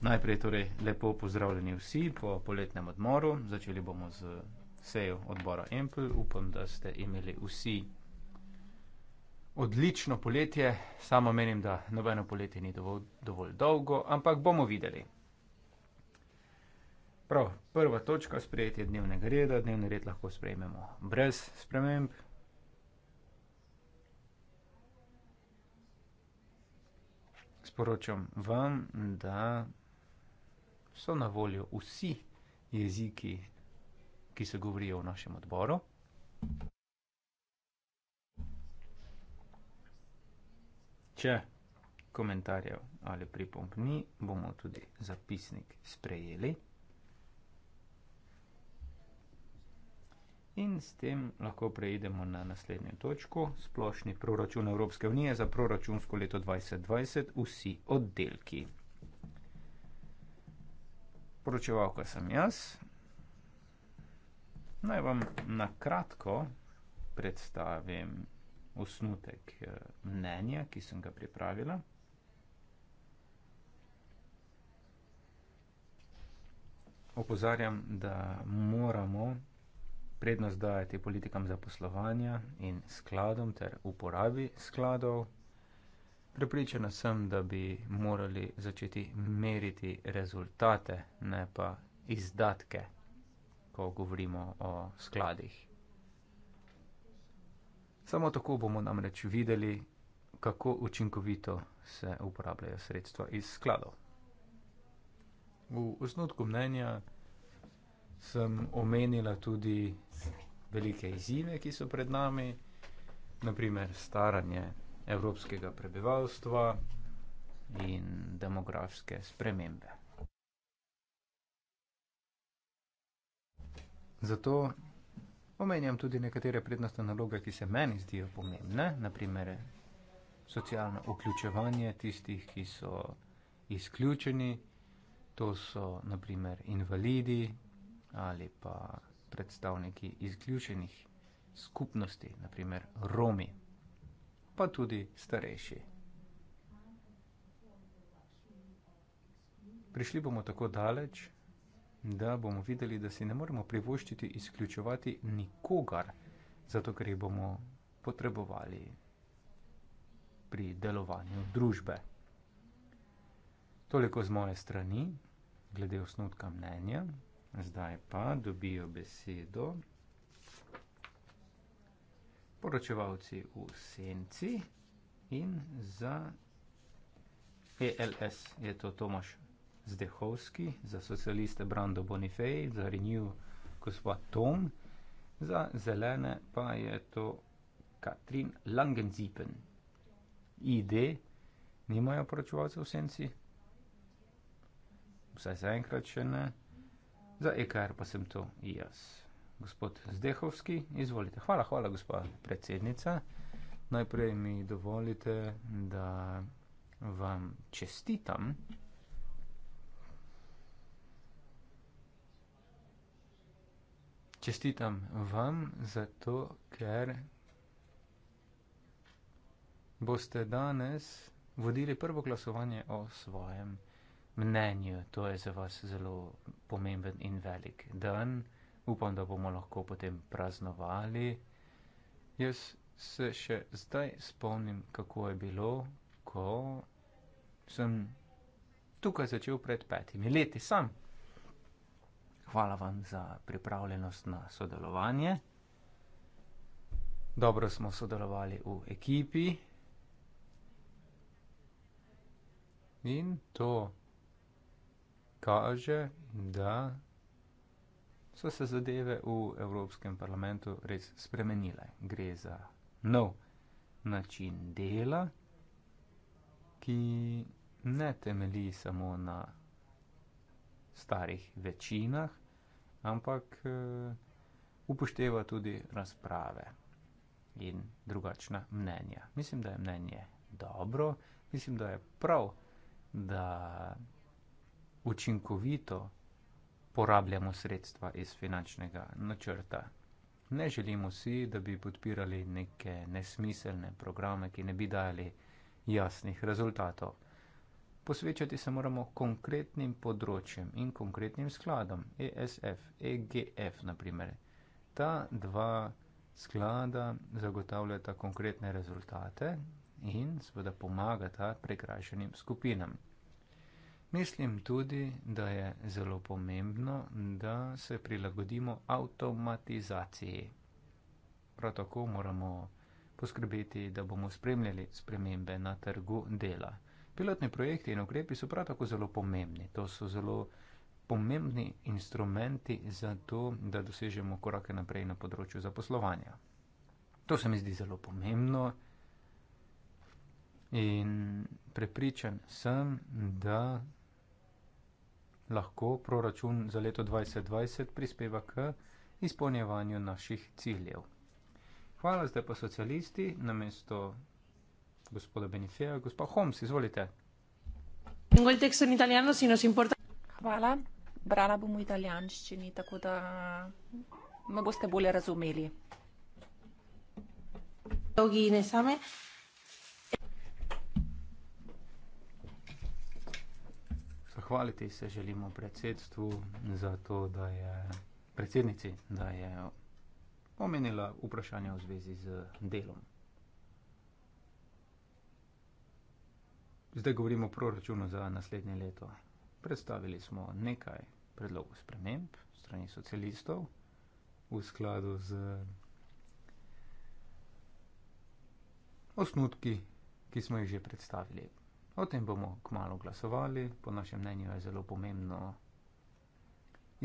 Najprej torej lepo pozdravljeni vsi po poletnem odmoru. Začeli bomo z sejo odbora Empel. Upam, da ste imeli vsi odlično poletje. Samo menim, da nobeno poletje ni dovolj, dovolj dolgo, ampak bomo videli. Prav, prva točka sprejetje dnevnega reda. Dnevni red lahko sprejmemo brez sprememb. sporočam vam, da so na voljo vsi jeziki, ki se govorijo v našem odboru. Če komentarjev ali pripomb ni, bomo tudi zapisnik sprejeli. In s tem lahko preidemo na naslednjo točko, splošni proračun Evropske unije za proračunsko leto 2020, vsi oddelki. Poročevalka sem jaz. Naj vam na kratko predstavim osnutek eh, mnenja, ki sem ga pripravila. Opozarjam, da moramo prednost dajati politikam zaposlovanja in skladom ter uporabi skladov. Prepričana sem, da bi morali začeti meriti rezultate, ne pa izdatke, ko govorimo o skladih. Samo tako bomo namreč videli, kako učinkovito se uporabljajo sredstva iz skladov. V osnutku mnenja sem omenila tudi velike izzive, ki so pred nami, naprimer staranje evropskega prebivalstva in demografske spremembe. Zato omenjam tudi nekatere prednostne naloge, ki se meni zdijo pomembne, naprimer socialno vključevanje tistih, ki so izključeni, to so naprimer invalidi, ali pa predstavniki izključenih skupnosti, naprimer Romi, pa tudi starejši. Prišli bomo tako daleč, da bomo videli, da si ne moremo privoščiti izključevati nikogar, zato ker jih bomo potrebovali pri delovanju družbe. Toliko z moje strani, glede osnutka mnenja. Zdaj pa dobijo besedo poročevalci v senci in za ELS je to Tomoš Zdehovski, za socialiste Brando Bonifej, za Renew gospod Tom, za zelene pa je to Katrin Langenzipen. ID, nimajo poročevalcev v senci? Vsaj zaenkrat še ne za EKR pa sem to jaz. Gospod Zdehovski, izvolite. Hvala, hvala, gospa predsednica. Najprej mi dovolite, da vam čestitam. Čestitam vam zato, ker boste danes vodili prvo glasovanje o svojem mnenju. To je za vas zelo pomemben in velik dan. Upam, da bomo lahko potem praznovali. Jaz se še zdaj spomnim, kako je bilo, ko sem tukaj začel pred petimi leti sam. Hvala vam za pripravljenost na sodelovanje. Dobro smo sodelovali v ekipi. In to kaže, da so se zadeve v Evropskem parlamentu res spremenile. Gre za nov način dela, ki ne temeli samo na starih večinah, ampak eh, upošteva tudi razprave in drugačna mnenja. Mislim, da je mnenje dobro, mislim, da je prav, da učinkovito porabljamo sredstva iz finančnega načrta. Ne želimo si, da bi podpirali neke nesmiselne programe, ki ne bi dajali jasnih rezultatov. Posvečati se moramo konkretnim področjem in konkretnim skladom, ESF, EGF naprimer. Ta dva sklada zagotavljata konkretne rezultate in seveda pomagata prekrašenim skupinam. Mislim tudi, da je zelo pomembno, da se prilagodimo avtomatizaciji. Prav tako moramo poskrbeti, da bomo spremljali spremembe na trgu dela. Pilotni projekti in ukrepi so prav tako zelo pomembni. To so zelo pomembni instrumenti za to, da dosežemo korake naprej na področju zaposlovanja. To se mi zdi zelo pomembno in prepričan sem, da lahko proračun za leto 2020 prispeva k izpolnjevanju naših ciljev. Hvala, zdaj pa socialisti, namesto gospoda Benifeja, gospa Homs, izvolite. Hvala, brala bom v italijanščini, tako da me boste bolje razumeli. Dolgi ne same. zahvaliti se želimo predsedstvu za to, da je predsednici, da je omenila vprašanje v zvezi z delom. Zdaj govorimo o proračunu za naslednje leto. Predstavili smo nekaj predlogov sprememb strani socialistov v skladu z osnutki, ki smo jih že predstavili. O tem bomo kmalo glasovali. Po našem mnenju je zelo pomembno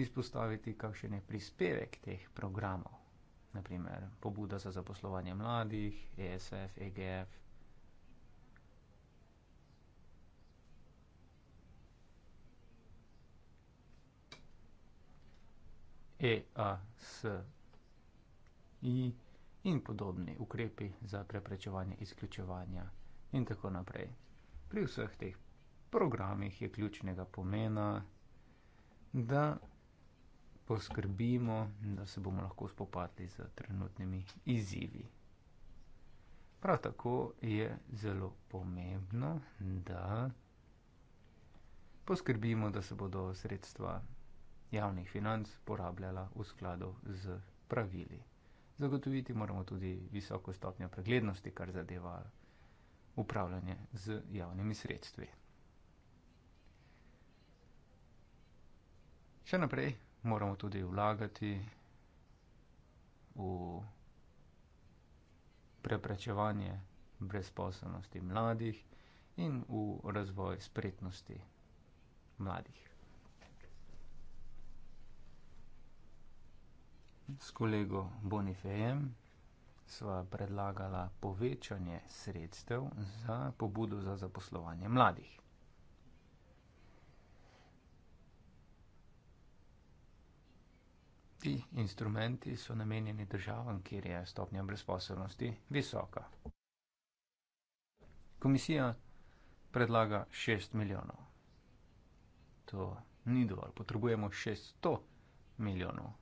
izpostaviti, kakšen je prispevek teh programov. Naprimer, pobuda za zaposlovanje mladih, ESF, EGF. EASI in podobni ukrepi za preprečevanje izključevanja in tako naprej pri vseh teh programih je ključnega pomena, da poskrbimo, da se bomo lahko spopadli z trenutnimi izzivi. Prav tako je zelo pomembno, da poskrbimo, da se bodo sredstva javnih financ porabljala v skladu z pravili. Zagotoviti moramo tudi visoko stopnjo preglednosti, kar zadeva upravljanje z javnimi sredstvi. Še naprej moramo tudi vlagati v preprečevanje brezposobnosti mladih in v razvoj spretnosti mladih. S kolego Bonifejem sva predlagala povečanje sredstev za pobudo za zaposlovanje mladih. Ti instrumenti so namenjeni državam, kjer je stopnja brezposobnosti visoka. Komisija predlaga 6 milijonov. To ni dovolj, potrebujemo 600 milijonov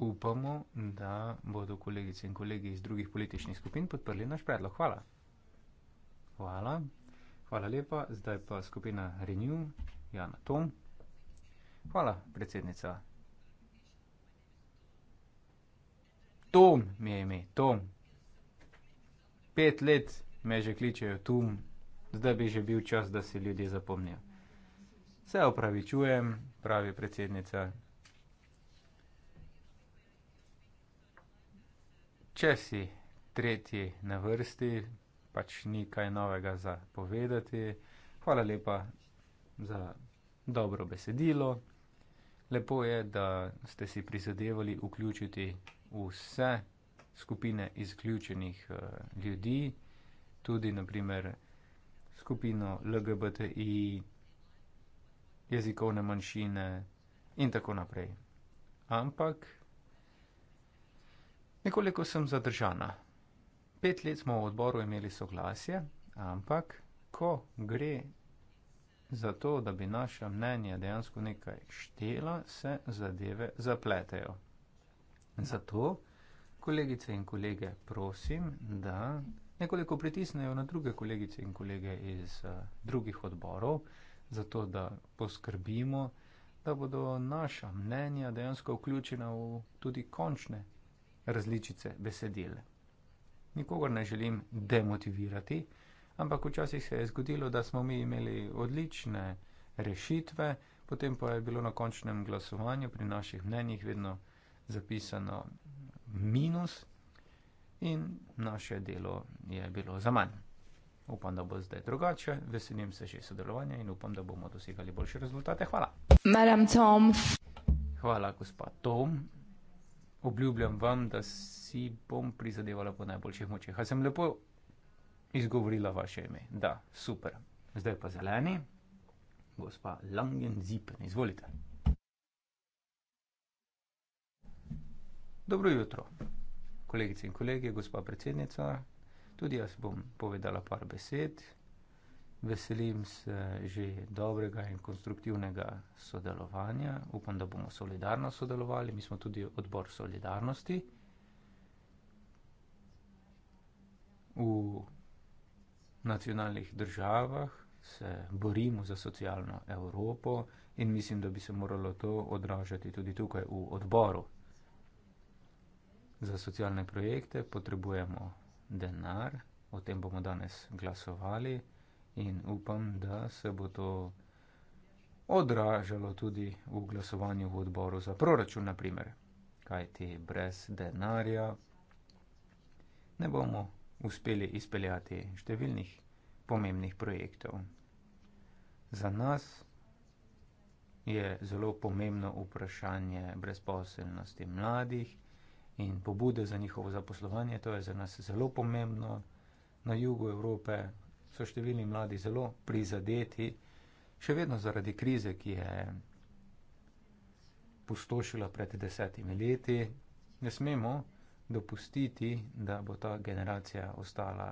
upamo, da bodo kolegice in kolegi iz drugih političnih skupin podprli naš predlog. Hvala. Hvala. Hvala lepa. Zdaj pa skupina Renew, Jana Tom. Hvala, predsednica. Tom mi je ime, Tom. Pet let me že kličejo Tom, zdaj bi že bil čas, da si ljudje zapomnijo. Se opravičujem, pravi predsednica. Če si tretji na vrsti, pač ni kaj novega za povedati. Hvala lepa za dobro besedilo. Lepo je, da ste si prizadevali vključiti vse skupine izključenih eh, ljudi, tudi naprimer skupino LGBTI, jezikovne manjšine in tako naprej. Ampak Nekoliko sem zadržana. Pet let smo v odboru imeli soglasje, ampak ko gre za to, da bi naša mnenja dejansko nekaj štela, se zadeve zapletejo. Zato, kolegice in kolege, prosim, da nekoliko pritisnejo na druge kolegice in kolege iz uh, drugih odborov, zato da poskrbimo, da bodo naša mnenja dejansko vključena v tudi končne različice besedil. Nikogar ne želim demotivirati, ampak včasih se je zgodilo, da smo mi imeli odlične rešitve, potem pa je bilo na končnem glasovanju pri naših mnenjih vedno zapisano minus in naše delo je bilo za manj. Upam, da bo zdaj drugače, veselim se že sodelovanja in upam, da bomo dosegali boljše rezultate. Hvala. Hvala, gospod Tom obljubljam vam, da si bom prizadevala po najboljših močeh. A sem lepo izgovorila vaše ime. Da, super. Zdaj pa zeleni, gospa Langen Zipen, izvolite. Dobro jutro, kolegice in kolege, gospa predsednica. Tudi jaz bom povedala par besed, Veselim se že dobrega in konstruktivnega sodelovanja. Upam, da bomo solidarno sodelovali. Mi smo tudi odbor solidarnosti. V nacionalnih državah se borimo za socialno Evropo in mislim, da bi se moralo to odražati tudi tukaj v odboru. Za socialne projekte potrebujemo denar, o tem bomo danes glasovali in upam, da se bo to odražalo tudi v glasovanju v odboru za proračun, naprimer. Kajti brez denarja ne bomo uspeli izpeljati številnih pomembnih projektov. Za nas je zelo pomembno vprašanje brezposelnosti mladih in pobude za njihovo zaposlovanje. To je za nas zelo pomembno. Na jugu Evrope so številni mladi zelo prizadeti, še vedno zaradi krize, ki je pustošila pred desetimi leti. Ne smemo dopustiti, da bo ta generacija ostala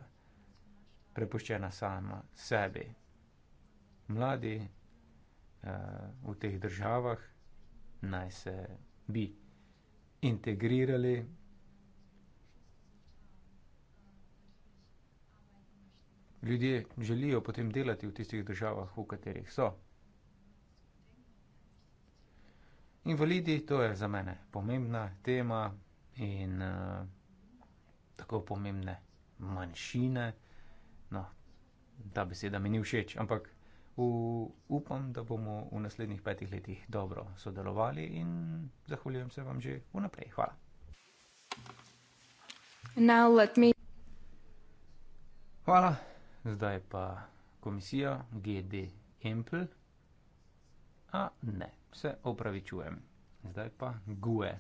prepuščena sama sebi. Mladi uh, v teh državah naj se bi integrirali ljudje želijo potem delati v tistih državah, v katerih so. Invalidi, to je za mene pomembna tema in uh, tako pomembne manjšine. No, ta beseda mi ni všeč, ampak v, upam, da bomo v naslednjih petih letih dobro sodelovali in zahvaljujem se vam že vnaprej. Hvala. Hvala. Zdaj pa komisija GD Empl. A ne, se opravičujem. Zdaj pa GUE.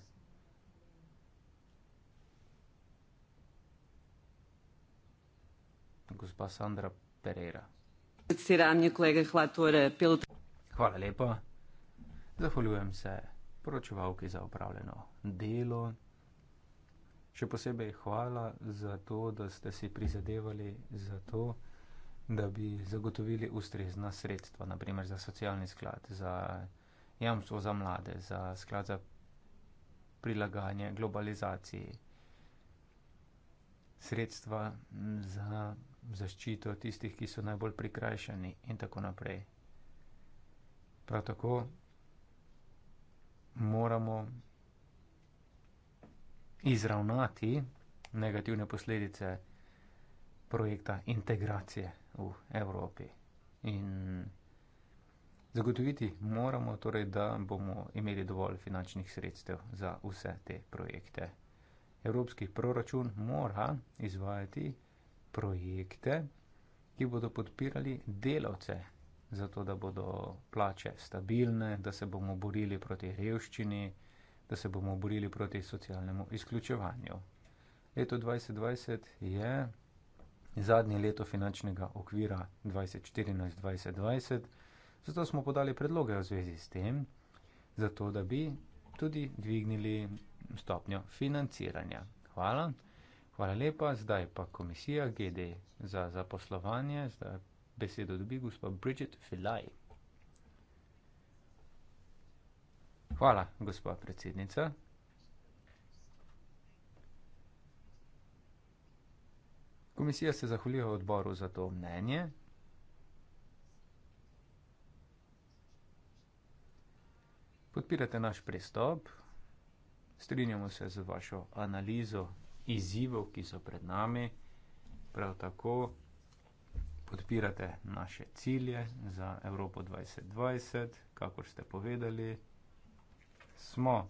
Gospa Sandra Pereira. Hvala lepa. Zahvaljujem se poročevalki za upravljeno delo. Še posebej hvala za to, da ste si prizadevali za to, da bi zagotovili ustrezna sredstva, naprimer za socialni sklad, za jamstvo za mlade, za sklad za prilagajanje globalizaciji, sredstva za zaščito tistih, ki so najbolj prikrajšani in tako naprej. Prav tako moramo izravnati negativne posledice projekta integracije v Evropi. In zagotoviti moramo torej, da bomo imeli dovolj finančnih sredstev za vse te projekte. Evropski proračun mora izvajati projekte, ki bodo podpirali delavce, zato da bodo plače stabilne, da se bomo borili proti revščini, da se bomo borili proti socialnemu izključevanju. Leto 2020 je zadnje leto finančnega okvira 2014-2020, zato smo podali predloge v zvezi s tem, zato da bi tudi dvignili stopnjo financiranja. Hvala. Hvala lepa, zdaj pa komisija GD za zaposlovanje, zdaj besedo dobi gospod Bridget Filaj. Hvala, gospod predsednica. Komisija se zahvaljuje odboru za to mnenje. Podpirate naš pristop, strinjamo se z vašo analizo izzivov, ki so pred nami, prav tako podpirate naše cilje za Evropo 2020, kakor ste povedali, smo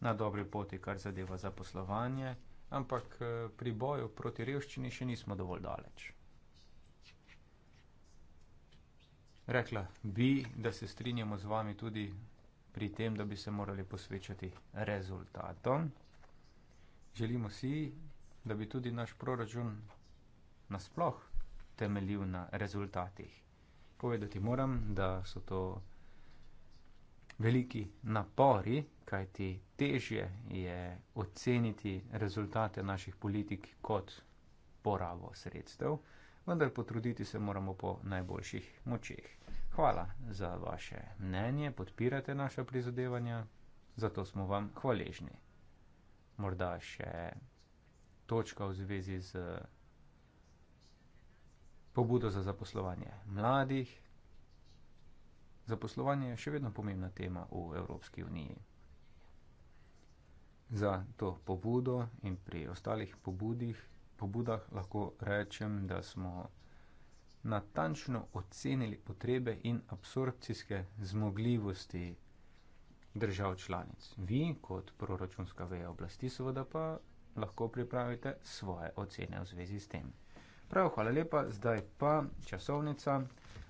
na dobri poti, kar zadeva zaposlovanje ampak eh, pri boju proti revščini še nismo dovolj daleč. Rekla bi, da se strinjamo z vami tudi pri tem, da bi se morali posvečati rezultatom. Želimo si, da bi tudi naš proračun nasploh temeljil na rezultatih. Povedati moram, da so to veliki napori, kajti težje je oceniti rezultate naših politik kot porabo sredstev, vendar potruditi se moramo po najboljših močeh. Hvala za vaše mnenje, podpirate naša prizadevanja, zato smo vam hvaležni. Morda še točka v zvezi z pobudo za zaposlovanje mladih, Zaposlovanje je še vedno pomembna tema v Evropski uniji. Za to pobudo in pri ostalih pobudih, pobudah lahko rečem, da smo natančno ocenili potrebe in absorpcijske zmogljivosti držav članic. Vi, kot proračunska veja oblasti, seveda pa lahko pripravite svoje ocene v zvezi s tem. Prav, hvala lepa. Zdaj pa časovnica.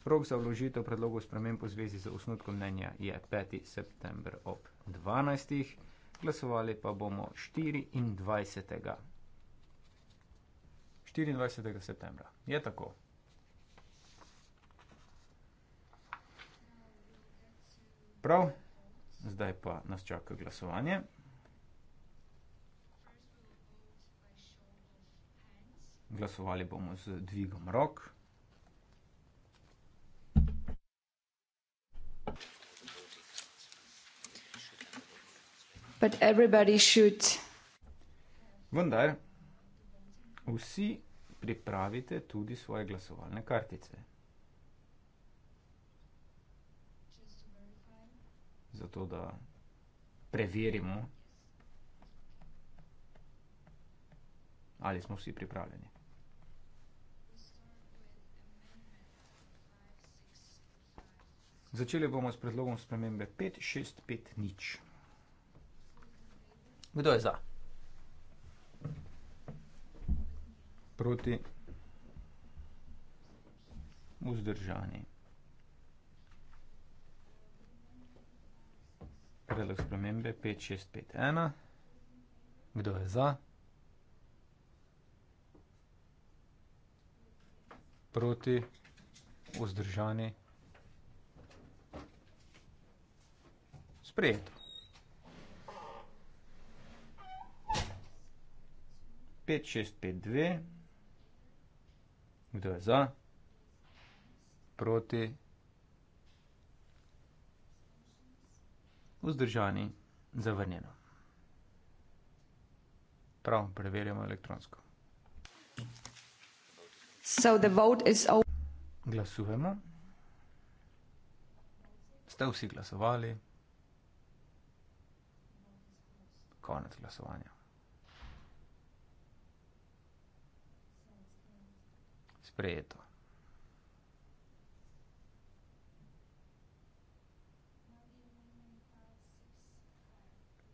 Rok za vložitev predlogov sprememb v zvezi z osnutkom mnenja je 5. september ob 12. Glasovali pa bomo 24. 24. septembra. Je tako. Prav, zdaj pa nas čaka glasovanje. Glasovali bomo z dvigom rok. But everybody should. Vendar, vsi pripravite tudi svoje glasovalne kartice. Zato, da preverimo, ali smo vsi pripravljeni. Začeli bomo s predlogom spremembe 5-6-5-0. Kdo je za? Proti, vzdržani. Predlog spremembe 5-6-5-1. Kdo je za? Proti, vzdržani. 5-6-5-1. Sprejeto. Pet, šest, pet, dve. Kdo je za? Proti? Vzdržani. Zavrnjeno. Prav, preverjamo elektronsko. So the vote is Glasujemo. Ste vsi glasovali? konec glasovanja. Sprejeto.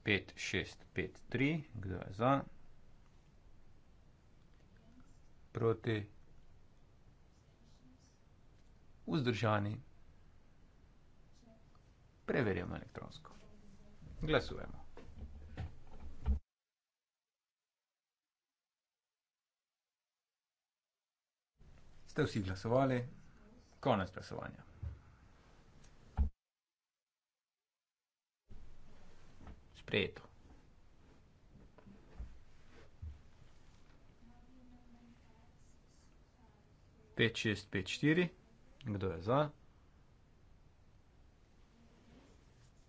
Pet, šest, pet, tri. Kdo je za? Proti? Vzdržani? Preverjamo elektronsko. Glasujemo. ste vsi glasovali. Konec glasovanja. Sprejeto. Pet šest, pet štiri. Kdo je za?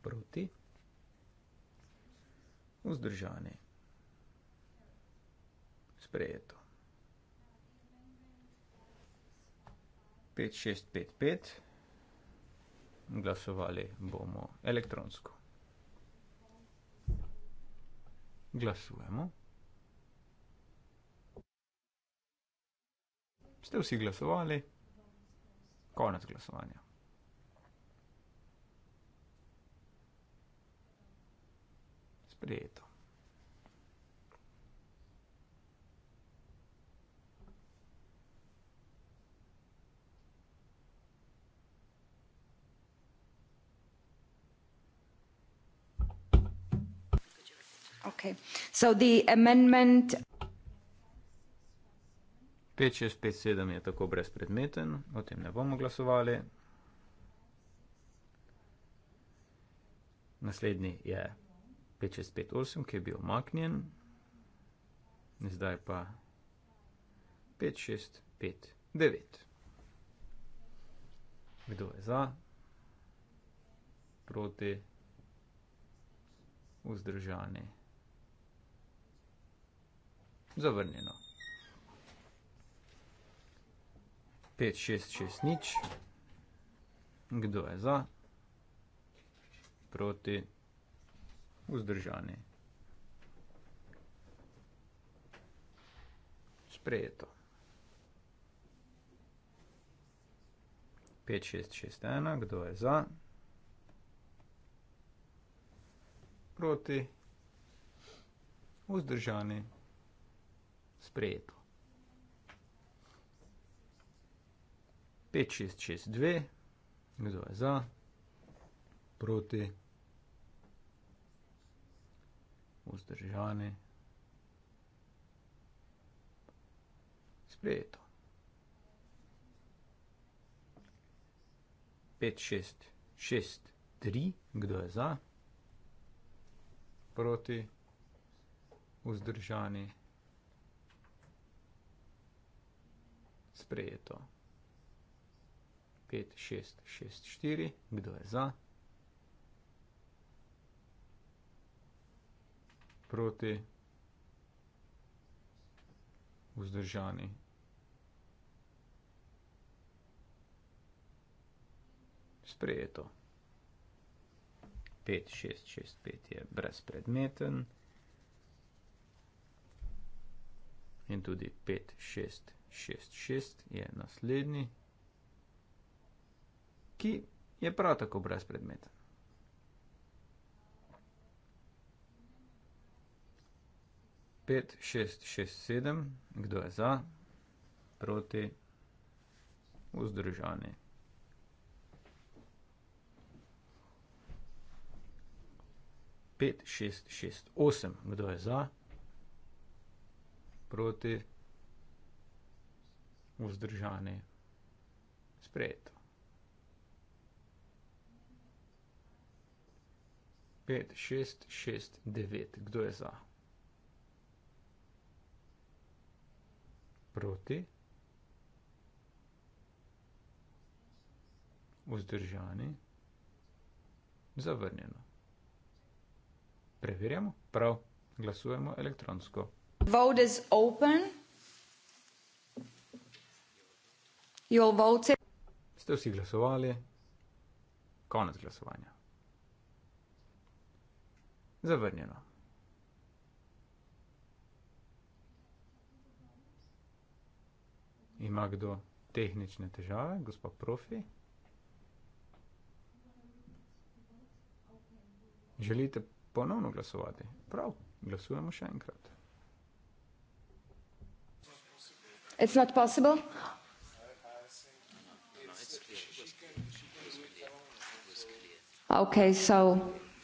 Proti. Vzdržani. Sprejeto. 5-6-5-5. Glasovali bomo elektronsko. Glasujemo. Ste vsi glasovali? Konec glasovanja. Sprejeto. Okay. So the amendment... 5657 je tako brezpredmeten, o tem ne bomo glasovali. Naslednji je 5658, ki je bil omaknjen. Zdaj pa 5659. Kdo je za? Proti? Vzdržani? Vzdržani? Zavrnjeno. 5, 6, 6, nič. Kdo je za? Proti. Vzdržani. Sprejeto. 5, 6, 6, 1. Kdo je za? Proti. Vzdržani. Vzdržani sprejeto. 5, 6, 6, 2, kdo je za, proti, vzdržani, sprejeto. 5, 6, 6, 3, kdo je za, proti, vzdržani, sprejeto. sprejeto. 5, 6, 6, 4, kdo je za? Proti, vzdržani. Sprejeto. 5, 6, 6, 5 je brezpredmeten. In tudi 5, 6, 4 šest šest je naslednji, ki je prav tako brez predmeta. Pet šest šest sedem, kdo je za, proti, vzdržani. Pet šest šest osem, kdo je za, proti, vzdržani vzdržane, sprejeto. Pet, šest, šest, devet. Kdo je za? Proti? Vzdržani? Zavrnjeno. Preverjamo? Prav. Glasujemo elektronsko. Vote is open. You'll vote. Ste vsi glasovali? Konec glasovanja. Zavrnjeno. Ima kdo tehnične težave? Gospod profi? Želite ponovno glasovati? Prav, glasujemo še enkrat. It's not possible. Okay, so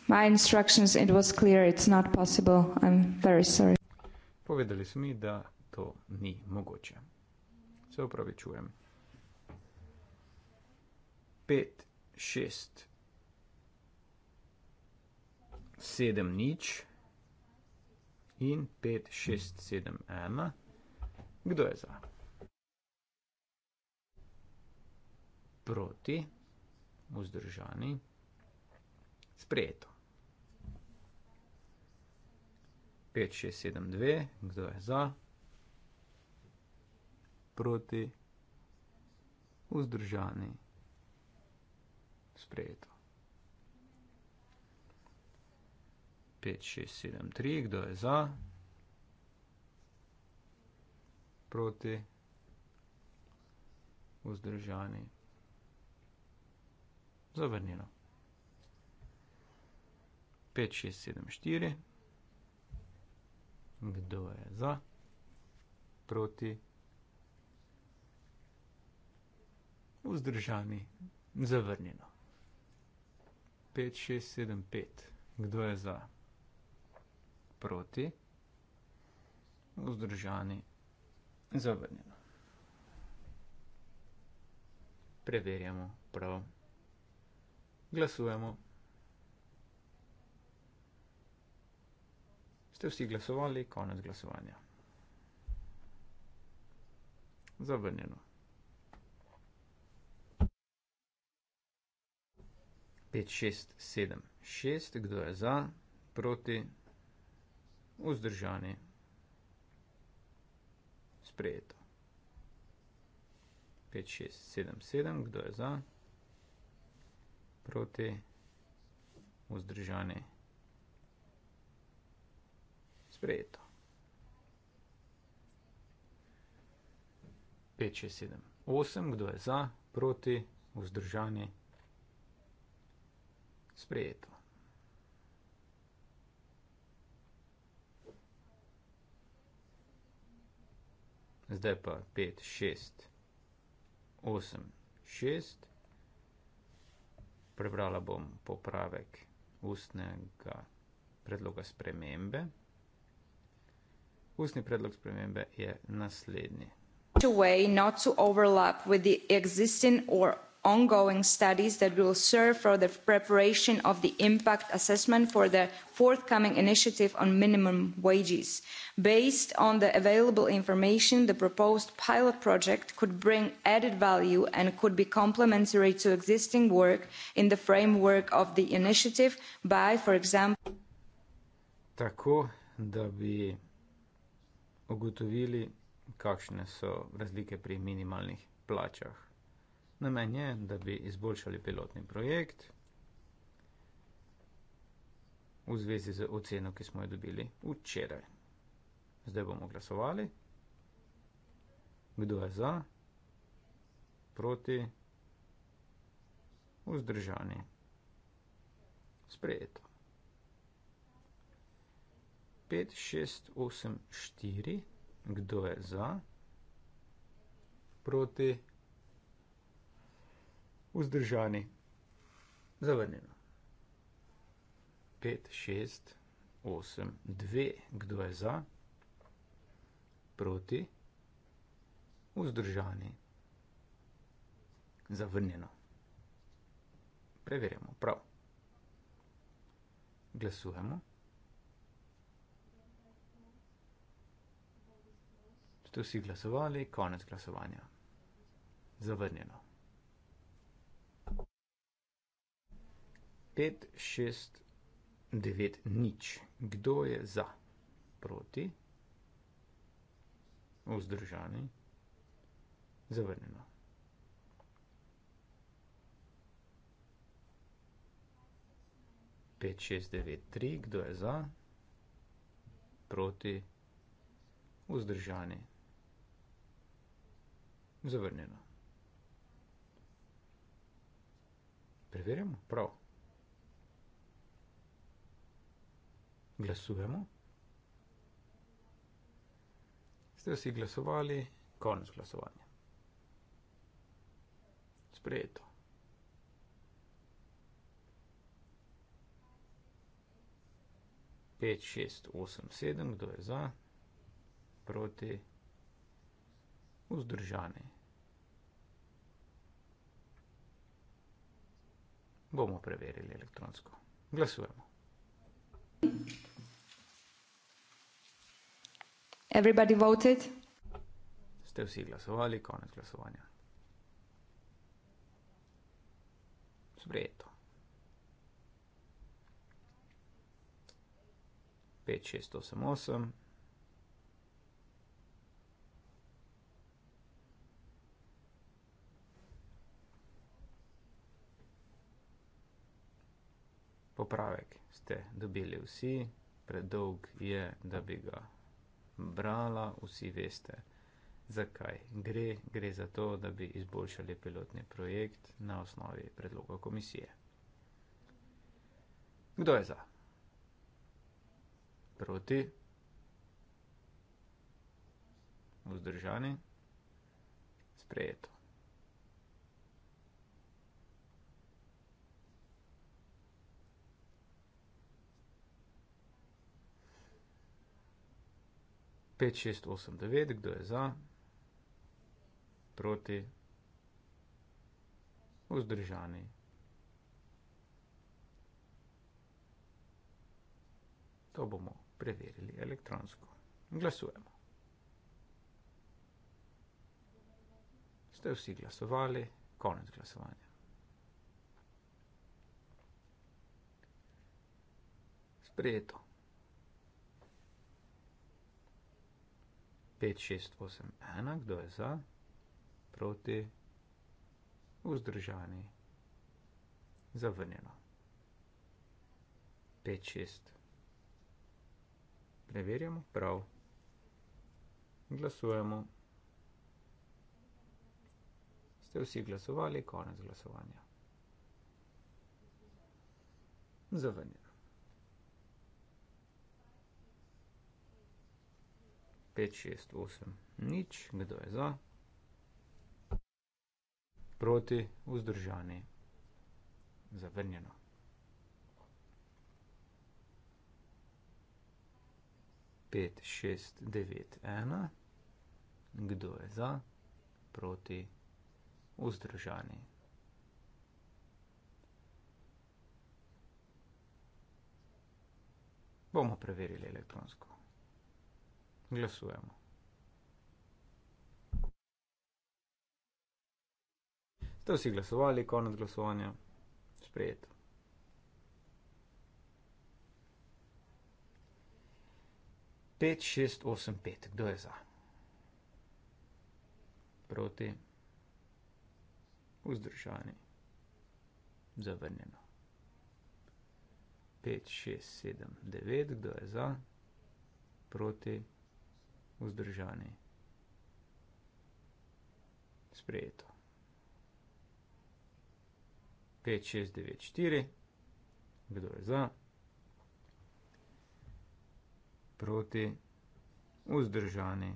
my instructions, it was clear, it's not possible. I'm very sorry. Povedali so mi, da to ni mogoče. Se upravičujem. Pet, šest, sedem nič in pet, šest, sedem ena. Kdo je za? Proti, vzdržani sprejeto. 5, 6, 7, 2, kdo je za, proti, vzdržani, sprejeto. 5, 6, 7, 3, kdo je za, proti, vzdržani, zavrnjeno. 5, 6, 7, 4. Kdo je za? Proti? Vzdržani. Zavrnjeno. 5, 6, 7, 5. Kdo je za? Proti? Vzdržani. Zavrnjeno. Preverjamo prav. Glasujemo. Ste vsi glasovali, konec glasovanja. Zavrnjeno. Pet, šest, sedem, šest, kdo je za, proti, vzdržani, sprejeto. Pet, šest, sedem, sedem, kdo je za, proti, vzdržani, sprejeto sprejeto. 5, 6, 7, 8, kdo je za, proti, vzdržani, sprejeto. Zdaj pa 5, 6, 8, 6. Prebrala bom popravek ustnega predloga spremembe. Ustni predlog spremembe je naslednji. way not to overlap with the existing or ongoing studies that will serve for the preparation of the impact assessment for the forthcoming initiative on minimum wages. Based on the available information, the proposed pilot project could bring added value and could be complementary to existing work in the framework of the initiative by, for example... Tako, da bi ugotovili, kakšne so razlike pri minimalnih plačah. Namen je, da bi izboljšali pilotni projekt v zvezi z oceno, ki smo jo dobili včeraj. Zdaj bomo glasovali. Kdo je za, proti, vzdržani, sprejeto. 5, 6, 8, 4. Kdo je za? Proti? Vzdržani? Zavrnjeno. 5, 6, 8, 2. Kdo je za? Proti? Vzdržani? Zavrnjeno. Preverjamo. Prav. Glasujemo. ste vsi glasovali, konec glasovanja. Zavrnjeno. 5, 6, 9, nič. Kdo je za? Proti? Vzdržani? Zavrnjeno. Pet, šest, devet, tri, kdo je za? Proti? Vzdržani? Zavrnjeno. Preverjamo? Prav. Glasujemo. Ste vsi glasovali? Konec glasovanja. Sprejeto. Pet, šest, osem, sedem, kdo je za, proti, vzdržani. bomo preverili elektronsko. Glasujemo. Everybody voted. Ste vsi glasovali, konec glasovanja. Sprejeto. 5688. popravek ste dobili vsi, predolg je, da bi ga brala, vsi veste, zakaj gre. Gre za to, da bi izboljšali pilotni projekt na osnovi predloga komisije. Kdo je za? Proti? Vzdržani? Sprejeto. 5, 6, 8, 9, kdo je za, proti, vzdržani. To bomo preverili elektronsko. Glasujemo. Ste vsi glasovali, konec glasovanja. Sprejeto. 5, 6, 8, 1, kdo je za, proti, vzdržani, zavrnjeno. 5, 6. Preverjamo, prav. Glasujemo. Ste vsi glasovali, konec glasovanja. Zavrnjeno. 5, 6, 8, nič, kdo je za, proti, vzdržani, zavrnjeno. Pet, šest, devet, ena. Kdo je za, proti, vzdržani? Bomo preverili elektronsko glasujemo. Ste vsi glasovali, konec glasovanja, sprejeto. Pet, šest, osem, pet. Kdo je za? Proti. Vzdržani. Zavrnjeno. Pet, šest, sedem, devet. Kdo je za? Proti vzdržani. Sprejeto. 5, 6, 9, 4. Kdo je za? Proti. Vzdržani.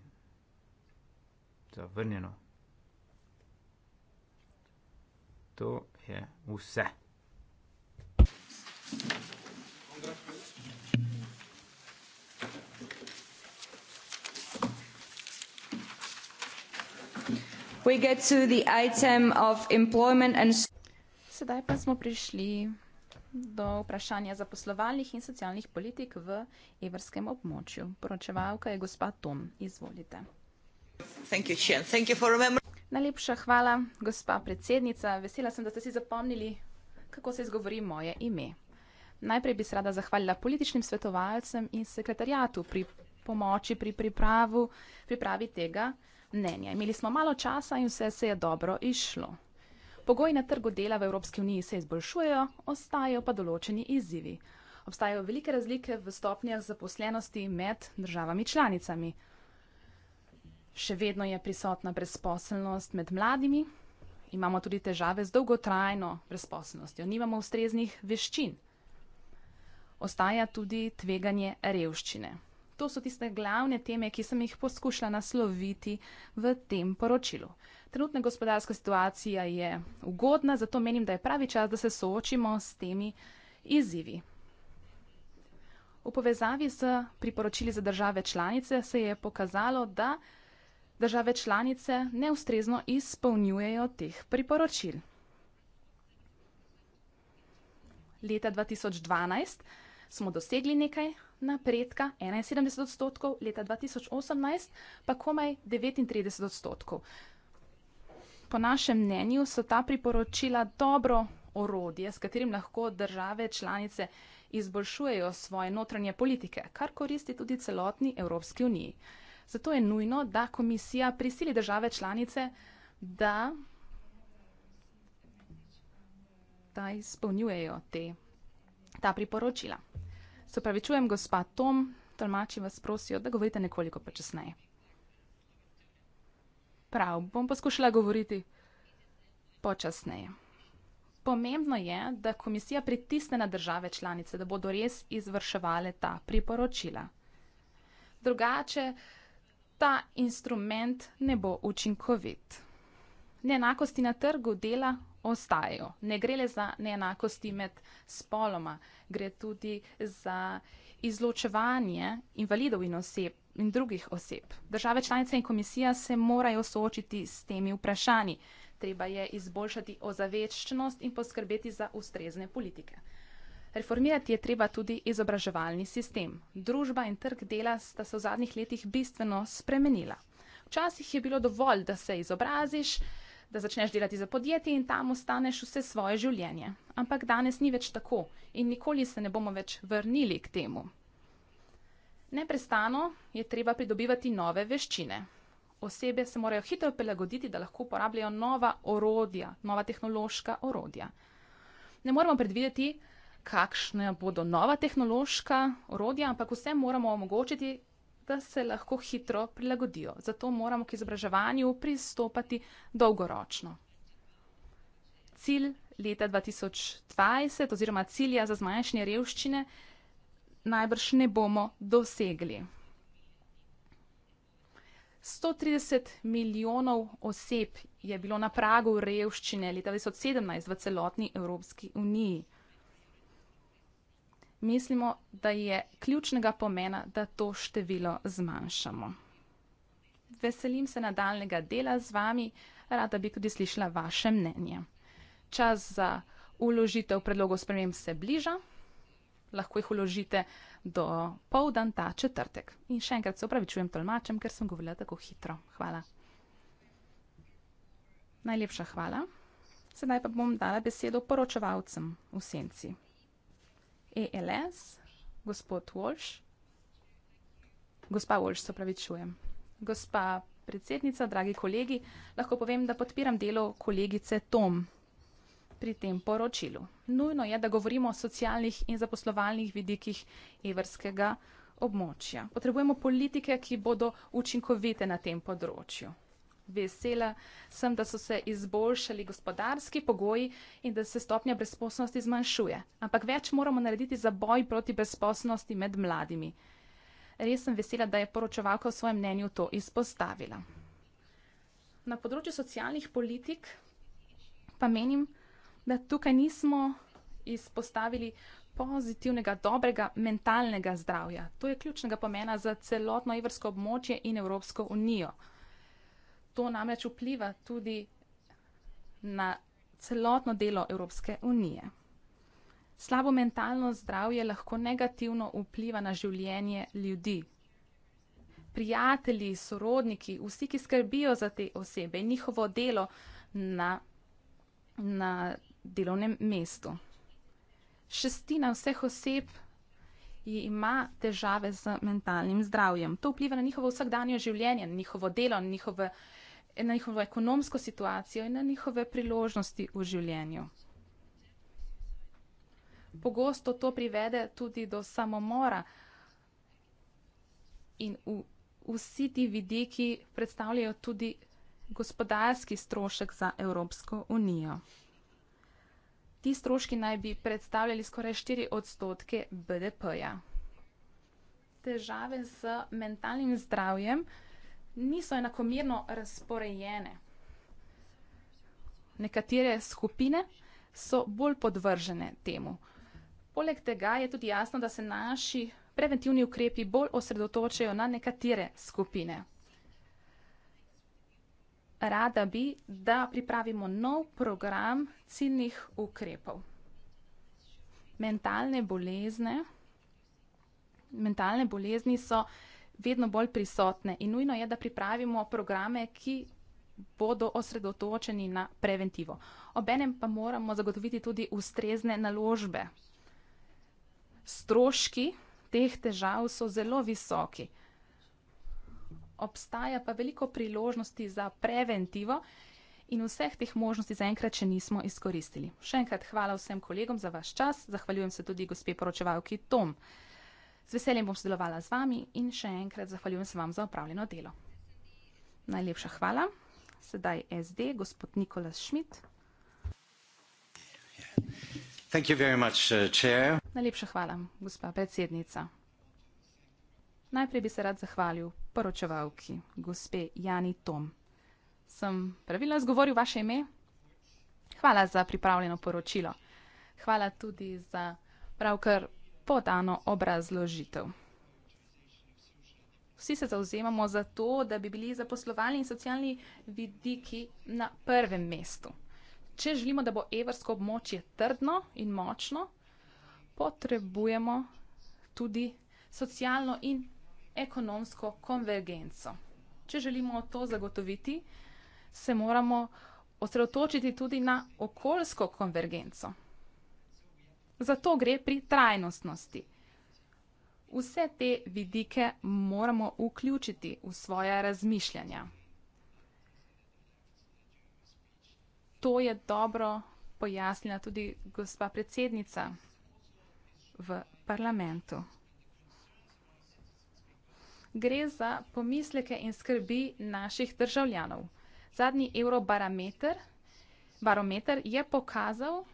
Zavrnjeno. To je vse. Thank you. we get to the item of employment and Sedaj pa smo prišli do vprašanja zaposlovalnih in socialnih politik v evrskem območju. Poročevalka je gospa Tom. Izvolite. Thank you, Chen. Thank you for Najlepša hvala, gospa predsednica. Vesela sem, da ste si zapomnili, kako se izgovori moje ime. Najprej bi se rada zahvalila političnim svetovalcem in sekretarjatu pri pomoči pri pripravu, pripravi tega mnenja. Imeli smo malo časa in vse se je dobro išlo. Pogoji na trgu dela v Evropski uniji se izboljšujejo, ostajajo pa določeni izzivi. Obstajajo velike razlike v stopnjah zaposlenosti med državami članicami. Še vedno je prisotna brezposelnost med mladimi, imamo tudi težave z dolgotrajno brezposelnostjo, nimamo ustreznih veščin. Ostaja tudi tveganje revščine. To so tiste glavne teme, ki sem jih poskušala nasloviti v tem poročilu. Trenutna gospodarska situacija je ugodna, zato menim, da je pravi čas, da se soočimo s temi izzivi. V povezavi z priporočili za države članice se je pokazalo, da države članice neustrezno izpolnjujejo teh priporočil. Leta 2012 smo dosegli nekaj napredka 71 odstotkov, leta 2018 pa komaj 39 odstotkov. Po našem mnenju so ta priporočila dobro orodje, s katerim lahko države članice izboljšujejo svoje notranje politike, kar koristi tudi celotni Evropski uniji. Zato je nujno, da komisija prisili države članice, da, da izpolnjujejo te, ta priporočila. Se pravi, čujem gospa Tom, tolmači vas prosijo, da govorite nekoliko počasneje. Prav, bom poskušala govoriti počasneje. Pomembno je, da komisija pritisne na države članice, da bodo res izvrševale ta priporočila. Drugače, ta instrument ne bo učinkovit. Neenakosti na trgu dela ostajajo. Ne gre le za neenakosti med spoloma, gre tudi za izločevanje invalidov in oseb in drugih oseb. Države članice in komisija se morajo soočiti s temi vprašanji. Treba je izboljšati ozaveščenost in poskrbeti za ustrezne politike. Reformirati je treba tudi izobraževalni sistem. Družba in trg dela sta se v zadnjih letih bistveno spremenila. Včasih je bilo dovolj, da se izobraziš, da začneš delati za podjetje in tam ostaneš vse svoje življenje. Ampak danes ni več tako in nikoli se ne bomo več vrnili k temu. Neprestano je treba pridobivati nove veščine. Osebe se morajo hitro prilagoditi, da lahko uporabljajo nova orodja, nova tehnološka orodja. Ne moramo predvideti, kakšne bodo nova tehnološka orodja, ampak vse moramo omogočiti, da se lahko hitro prilagodijo. Zato moramo k izobraževanju pristopati dolgoročno. Cilj leta 2020 oziroma cilja za zmanjšanje revščine najbrž ne bomo dosegli. 130 milijonov oseb je bilo na pragu revščine leta 2017 v celotni Evropski uniji mislimo, da je ključnega pomena, da to število zmanjšamo. Veselim se nadaljnega dela z vami, rada bi tudi slišala vaše mnenje. Čas za uložitev predlogov sprememb se bliža, lahko jih uložite do poldan ta četrtek. In še enkrat se opravičujem tolmačem, ker sem govorila tako hitro. Hvala. Najlepša hvala. Sedaj pa bom dala besedo poročevalcem v senci. ELS, gospod Walsh. Gospa Walsh, se pravi, čujem. Gospa predsednica, dragi kolegi, lahko povem, da podpiram delo kolegice Tom pri tem poročilu. Nujno je, da govorimo o socialnih in zaposlovalnih vidikih evrskega območja. Potrebujemo politike, ki bodo učinkovite na tem področju. Vesela sem, da so se izboljšali gospodarski pogoji in da se stopnja brezposobnosti zmanjšuje. Ampak več moramo narediti za boj proti brezposobnosti med mladimi. Res sem vesela, da je poročevalka v svojem mnenju to izpostavila. Na področju socialnih politik pa menim, da tukaj nismo izpostavili pozitivnega, dobrega mentalnega zdravja. To je ključnega pomena za celotno evrsko območje in Evropsko unijo. To namreč vpliva tudi na celotno delo Evropske unije. Slabo mentalno zdravje lahko negativno vpliva na življenje ljudi. Prijatelji, sorodniki, vsi, ki skrbijo za te osebe in njihovo delo na, na delovnem mestu. Šestina vseh oseb ima težave z mentalnim zdravjem. To vpliva na njihovo vsakdanje življenje, na njihovo delo, na njihove na njihovo ekonomsko situacijo in na njihove priložnosti v življenju. Pogosto to privede tudi do samomora in v, vsi ti vidiki predstavljajo tudi gospodarski strošek za Evropsko unijo. Ti stroški naj bi predstavljali skoraj 4 odstotke BDP-ja. Težave z mentalnim zdravjem, niso enakomerno razporejene. Nekatere skupine so bolj podvržene temu. Poleg tega je tudi jasno, da se naši preventivni ukrepi bolj osredotočajo na nekatere skupine. Rada bi, da pripravimo nov program ciljnih ukrepov. Mentalne bolezne, mentalne bolezni so vedno bolj prisotne in nujno je, da pripravimo programe, ki bodo osredotočeni na preventivo. Obenem pa moramo zagotoviti tudi ustrezne naložbe. Stroški teh težav so zelo visoki. Obstaja pa veliko priložnosti za preventivo in vseh teh možnosti zaenkrat še nismo izkoristili. Še enkrat hvala vsem kolegom za vaš čas, zahvaljujem se tudi gospe poročevalki Tom. Z veseljem bom sodelovala z vami in še enkrat zahvaljujem se vam za opravljeno delo. Najlepša hvala. Sedaj SD, gospod Nikolas Schmidt. Thank you very much, uh, chair. Najlepša hvala, gospa predsednica. Najprej bi se rad zahvalil poročevalki, gospe Jani Tom. Sem pravilno zgovoril vaše ime? Hvala za pripravljeno poročilo. Hvala tudi za pravkar podano obrazložitev. Vsi se zauzemamo za to, da bi bili zaposlovalni in socialni vidiki na prvem mestu. Če želimo, da bo evrsko območje trdno in močno, potrebujemo tudi socialno in ekonomsko konvergenco. Če želimo to zagotoviti, se moramo osredotočiti tudi na okoljsko konvergenco. Zato gre pri trajnostnosti. Vse te vidike moramo vključiti v svoje razmišljanja. To je dobro pojasnila tudi gospa predsednica v parlamentu. Gre za pomisleke in skrbi naših državljanov. Zadnji eurobarometer barometer je pokazal,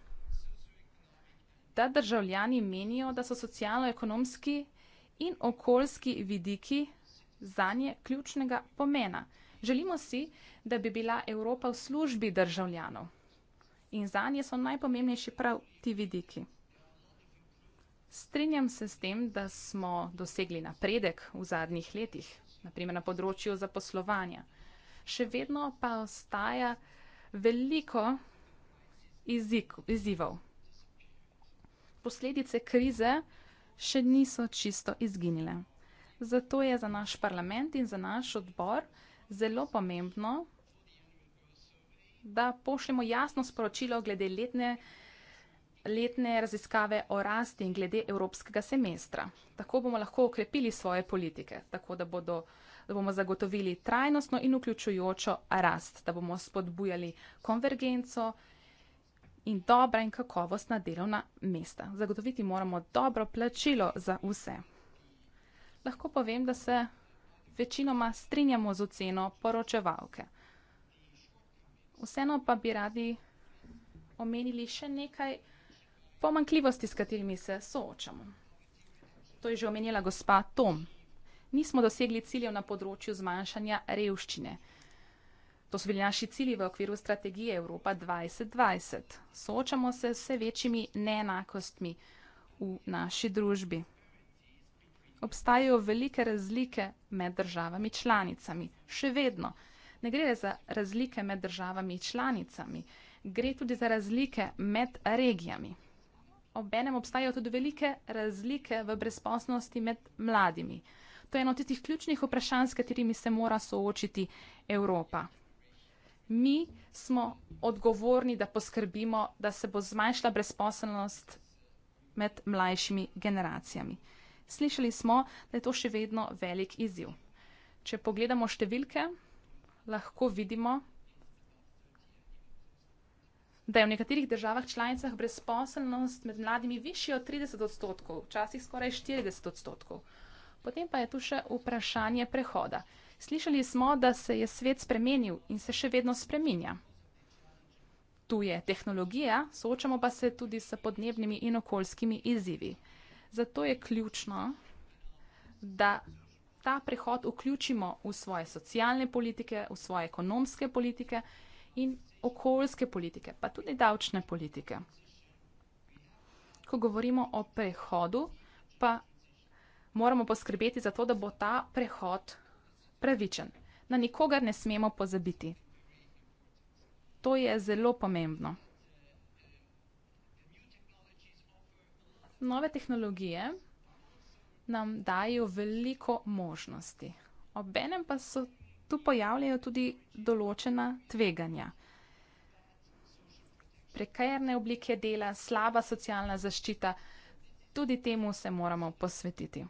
da državljani menijo, da so socialno-ekonomski in okoljski vidiki zanje ključnega pomena. Želimo si, da bi bila Evropa v službi državljanov in zanje so najpomembnejši prav ti vidiki. Strinjam se s tem, da smo dosegli napredek v zadnjih letih, na primer na področju zaposlovanja. Še vedno pa ostaja veliko izzivov posledice krize še niso čisto izginile. Zato je za naš parlament in za naš odbor zelo pomembno, da pošljemo jasno sporočilo glede letne, letne raziskave o rasti in glede evropskega semestra. Tako bomo lahko okrepili svoje politike, tako da, bodo, da bomo zagotovili trajnostno in vključujočo rast, da bomo spodbujali konvergenco in dobra in kakovostna delovna mesta. Zagotoviti moramo dobro plačilo za vse. Lahko povem, da se večinoma strinjamo z oceno poročevalke. Vseeno pa bi radi omenili še nekaj pomankljivosti, s katerimi se soočamo. To je že omenila gospa Tom. Nismo dosegli ciljev na področju zmanjšanja revščine. To so bili naši cilji v okviru strategije Evropa 2020. Soočamo se s vse večjimi neenakostmi v naši družbi. Obstajajo velike razlike med državami članicami. Še vedno ne gre za razlike med državami članicami, gre tudi za razlike med regijami. Obenem obstajajo tudi velike razlike v brezposnosti med mladimi. To je eno od tistih ključnih vprašanj, s katerimi se mora soočiti Evropa mi smo odgovorni, da poskrbimo, da se bo zmanjšala brezposelnost med mlajšimi generacijami. Slišali smo, da je to še vedno velik izziv. Če pogledamo številke, lahko vidimo, da je v nekaterih državah članicah brezposelnost med mladimi višja od 30 odstotkov, včasih skoraj 40 odstotkov. Potem pa je tu še vprašanje prehoda. Slišali smo, da se je svet spremenil in se še vedno spreminja. Tu je tehnologija, soočamo pa se tudi s podnebnimi in okoljskimi izzivi. Zato je ključno, da ta prehod vključimo v svoje socialne politike, v svoje ekonomske politike in okoljske politike, pa tudi davčne politike. Ko govorimo o prehodu, pa moramo poskrbeti za to, da bo ta prehod pravičen. Na nikogar ne smemo pozabiti. To je zelo pomembno. Nove tehnologije nam dajo veliko možnosti, obenem pa so tu pojavljajo tudi določena tveganja. Prekarne oblike dela, slaba socialna zaščita, tudi temu se moramo posvetiti.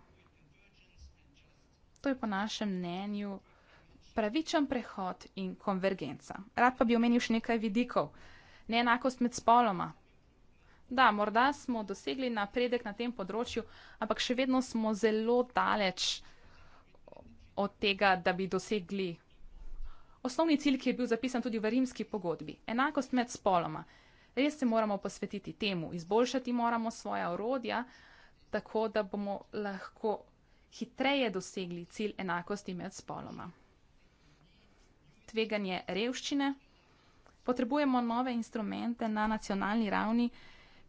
To je po našem mnenju pravičen prehod in konvergenca. Rad pa bi omenil še nekaj vidikov. Neenakost med spoloma. Da, morda smo dosegli napredek na tem področju, ampak še vedno smo zelo daleč od tega, da bi dosegli osnovni cilj, ki je bil zapisan tudi v rimski pogodbi. Enakost med spoloma. Res se moramo posvetiti temu, izboljšati moramo svoja orodja, tako da bomo lahko hitreje dosegli cilj enakosti med spoloma. Tveganje revščine. Potrebujemo nove instrumente na nacionalni ravni,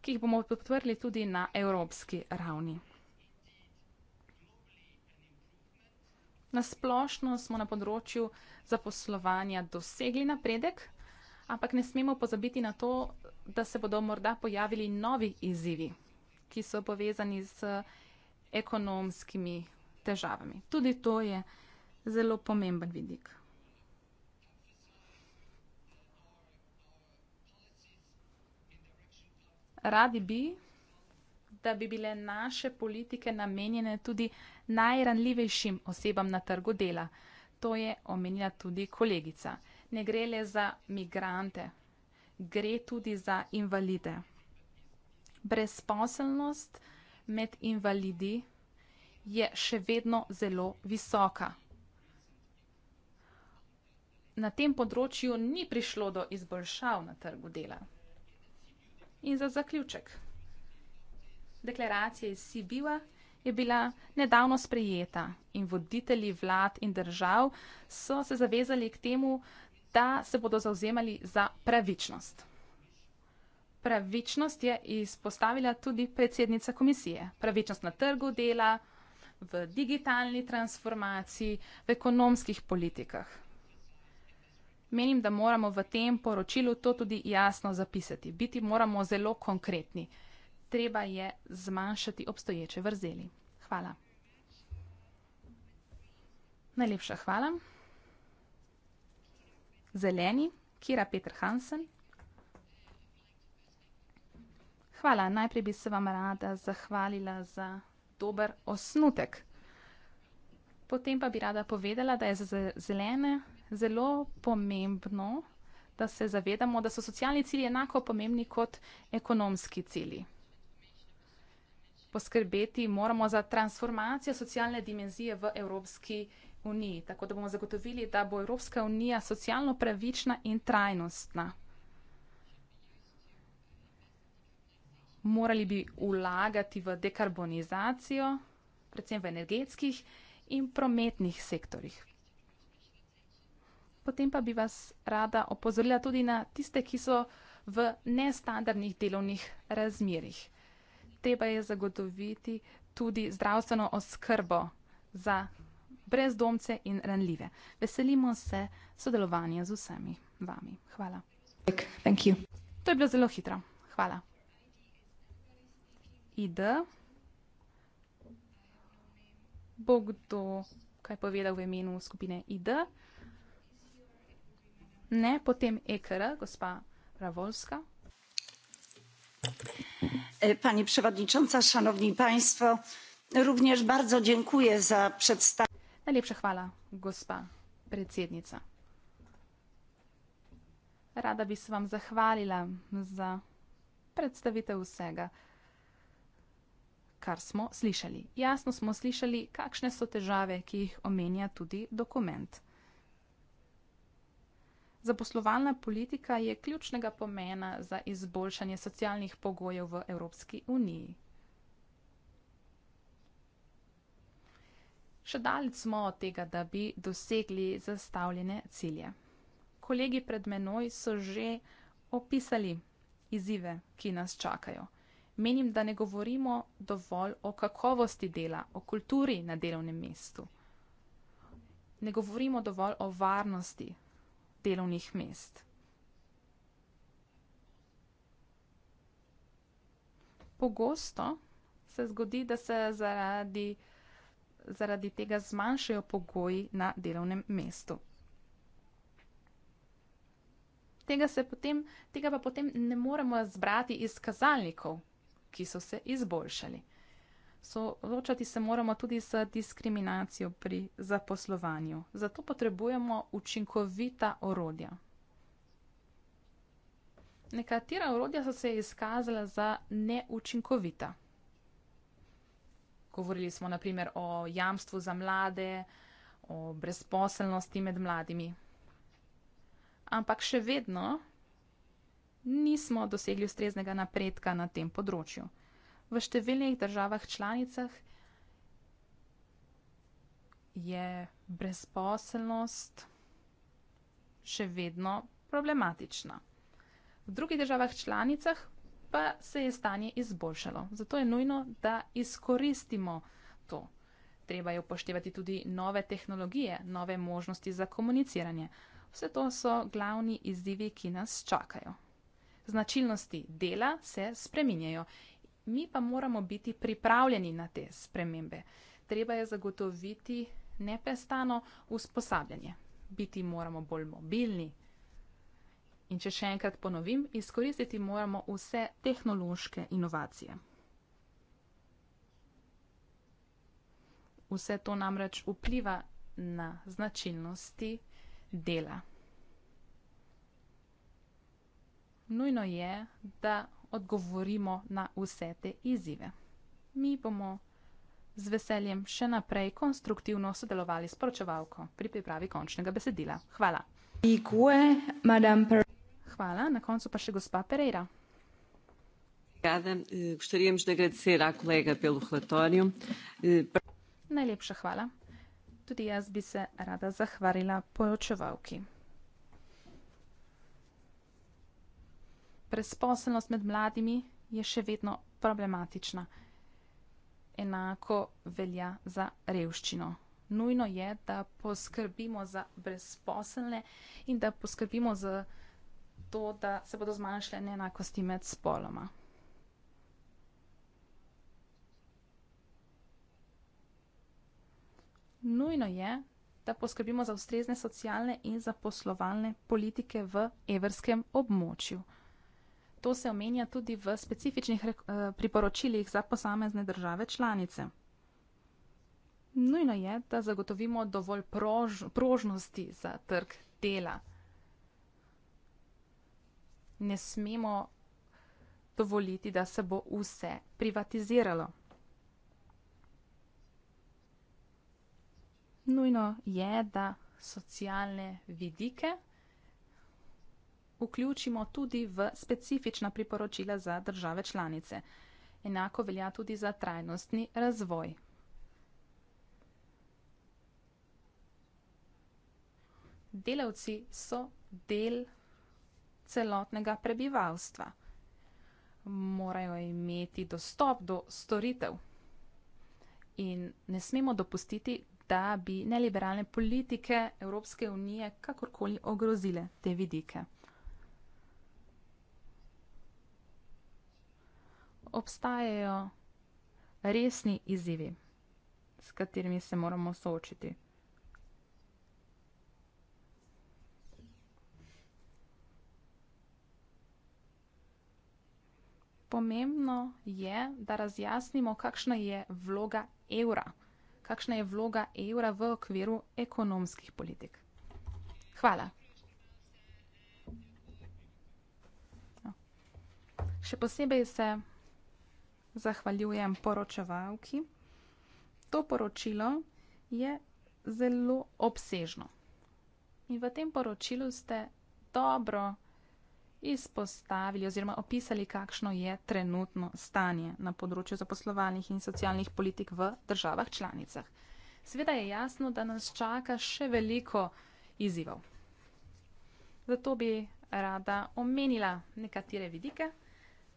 ki jih bomo podprli tudi na evropski ravni. Na splošno smo na področju zaposlovanja dosegli napredek, ampak ne smemo pozabiti na to, da se bodo morda pojavili novi izzivi, ki so povezani z ekonomskimi težavami. Tudi to je zelo pomemben vidik. Radi bi, da bi bile naše politike namenjene tudi najranljivejšim osebam na trgu dela. To je omenila tudi kolegica. Ne gre le za migrante, gre tudi za invalide. Brezposelnost med invalidi je še vedno zelo visoka. Na tem področju ni prišlo do izboljšav na trgu dela. In za zaključek. Deklaracija iz Sibiva je bila nedavno sprejeta in voditelji vlad in držav so se zavezali k temu, da se bodo zauzemali za pravičnost. Pravičnost je izpostavila tudi predsednica komisije. Pravičnost na trgu dela v digitalni transformaciji, v ekonomskih politikah. Menim, da moramo v tem poročilu to tudi jasno zapisati. Biti moramo zelo konkretni. Treba je zmanjšati obstoječe vrzeli. Hvala. Najlepša hvala. Zeleni, Kira Peter Hansen. Hvala. Najprej bi se vam rada zahvalila za dober osnutek. Potem pa bi rada povedala, da je za zelene zelo pomembno, da se zavedamo, da so socialni cilji enako pomembni kot ekonomski cilji. Poskrbeti moramo za transformacijo socialne dimenzije v Evropski uniji, tako da bomo zagotovili, da bo Evropska unija socialno pravična in trajnostna. morali bi vlagati v dekarbonizacijo, predvsem v energetskih in prometnih sektorjih. Potem pa bi vas rada opozorila tudi na tiste, ki so v nestandardnih delovnih razmerjih. Treba je zagotoviti tudi zdravstveno oskrbo za brezdomce in ranljive. Veselimo se sodelovanja z vsemi vami. Hvala. Thank you. To je bilo zelo hitro. Hvala. I D. Bo kdo kaj povedal v imenu skupine I D? Ne, potem EKR, gospa Ravolska. E, pani predsednica, šanovni państwo, również bardzo dziękuję za predstavitev. Najlepša hvala, gospa predsednica. Rada bi se vam zahvalila za predstavitev vsega kar smo slišali. Jasno smo slišali, kakšne so težave, ki jih omenja tudi dokument. Zaposlovalna politika je ključnega pomena za izboljšanje socialnih pogojev v Evropski uniji. Še dalj smo od tega, da bi dosegli zastavljene cilje. Kolegi pred menoj so že opisali izzive, ki nas čakajo menim, da ne govorimo dovolj o kakovosti dela, o kulturi na delovnem mestu. Ne govorimo dovolj o varnosti delovnih mest. Pogosto se zgodi, da se zaradi, zaradi tega zmanjšajo pogoji na delovnem mestu. Tega, se potem, tega pa potem ne moremo zbrati iz kazalnikov, ki so se izboljšali. Soočati se moramo tudi z diskriminacijo pri zaposlovanju, zato potrebujemo učinkovita orodja. Nekatera orodja so se izkazala za neučinkovita. Govorili smo naprimer o jamstvu za mlade, o brezposelnosti med mladimi. Ampak še vedno nismo dosegli ustreznega napredka na tem področju. V številnih državah članicah je brezposelnost še vedno problematična. V drugih državah članicah pa se je stanje izboljšalo. Zato je nujno, da izkoristimo to. Treba je upoštevati tudi nove tehnologije, nove možnosti za komuniciranje. Vse to so glavni izzivi, ki nas čakajo značilnosti dela se spreminjajo. Mi pa moramo biti pripravljeni na te spremembe. Treba je zagotoviti neprestano usposabljanje. Biti moramo bolj mobilni. In če še enkrat ponovim, izkoristiti moramo vse tehnološke inovacije. Vse to namreč vpliva na značilnosti dela. nujno je, da odgovorimo na vse te izzive. Mi bomo z veseljem še naprej konstruktivno sodelovali s poročevalko pri pripravi končnega besedila. Hvala. Hvala, na koncu pa še gospa Pereira. Eh, eh, Najlepša hvala. Tudi jaz bi se rada zahvalila poročevalki. Presposelnost med mladimi je še vedno problematična. Enako velja za revščino. Nujno je, da poskrbimo za brezposelne in da poskrbimo za to, da se bodo zmanjšale neenakosti med spoloma. Nujno je, da poskrbimo za ustrezne socialne in zaposlovalne politike v evrskem območju. To se omenja tudi v specifičnih eh, priporočilih za posamezne države članice. Nujno je, da zagotovimo dovolj prož prožnosti za trg dela. Ne smemo dovoliti, da se bo vse privatiziralo. Nujno je, da socialne vidike vključimo tudi v specifična priporočila za države članice. Enako velja tudi za trajnostni razvoj. Delavci so del celotnega prebivalstva. Morajo imeti dostop do storitev in ne smemo dopustiti, da bi neliberalne politike Evropske unije kakorkoli ogrozile te vidike. obstajajo resni izzivi, s katerimi se moramo soočiti. Pomembno je, da razjasnimo, kakšna je vloga evra, kakšna je vloga evra v okviru ekonomskih politik. Hvala. No. Še posebej se zahvaljujem poročevalki. To poročilo je zelo obsežno. In v tem poročilu ste dobro izpostavili oziroma opisali, kakšno je trenutno stanje na področju zaposlovalnih in socialnih politik v državah članicah. Sveda je jasno, da nas čaka še veliko izzivov. Zato bi rada omenila nekatere vidike,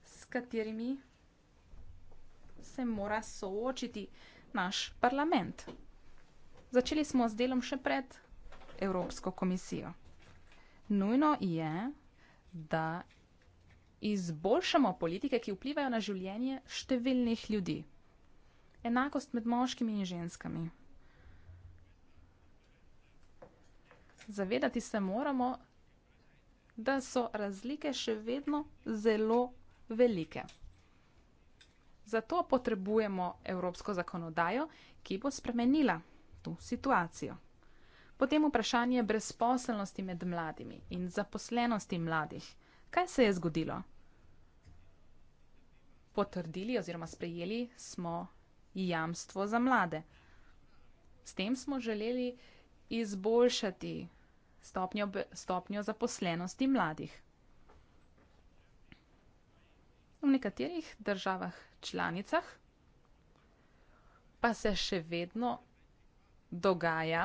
s katerimi se mora soočiti naš parlament. Začeli smo z delom še pred Evropsko komisijo. Nujno je, da izboljšamo politike, ki vplivajo na življenje številnih ljudi. Enakost med moškimi in ženskami. Zavedati se moramo, da so razlike še vedno zelo velike. Zato potrebujemo evropsko zakonodajo, ki bo spremenila to situacijo. Potem vprašanje brezposelnosti med mladimi in zaposlenosti mladih. Kaj se je zgodilo? Potrdili oziroma sprejeli smo jamstvo za mlade. S tem smo želeli izboljšati stopnjo, stopnjo zaposlenosti mladih. V nekaterih državah članicah pa se še vedno dogaja,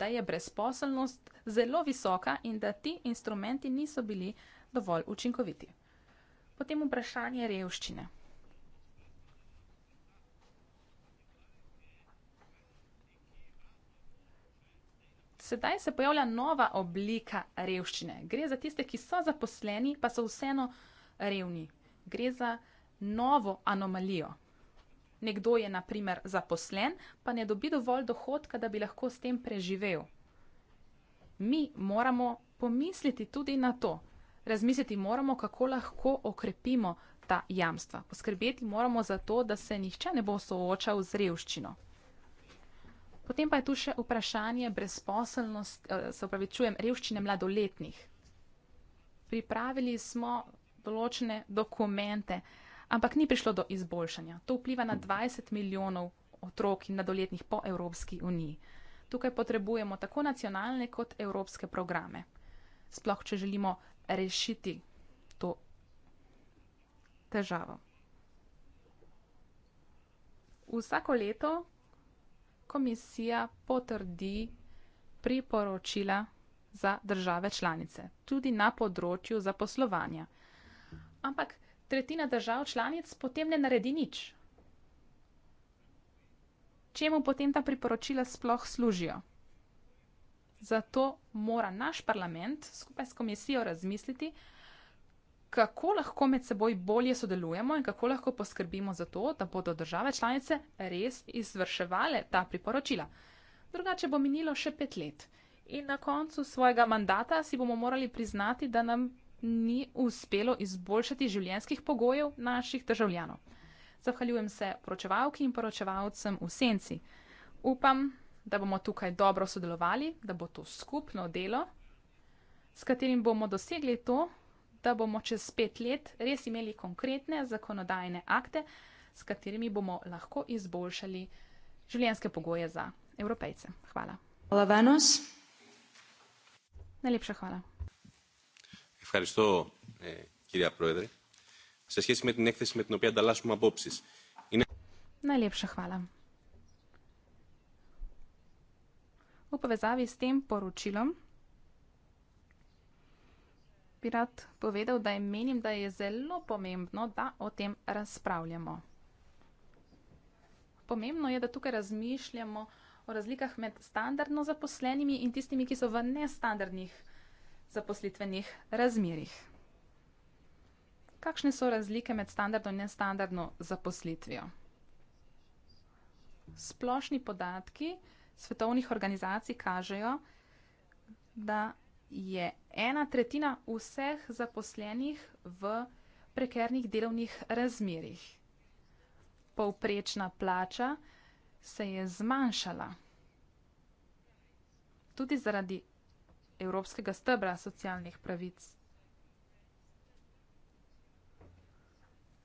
da je brezposelnost zelo visoka in da ti instrumenti niso bili dovolj učinkoviti. Potem vprašanje revščine. Sedaj se pojavlja nova oblika revščine. Gre za tiste, ki so zaposleni, pa so vseeno revni gre za novo anomalijo. Nekdo je na primer zaposlen, pa ne dobi dovolj dohodka, da bi lahko s tem preživel. Mi moramo pomisliti tudi na to. Razmisliti moramo, kako lahko okrepimo ta jamstva. Poskrbeti moramo za to, da se nihče ne bo soočal z revščino. Potem pa je tu še vprašanje brezposelnosti, eh, se upravičujem, revščine mladoletnih. Pripravili smo določene dokumente, ampak ni prišlo do izboljšanja. To vpliva na 20 milijonov otrok in mladoletnih po Evropski uniji. Tukaj potrebujemo tako nacionalne kot evropske programe. Sploh, če želimo rešiti to težavo. Vsako leto komisija potrdi priporočila za države članice, tudi na področju zaposlovanja ampak tretjina držav članic potem ne naredi nič. Čemu potem ta priporočila sploh služijo? Zato mora naš parlament skupaj s komisijo razmisliti, kako lahko med seboj bolje sodelujemo in kako lahko poskrbimo za to, da bodo države članice res izvrševale ta priporočila. Drugače bo minilo še pet let in na koncu svojega mandata si bomo morali priznati, da nam ni uspelo izboljšati življenjskih pogojev naših državljanov. Zahvaljujem se poročevalki in poročevalcem v senci. Upam, da bomo tukaj dobro sodelovali, da bo to skupno delo, s katerim bomo dosegli to, da bomo čez pet let res imeli konkretne zakonodajne akte, s katerimi bomo lahko izboljšali življenjske pogoje za evropejce. Hvala. Hvala, Venus. Najlepša hvala. Ευχαριστώ, ε, κυρία Πρόεδρε. Σε σχέση με την έκθεση με την οποία ανταλλάσσουμε απόψει. Είναι... Να λείψω χάλα. Upovezavi s tem poročilom, bi rad povedal, da je menim, da je zelo pomembno, da o tem razpravljamo. Pomembno je, da tukaj razmišljamo o razlikah med standardno zaposlenimi in tistimi, ki so v nestandardnih zaposlitvenih razmerjih. Kakšne so razlike med standardno in nestandardno zaposlitvijo? Splošni podatki svetovnih organizacij kažejo, da je ena tretjina vseh zaposlenih v prekernih delovnih razmerjih. Povprečna plača se je zmanjšala. Tudi zaradi evropskega stebra socialnih pravic.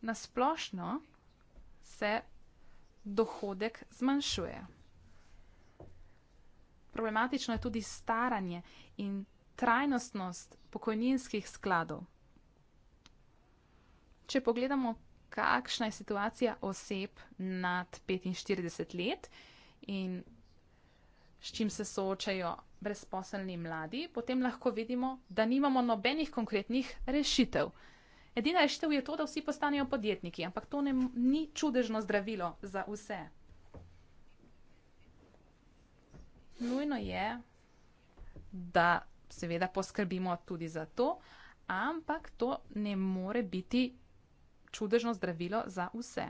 Na splošno se dohodek zmanjšuje. Problematično je tudi staranje in trajnostnost pokojninskih skladov. Če pogledamo, kakšna je situacija oseb nad 45 let in s čim se soočajo brezposelni mladi, potem lahko vidimo, da nimamo nobenih konkretnih rešitev. Edina rešitev je to, da vsi postanejo podjetniki, ampak to ne, ni čudežno zdravilo za vse. Nujno je, da seveda poskrbimo tudi za to, ampak to ne more biti čudežno zdravilo za vse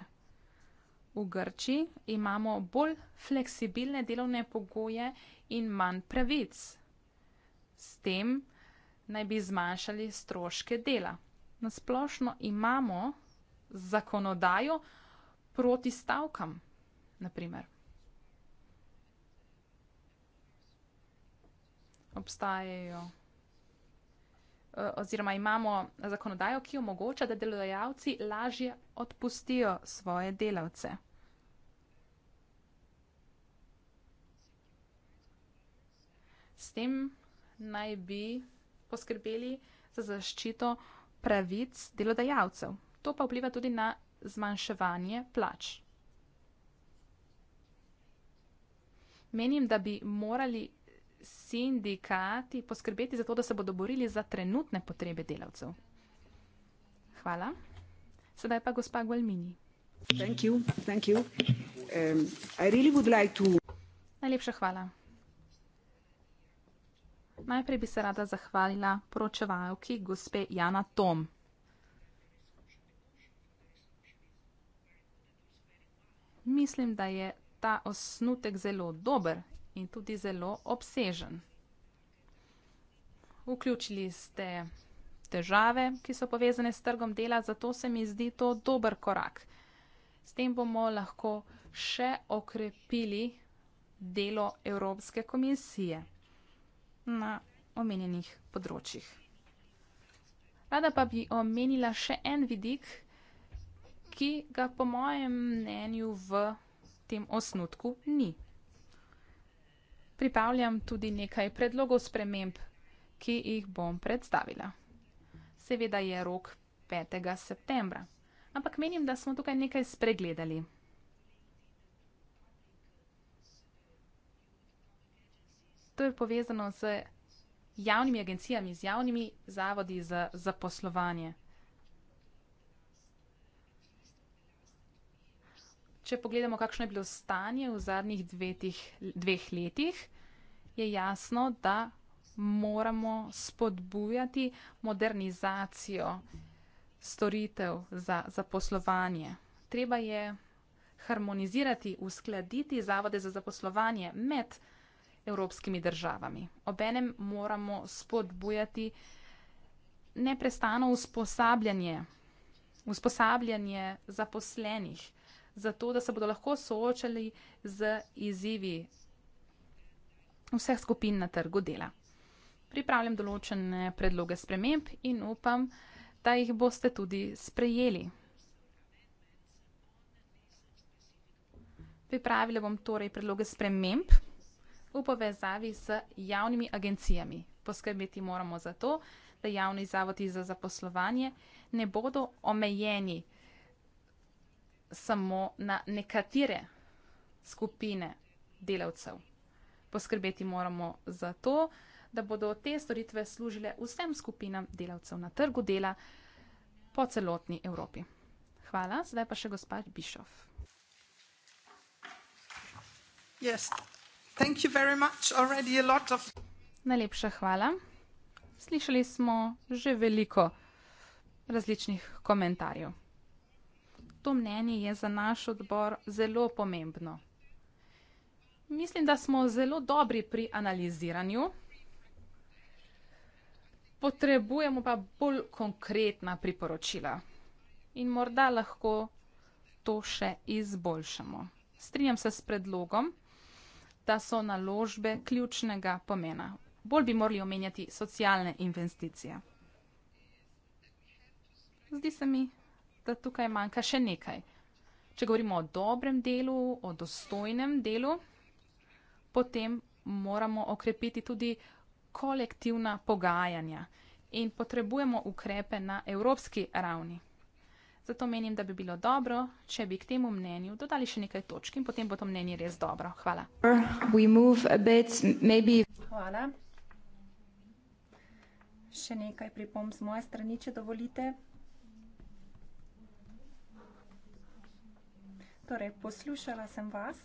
v Grčiji imamo bolj fleksibilne delovne pogoje in manj pravic. S tem naj bi zmanjšali stroške dela. Na splošno imamo zakonodajo proti stavkam, na primer. Obstajajo Eh, oziroma imamo zakonodajo, ki omogoča, da delodajalci lažje odpustijo svoje delavce. S tem naj bi poskrbeli za zaščito pravic delodajalcev. To pa vpliva tudi na zmanjševanje plač. Menim, da bi morali sindikati poskrbeti za to, da se bodo borili za trenutne potrebe delavcev. Hvala. Sedaj pa gospa Gualmini. Thank you, thank you. Um, really like to... Najlepša hvala. Najprej bi se rada zahvalila poročevalki gospe Jana Tom. Mislim, da je ta osnutek zelo dober in tudi zelo obsežen. Vključili ste težave, ki so povezane s trgom dela, zato se mi zdi to dober korak. S tem bomo lahko še okrepili delo Evropske komisije na omenjenih področjih. Rada pa bi omenila še en vidik, ki ga po mojem mnenju v tem osnutku ni pripravljam tudi nekaj predlogov sprememb, ki jih bom predstavila. Seveda je rok 5. septembra, ampak menim, da smo tukaj nekaj spregledali. To je povezano z javnimi agencijami, z javnimi zavodi za zaposlovanje. Če pogledamo, kakšno je bilo stanje v zadnjih dvetih, dveh letih, je jasno, da moramo spodbujati modernizacijo storitev za zaposlovanje. Treba je harmonizirati, uskladiti zavode za zaposlovanje med evropskimi državami. Obenem moramo spodbujati neprestano usposabljanje, usposabljanje zaposlenih, zato da se bodo lahko soočali z izzivi vseh skupin na trgu dela. Pripravljam določene predloge sprememb in upam, da jih boste tudi sprejeli. Pripravila bom torej predloge sprememb v povezavi s javnimi agencijami. Poskrbeti moramo za to, da javni zavodi za zaposlovanje ne bodo omejeni samo na nekatere skupine delavcev poskrbeti moramo za to, da bodo te storitve služile vsem skupinam delavcev na trgu dela po celotni Evropi. Hvala, zdaj pa še gospod Bišov. Yes. Thank you very much. Already a lot of. Najlepša hvala. Slišali smo že veliko različnih komentarjev. To mnenje je za naš odbor zelo pomembno. Mislim, da smo zelo dobri pri analiziranju. Potrebujemo pa bolj konkretna priporočila. In morda lahko to še izboljšamo. Strinjam se s predlogom, da so naložbe ključnega pomena. Bolj bi morali omenjati socialne investicije. Zdi se mi, da tukaj manjka še nekaj. Če govorimo o dobrem delu, o dostojnem delu, potem moramo okrepiti tudi kolektivna pogajanja in potrebujemo ukrepe na evropski ravni. Zato menim, da bi bilo dobro, če bi k temu mnenju dodali še nekaj točk in potem bo to mnenje res dobro. Hvala. Hvala. Še nekaj pripomb z moje strani, če dovolite. Torej, poslušala sem vas.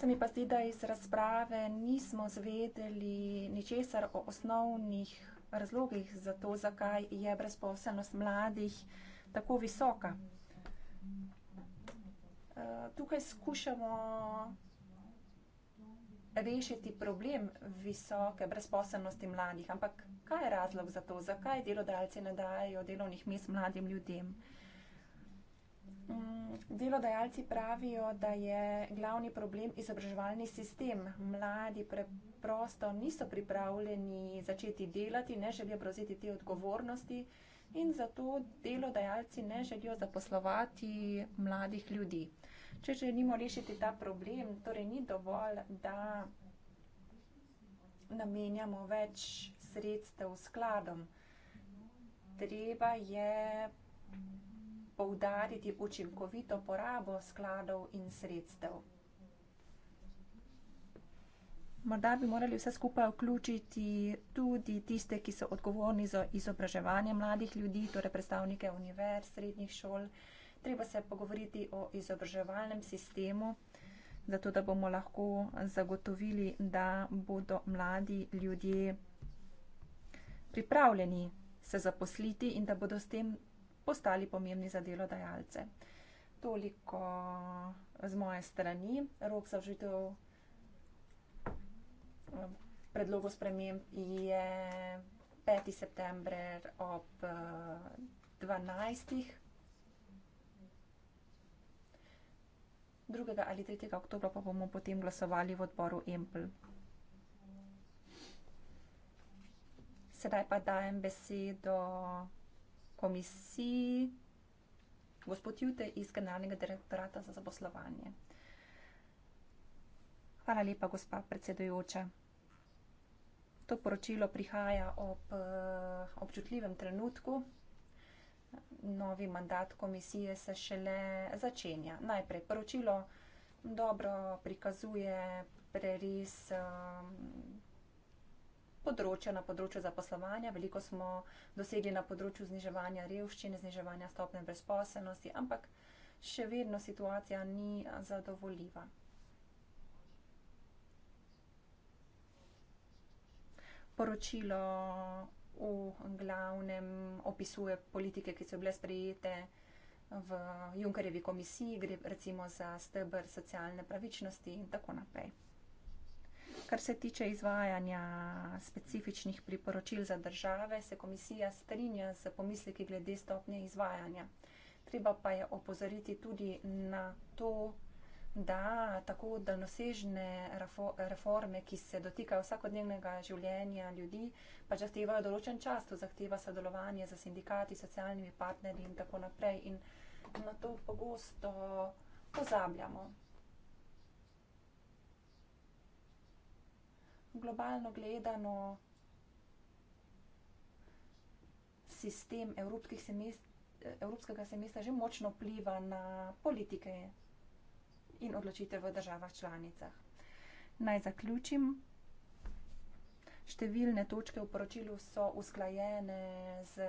Se mi pa zdi, da iz razprave nismo zvedeli ničesar o osnovnih razlogih za to, zakaj je brezposelnost mladih tako visoka. Eh, tukaj skušamo rešiti problem visoke brezposelnosti mladih, ampak kaj je razlog za to, zakaj delodajalci ne dajo delovnih mest mladim ljudem? Mm, delodajalci pravijo, da je glavni problem izobraževalni sistem. Mladi preprosto niso pripravljeni začeti delati, ne želijo prevzeti te odgovornosti in zato delodajalci ne želijo zaposlovati mladih ljudi. Če želimo rešiti ta problem, torej ni dovolj, da namenjamo več sredstev skladom. Treba je poudariti učinkovito porabo skladov in sredstev. Morda bi morali vse skupaj vključiti tudi tiste, ki so odgovorni za izobraževanje mladih ljudi, torej predstavnike univerz, srednjih šol. Treba se pogovoriti o izobraževalnem sistemu, zato da bomo lahko zagotovili, da bodo mladi ljudje pripravljeni se zaposliti in da bodo s tem postali pomembni za delodajalce. Toliko z moje strani. Rok za žitev eh, predlogo sprememb je 5. september ob 12. Eh, 2. ali 3. oktobra pa bomo potem glasovali v odboru EMPL. Sedaj pa dajem besedo komisiji gospod Jute iz Generalnega direktorata za zaposlovanje. Hvala lepa, gospa predsedujoča. To poročilo prihaja ob eh, občutljivem trenutku. Novi mandat komisije se šele začenja. Najprej poročilo dobro prikazuje preris eh, področja, na področju zaposlovanja. Veliko smo dosegli na področju zniževanja revščine, zniževanja stopne brezposelnosti, ampak še vedno situacija ni zadovoljiva. Poročilo v glavnem opisuje politike, ki so bile sprejete v Junkerjevi komisiji, gre recimo za stebr socialne pravičnosti in tako naprej kar se tiče izvajanja specifičnih priporočil za države, se komisija strinja z pomisleki glede stopnje izvajanja. Treba pa je opozoriti tudi na to, da tako daljnosežne reforme, ki se dotikajo vsakodnevnega življenja ljudi, pač zahtevajo določen čas, to zahteva sodelovanje z sindikati, socialnimi partnerji in tako naprej. In na to pogosto pozabljamo. globalno gledano sistem evropskih semest, evropskega semestra že močno vpliva na politike in odločitve v državah članicah. Naj zaključim. Številne točke v poročilu so usklajene z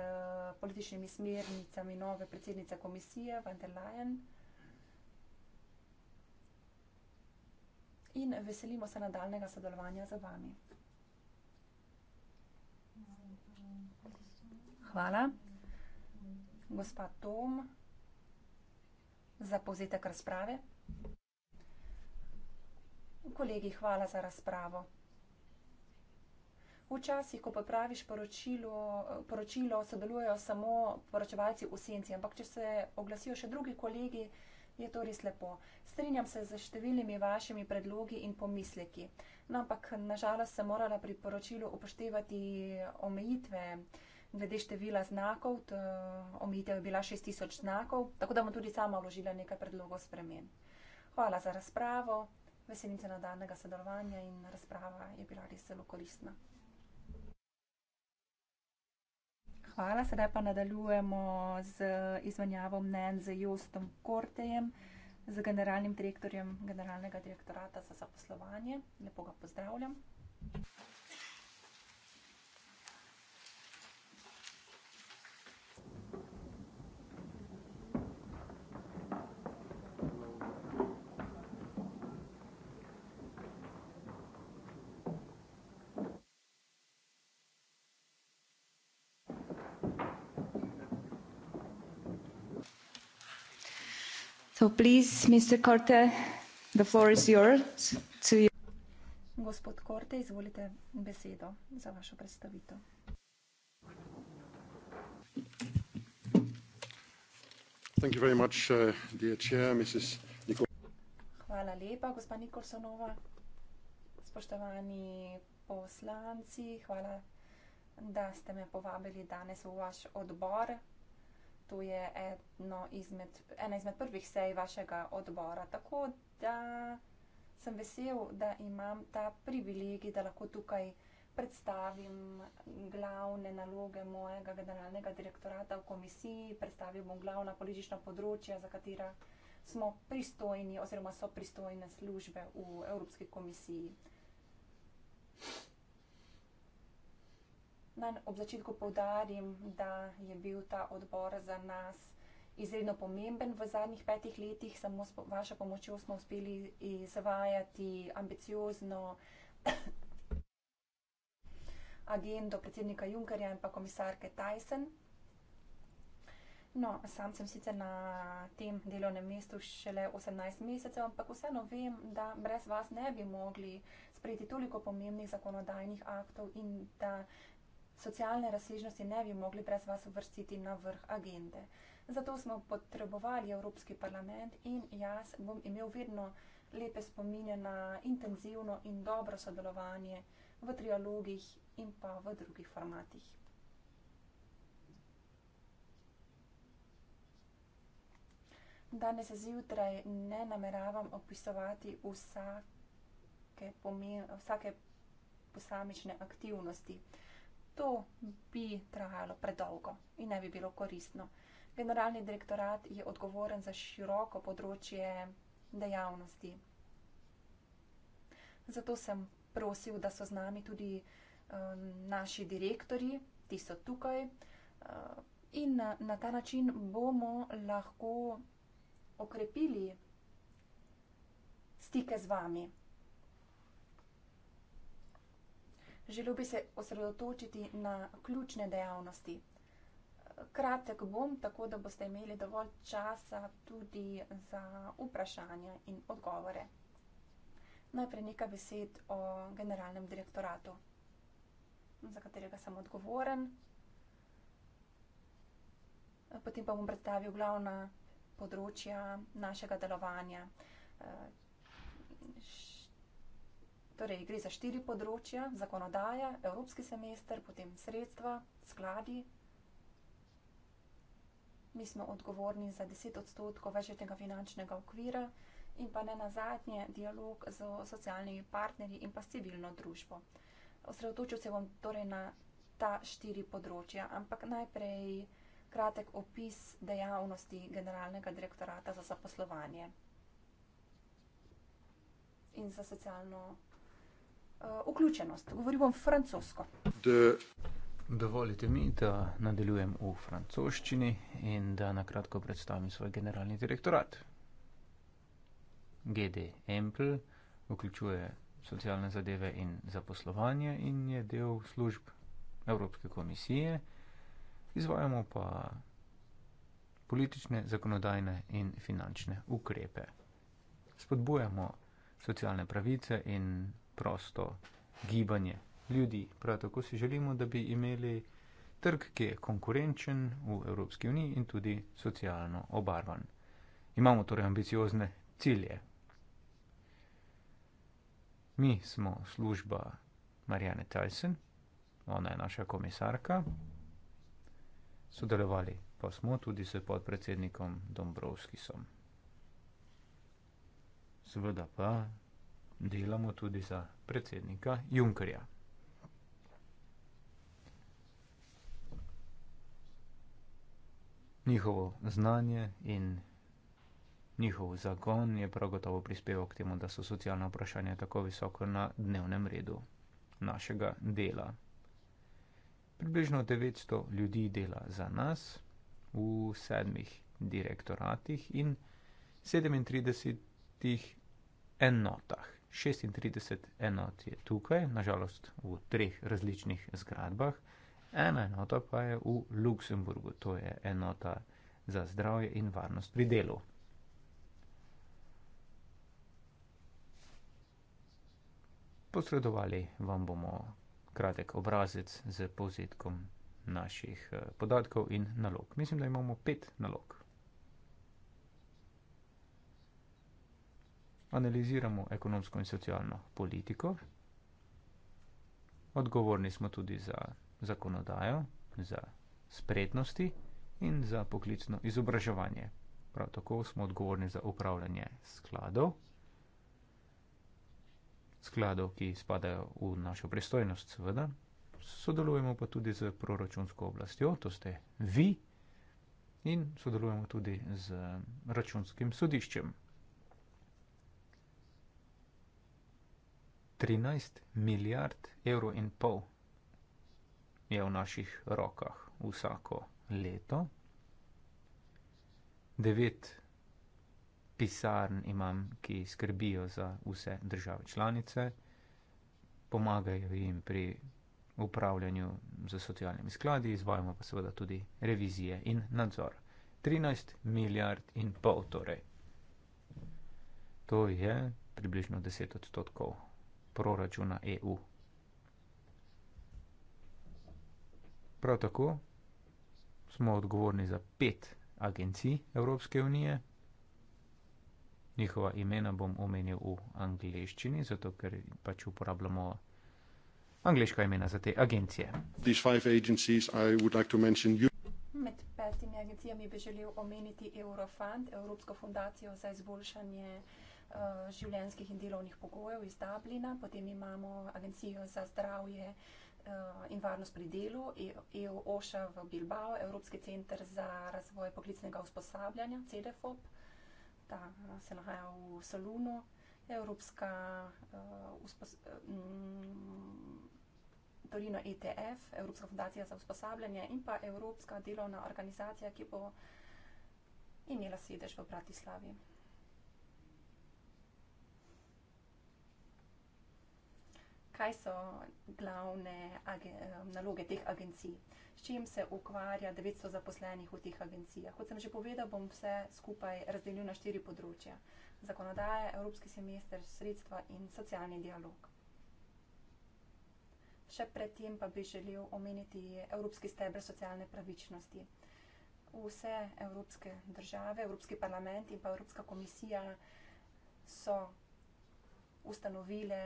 političnimi smernicami nove predsednice komisije, Van der Leyen. in veselimo se nadaljnega sodelovanja z vami. Hvala. Gospa Tom, za povzetek razprave. Kolegi, hvala za razpravo. Včasih, ko popraviš poročilo, poročilo sodelujejo samo poročevalci v senci, ampak če se oglasijo še drugi kolegi, Je to res lepo. Strinjam se z številnimi vašimi predlogi in pomisleki. No, ampak nažalost sem morala pri poročilu upoštevati omejitve glede števila znakov. T, omejitev je bila 6000 znakov, tako da bom tudi sama vložila nekaj predlogov spremen. Hvala za razpravo, veselim se nadaljnega sodelovanja in razprava je bila res zelo koristna. Hvala, sedaj pa nadaljujemo z izvanjavo mnen z Jostom Kortejem, z generalnim direktorjem Generalnega direktorata za zaposlovanje. Lepo ga pozdravljam. Hvala. Gospod Korte, izvolite besedo za vašo predstavitev. Uh, hvala lepa, gospa Nikolsonova. Spoštovani poslanci, hvala, da ste me povabili danes v vaš odbor to je eno izmed, ena izmed prvih sej vašega odbora. Tako da sem vesel, da imam ta privilegij, da lahko tukaj predstavim glavne naloge mojega generalnega direktorata v komisiji, predstavim bom glavna politična področja, za katera smo pristojni oziroma so pristojne službe v Evropski komisiji. Naj ob začetku povdarim, da je bil ta odbor za nas izredno pomemben v zadnjih petih letih. Samo s vašo pomočjo smo uspeli izvajati ambiciozno agendo predsednika Junkerja in pa komisarke Tyson. No, sam sem sicer na tem delovnem mestu šele 18 mesecev, ampak vseeno vem, da brez vas ne bi mogli sprejeti toliko pomembnih zakonodajnih aktov in da socialne razsežnosti ne bi mogli brez vas uvrstiti na vrh agende. Zato smo potrebovali Evropski parlament in jaz bom imel vedno lepe spominje na intenzivno in dobro sodelovanje v trialogih in pa v drugih formatih. Danes zjutraj ne nameravam opisovati vsake, pomen, vsake posamične aktivnosti to bi trajalo predolgo in ne bi bilo koristno. Generalni direktorat je odgovoren za široko področje dejavnosti. Zato sem prosil, da so z nami tudi um, naši direktori, ti so tukaj. Uh, in na, na ta način bomo lahko okrepili stike z vami. Želel bi se osredotočiti na ključne dejavnosti. Kratek bom, tako da boste imeli dovolj časa tudi za vprašanja in odgovore. Najprej nekaj besed o generalnem direktoratu, za katerega sem odgovoren. Potem pa bom predstavil glavna področja našega delovanja. Torej, gre za štiri področja: zakonodaja, evropski semester, potem sredstva, skladi. Mi smo odgovorni za 10 odstotkov večletnega finančnega okvira in pa ne nazadnje dialog z socialnimi partnerji in pa s civilno družbo. Osredotočil se bom torej na ta štiri področja, ampak najprej kratek opis dejavnosti Generalnega direktorata za zaposlovanje in za socialno Eh, vključenost. Govorim francosko. De. Dovolite mi, da nadaljujem v francoščini in da na kratko predstavim svoj generalni direktorat. GD Empl vključuje socialne zadeve in zaposlovanje in je del služb Evropske komisije. Izvajamo pa politične, zakonodajne in finančne ukrepe. Spodbujamo socialne pravice in prosto gibanje ljudi. Prav tako si želimo, da bi imeli trg, ki je konkurenčen v Evropski uniji in tudi socialno obarvan. Imamo torej ambiciozne cilje. Mi smo služba Marijane Tyson, ona je naša komisarka. Sodelovali pa smo tudi s podpredsednikom Dombrovskisom. Seveda pa delamo tudi za predsednika Junkerja. Njihovo znanje in njihov zagon je prav gotovo prispeval k temu, da so socialna vprašanja tako visoko na dnevnem redu našega dela. Približno 900 ljudi dela za nas v sedmih direktoratih in 37 enotah 36 enot je tukaj, nažalost v treh različnih zgradbah, ena enota pa je v Luksemburgu, to je enota za zdravje in varnost pri delu. Posredovali vam bomo kratek obrazec z povzetkom naših eh, podatkov in nalog. Mislim, da imamo pet nalog. analiziramo ekonomsko in socialno politiko, odgovorni smo tudi za zakonodajo, za spretnosti in za poklicno izobraževanje. Prav tako smo odgovorni za upravljanje skladov, skladov, ki spadajo v našo pristojnost, seveda. Sodelujemo pa tudi z proračunsko oblastjo, to ste vi, in sodelujemo tudi z računskim sodiščem. 13 milijard evrov in pol je v naših rokah vsako leto. 9 pisarn imam, ki skrbijo za vse države članice, pomagajo jim pri upravljanju z socialnimi skladi, izvajamo pa seveda tudi revizije in nadzor. 13 milijard in pol torej. To je približno 10 odstotkov proračuna EU. Prav tako smo odgovorni za pet agencij Evropske unije. Njihova imena bom omenil v angliščini, zato ker pač uporabljamo angliška imena za te agencije. Med petimi agencijami bi želel omeniti Eurofund, Evropsko fundacijo za izboljšanje Eh, življenjskih in delovnih pogojev iz Dublina, potem imamo Agencijo za zdravje eh, in varnost pri delu, EU e OŠA v Bilbao, Evropski center za razvoj poklicnega usposabljanja, CDFOP, ta se nahaja v Solunu, Evropska eh, mm, Torino ETF, Evropska fundacija za usposabljanje in pa Evropska delovna organizacija, ki bo imela sedež v Bratislavi. kaj so glavne naloge teh agencij, s čim se ukvarja 900 zaposlenih v teh agencijah. Kot sem že povedal, bom vse skupaj razdelil na štiri področja. Zakonodaje, Evropski semester, sredstva in socialni dialog. Še predtem pa bi želel omeniti Evropski stebr socialne pravičnosti. Vse evropske države, Evropski parlament in pa Evropska komisija so ustanovile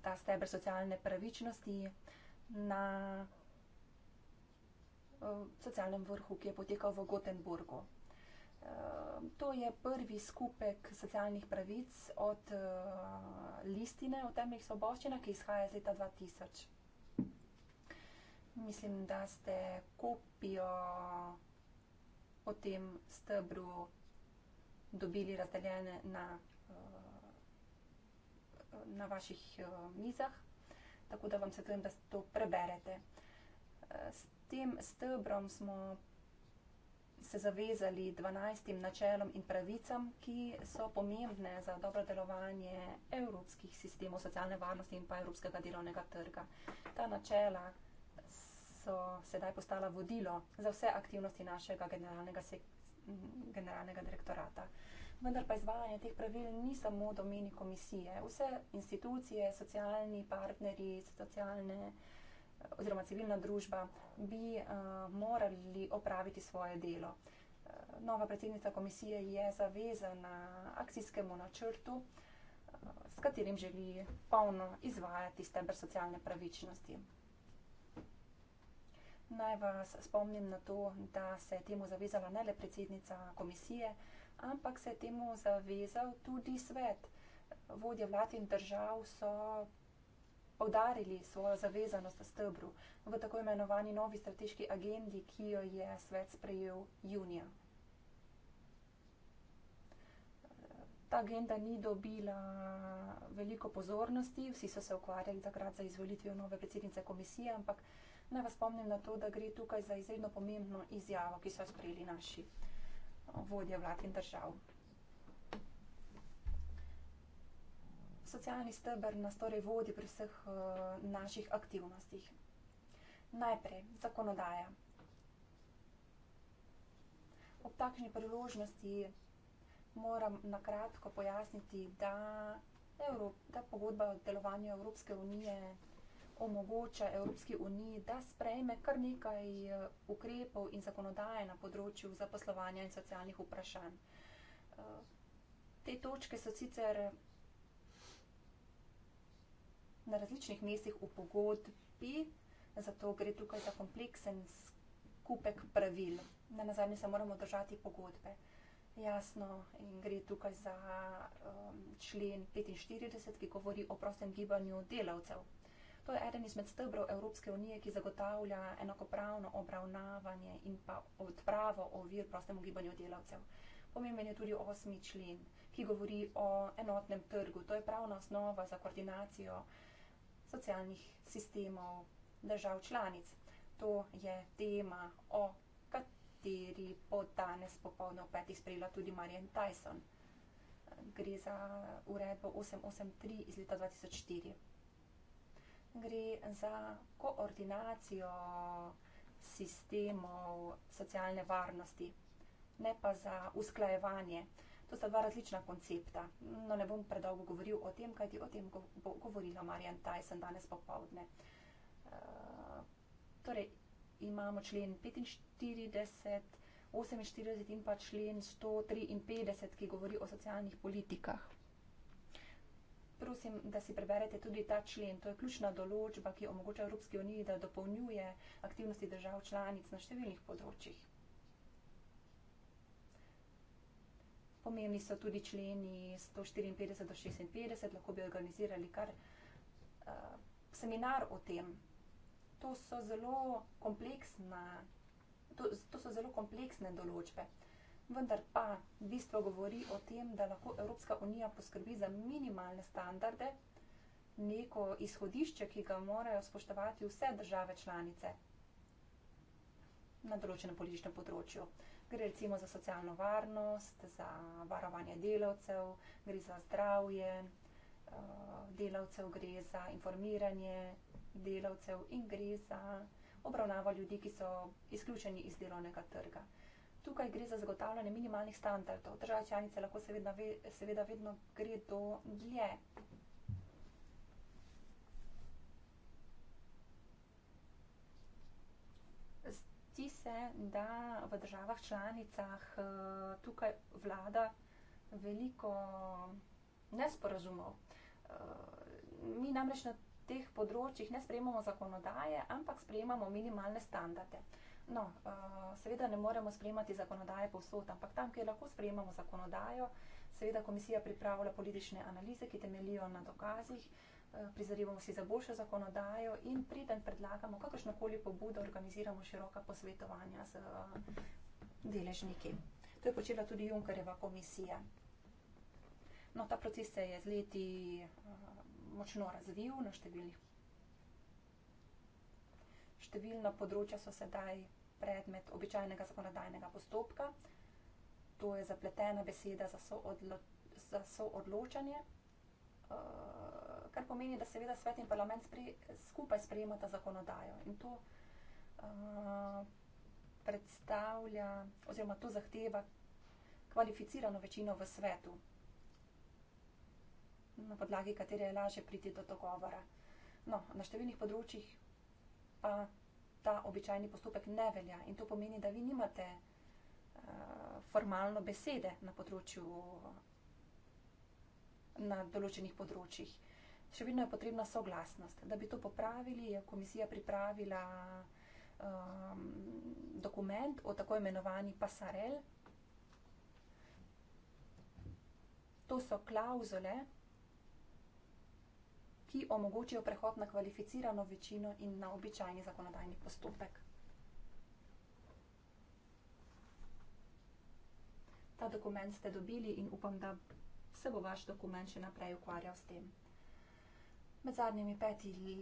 ta stebr socialne pravičnosti na eh, socialnem vrhu, ki je potekal v Gotenburgu. Eh, to je prvi skupek socialnih pravic od eh, listine o temeljih svoboščina, ki izhaja iz leta 2000. Mislim, da ste kopijo o tem stebru dobili razdeljene na na vaših eh, mizah, tako da vam svetujem, da to preberete. Eh, s tem stebrom smo se zavezali 12 načelom in pravicam, ki so pomembne za dobro delovanje evropskih sistemov socialne varnosti in pa evropskega delovnega trga. Ta načela so sedaj postala vodilo za vse aktivnosti našega generalnega, generalnega direktorata vendar pa izvajanje teh pravil ni samo domeni komisije. Vse institucije, socialni partnerji, socialne oziroma civilna družba bi uh, morali opraviti svoje delo. Uh, nova predsednica komisije je zavezana akcijskemu načrtu, uh, s katerim želi polno izvajati stebr socialne pravičnosti. Naj vas spomnim na to, da se je temu zavezala ne le predsednica komisije, uh, ampak se je temu zavezal tudi svet. Vodje vlad in držav so povdarili svojo zavezanost v stebru v tako imenovani novi strateški agendi, ki jo je svet sprejel junija. Ta agenda ni dobila veliko pozornosti, vsi so se ukvarjali takrat za izvolitvijo nove predsednice komisije, ampak naj vas spomnim na to, da gre tukaj za izredno pomembno izjavo, ki so jo sprejeli naši vodje vlad in držav. Socialni steber nas torej vodi pri vseh eh, naših aktivnostih. Najprej zakonodaja. Ob takšni priložnosti moram nakratko pojasniti, da pogodba o delovanju Evropske unije nekaj, omogoča Evropski uniji, da sprejme kar nekaj eh, ukrepov in zakonodaje na področju zaposlovanja in socialnih vprašanj. Eh, te točke so sicer na različnih mestih v pogodbi, zato gre tukaj za kompleksen skupek pravil. Na nazadnje se moramo držati pogodbe. Jasno, in gre tukaj za um, člen 45, ki govori o prostem gibanju delavcev. To je eden izmed stebrov Evropske unije, ki zagotavlja enakopravno obravnavanje in pa odpravo ovir prostemu gibanju delavcev. Pomemben je tudi osmi člen, ki govori o enotnem trgu. To je pravna osnova za koordinacijo socialnih sistemov držav članic. To je tema, o kateri bo danes popolno v petih sprejela tudi Marjen Tyson. Gre za uredbo 883 iz leta 2004 gre za koordinacijo sistemov socialne varnosti, ne pa za usklajevanje. To sta dva različna koncepta. No, ne bom predolgo govoril o tem, kajti o tem bo govorila Marjan Tyson danes popovdne. Eh, torej, imamo člen 45, 48 in pa člen 153, ki govori o socialnih politikah prosim, da si preberete tudi ta člen. To je ključna določba, ki omogoča Evropski uniji, da dopolnjuje aktivnosti držav članic na številnih področjih. Pomembni so tudi členi 154 do 56, lahko bi organizirali kar uh, seminar o tem. To so zelo kompleksne, to, to so zelo kompleksne določbe. Uh, vendar pa bistvo govori o tem, da lahko Evropska unija poskrbi za minimalne standarde, neko izhodišče, ki ga morajo spoštovati vse države članice na določenem političnem področju. Gre recimo za socialno varnost, za varovanje delavcev, gre za zdravje eh, delavcev, gre za informiranje delavcev in gre za obravnavo ljudi, ki so izključeni iz delovnega trga. Tukaj gre za zagotavljanje minimalnih standardov. Država članica lahko seveda, ve, seveda vedno gre do dlje. Zdi se, da v državah članicah eh, tukaj vlada veliko nesporazumov. Eh, mi namreč na teh področjih ne sprejemamo zakonodaje, ampak sprejemamo minimalne standarde. No, eh, seveda ne moremo sprejemati zakonodaje povsod, ampak tam, kjer lahko sprejemamo zakonodajo, seveda komisija pripravlja politične analize, ki temelijo na dokazih, eh, prizadevamo si za boljšo zakonodajo in preden predlagamo kakršnokoli pobudo, organiziramo široka posvetovanja z eh, deležniki. To je počela tudi Junkereva komisija. No, ta proces se je z leti močno razvil na številnih. Številna področja so sedaj predmet običajnega zakonodajnega postopka. To je zapletena beseda za, soodlo za soodločanje, uh, kar pomeni, da seveda svet in parlament spre skupaj sprejemata zakonodajo. In to uh, predstavlja, oziroma to zahteva kvalificirano večino v svetu, na podlagi katere je lažje priti do dogovora. No, na številnih področjih pa. Uh, ta običajni postopek ne velja. In to pomeni, da vi nimate uh, formalno besede na področju, na določenih področjih. Še vedno je potrebna soglasnost. Da bi to popravili, je komisija pripravila um, dokument o tako imenovani pasarel. To so klauzule, ki omogočijo prehod na kvalificirano večino in na običajni zakonodajni postopek. Ta dokument ste dobili in upam, da se bo vaš dokument še naprej ukvarjal s tem. Med zadnjimi petimi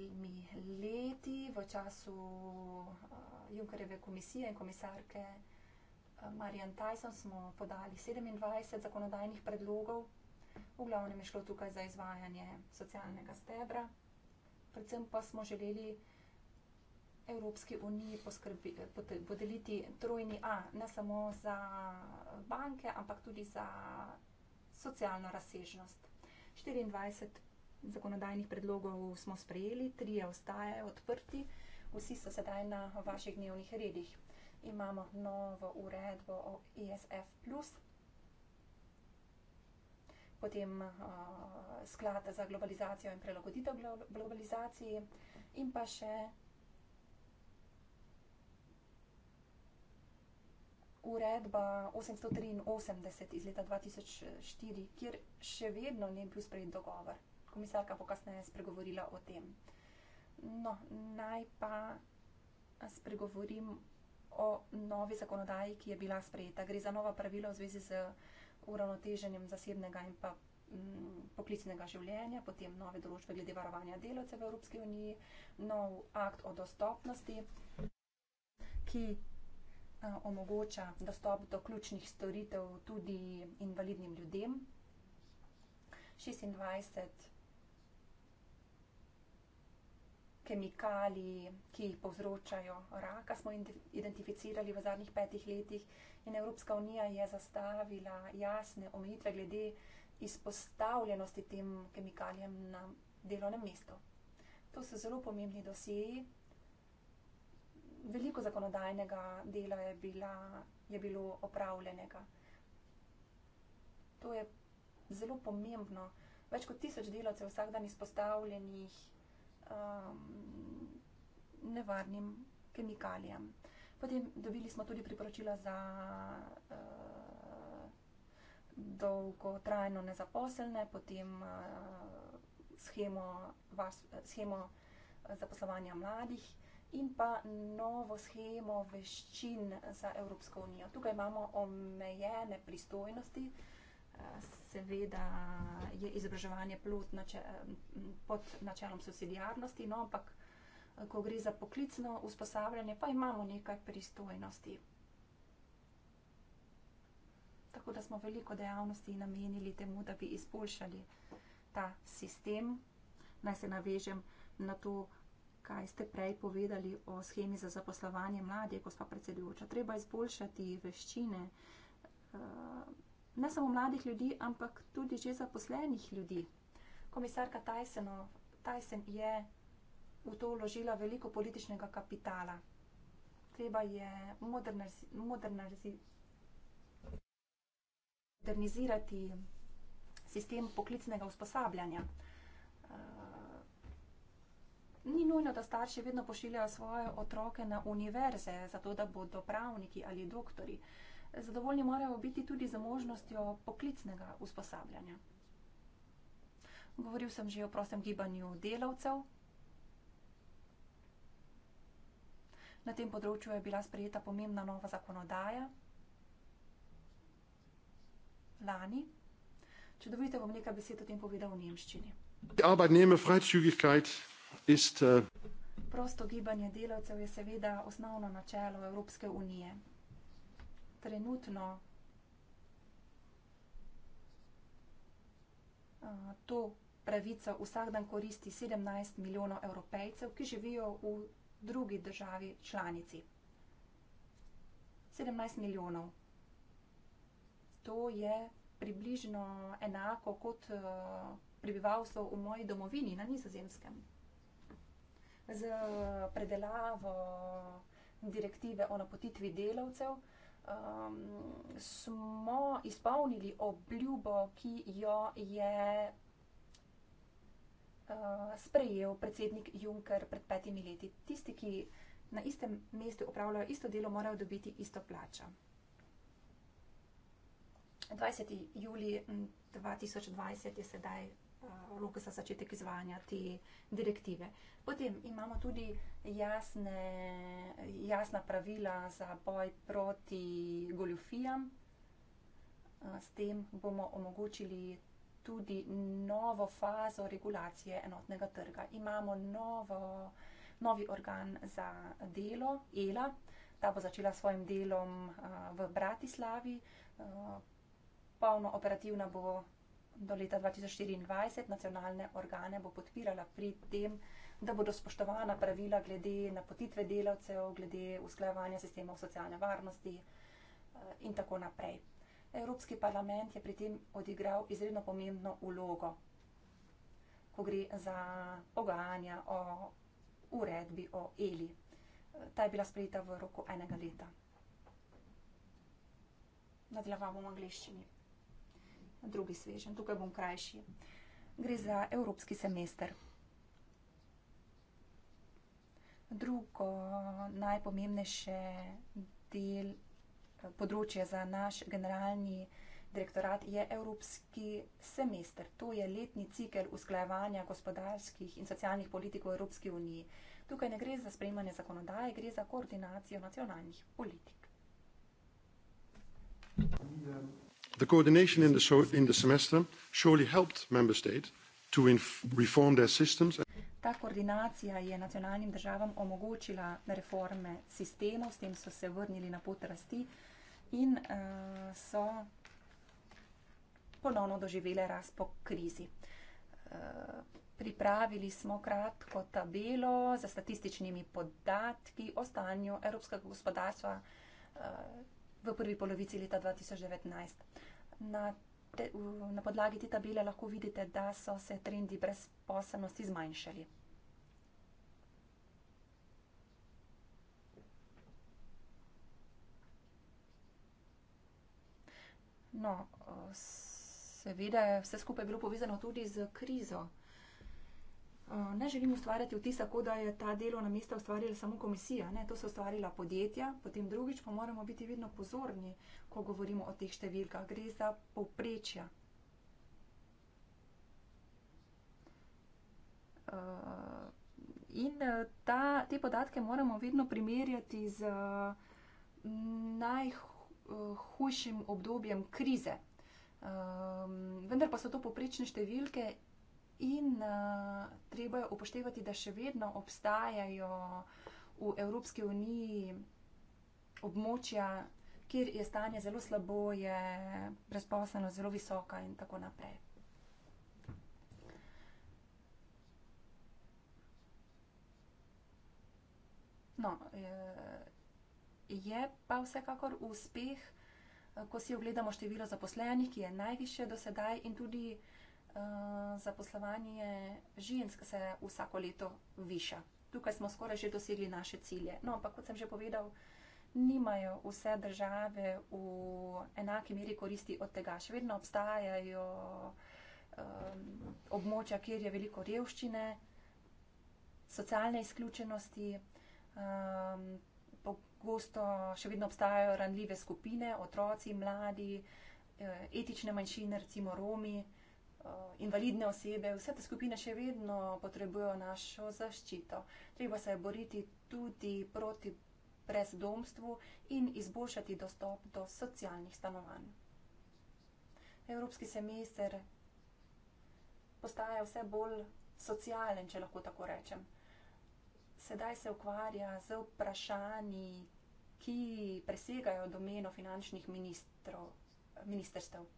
leti v času eh, Junkereve komisije in komisarke eh, Marijan Tyson smo podali 27 zakonodajnih predlogov V glavnem je šlo tukaj za izvajanje socialnega stebra, predvsem pa smo želeli Evropski uniji poskrbi, podeliti trojni A, ne samo za banke, ampak tudi za socialno razsežnost. 24 zakonodajnih predlogov smo sprejeli, tri ostajajo odprti, vsi so sedaj na vaših dnevnih redih. Imamo novo uredbo o ISF. E potem uh, sklad za globalizacijo in prelagoditev glo globalizaciji in pa še uredba 883 iz leta 2004, kjer še vedno ni bil sprejet dogovor. Komisarka bo kasneje spregovorila o tem. No, naj pa spregovorim o novi zakonodaji, ki je bila sprejeta. Gre za nova pravila v zvezi z uravnoteženjem zasebnega in pa m, mm, poklicnega življenja, potem nove določbe glede varovanja delavcev v Evropski uniji, nov akt o dostopnosti, ki a, omogoča dostop do ključnih storitev tudi invalidnim ljudem. 26. kemikalij, ki povzročajo raka, smo identificirali v zadnjih petih letih in Evropska unija je zastavila jasne omejitve glede izpostavljenosti tem kemikalijem na delovnem mestu. To so zelo pomembni dosjeji. Veliko zakonodajnega dela je, bila, je bilo opravljenega. To je zelo pomembno. Več kot tisoč delavcev vsak dan izpostavljenih Um, nevarnim kemikalijam. Potem dobili smo tudi priporočila za uh, dolgotrajno nezaposelne, potem uh, schemo, vas, schemo zaposlovanja mladih in pa novo schemo veščin za Evropsko unijo. Tukaj imamo omejene pristojnosti, seveda je izobraževanje plod nače, pod načelom subsidijarnosti, no, ampak ko gre za poklicno usposabljanje, pa imamo nekaj pristojnosti. Tako da smo veliko dejavnosti namenili temu, da bi izboljšali ta sistem. Naj se navežem na to, kaj ste prej povedali o schemi za zaposlovanje mladih, gospod predsedujoča. Treba izboljšati veščine. Uh, ne samo mladih ljudi, ampak tudi že zaposlenih ljudi. Komisarka Tyseno, Tyson je v to vložila veliko političnega kapitala. Treba je modernizirati sistem poklicnega usposabljanja. Eh, ni nujno, da starši vedno pošiljajo svoje otroke na univerze, zato da bodo pravniki ali doktori zadovoljni morajo biti tudi za možnostjo poklicnega usposabljanja. Govoril sem že o prostem gibanju delavcev. Na tem področju je bila sprejeta pomembna nova zakonodaja lani. Če dovolite, bom nekaj besed o tem povedal v nemščini. Äh, Prosto gibanje delavcev je seveda osnovno načelo Evropske unije trenutno to pravico vsak dan koristi 17 milijonov evropejcev, ki živijo v drugi državi članici. 17 milijonov. To je približno enako kot prebivalstvo v moji domovini na nizozemskem. Z predelavo direktive o napotitvi delavcev, um, smo izpolnili obljubo, ki jo je uh, sprejel predsednik Juncker pred petimi leti. Tisti, ki na istem mestu upravljajo isto delo, morajo dobiti isto plačo. 20. juli 2020 je sedaj Eh, roke za začetek izvajanja te direktive. Potem imamo tudi jasne, jasna pravila za boj proti goljofijam. Eh, s tem bomo omogočili tudi novo fazo regulacije enotnega trga. Imamo novo, novi organ za delo, ELA. Ta bo začela s svojim delom eh, v Bratislavi. Polno operativna bo do leta 2024 nacionalne organe bo podpirala pri tem, da bodo spoštovana pravila glede napotitve delavcev, glede usklajevanja sistemov socialne varnosti eh, in tako naprej. Evropski parlament je pri tem odigral izredno pomembno ulogo, ko gre za pogajanja o uredbi o Eli. Eh, ta je bila sprejeta v roku enega leta. Nadaljevamo v angliščini drugi svežen, tukaj bom krajši. Gre za evropski semester. Drugo najpomembnejše del eh, področja za naš generalni direktorat je evropski semester. To je letni cikel usklajevanja gospodarskih in socialnih politik v Evropski uniji. Tukaj ne gre za sprejemanje zakonodaje, gre za koordinacijo nacionalnih politik. Yeah. The coordination in the semester surely helped member states to reform their systems. Ta koordinacija je nacionalnim državam omogočila reforme sistemov, s tem so se vrnili na pot rasti in uh, so ponovno doživele rast po krizi. Uh, pripravili smo kratko tabelo za statističnimi podatki o stanju evropskega gospodarstva uh, v prvi polovici leta 2019 na, te, na podlagi te tabele lahko vidite, da so se trendi brezposobnosti zmanjšali. No, seveda je vse skupaj bilo povezano tudi z krizo. Eh, ne želim ustvarjati vtisa, kot da je ta delovna mesta ustvarila samo komisija, ne, to so ustvarila podjetja, potem drugič pa moramo biti vedno pozorni, ko govorimo o teh številkah, gre za povprečja. Eh, in eh, ta, te podatke moramo vedno primerjati z mm, najhujšim obdobjem krize. Vendar pa so to poprečne številke in uh, treba je upoštevati, da še vedno obstajajo v Evropski uniji območja, kjer je stanje zelo slabo, je brezposleno zelo visoka in tako naprej. No, eh, je pa vsekakor uspeh, eh, ko si ogledamo število zaposlenih, ki je najviše do sedaj in tudi uh, Eh, zaposlovanje žensk se vsako leto viša. Tukaj smo skoraj že dosegli naše cilje. No, ampak kot sem že povedal, nimajo vse države v enaki meri koristi od tega. Še vedno obstajajo um, območja, kjer je veliko revščine, socialne izključenosti, um, pogosto še vedno obstajajo ranljive skupine, otroci, mladi, eh, etične manjšine, recimo Romi. Eh, invalidne osebe, vse te skupine še vedno potrebujejo našo zaščito. Treba se je boriti tudi proti brezdomstvu in izboljšati dostop do socialnih stanovanj. Evropski semester postaja vse bolj socialen, če lahko tako rečem. Sedaj se ukvarja z vprašanji, ki presegajo domeno finančnih ministrov, ministerstv.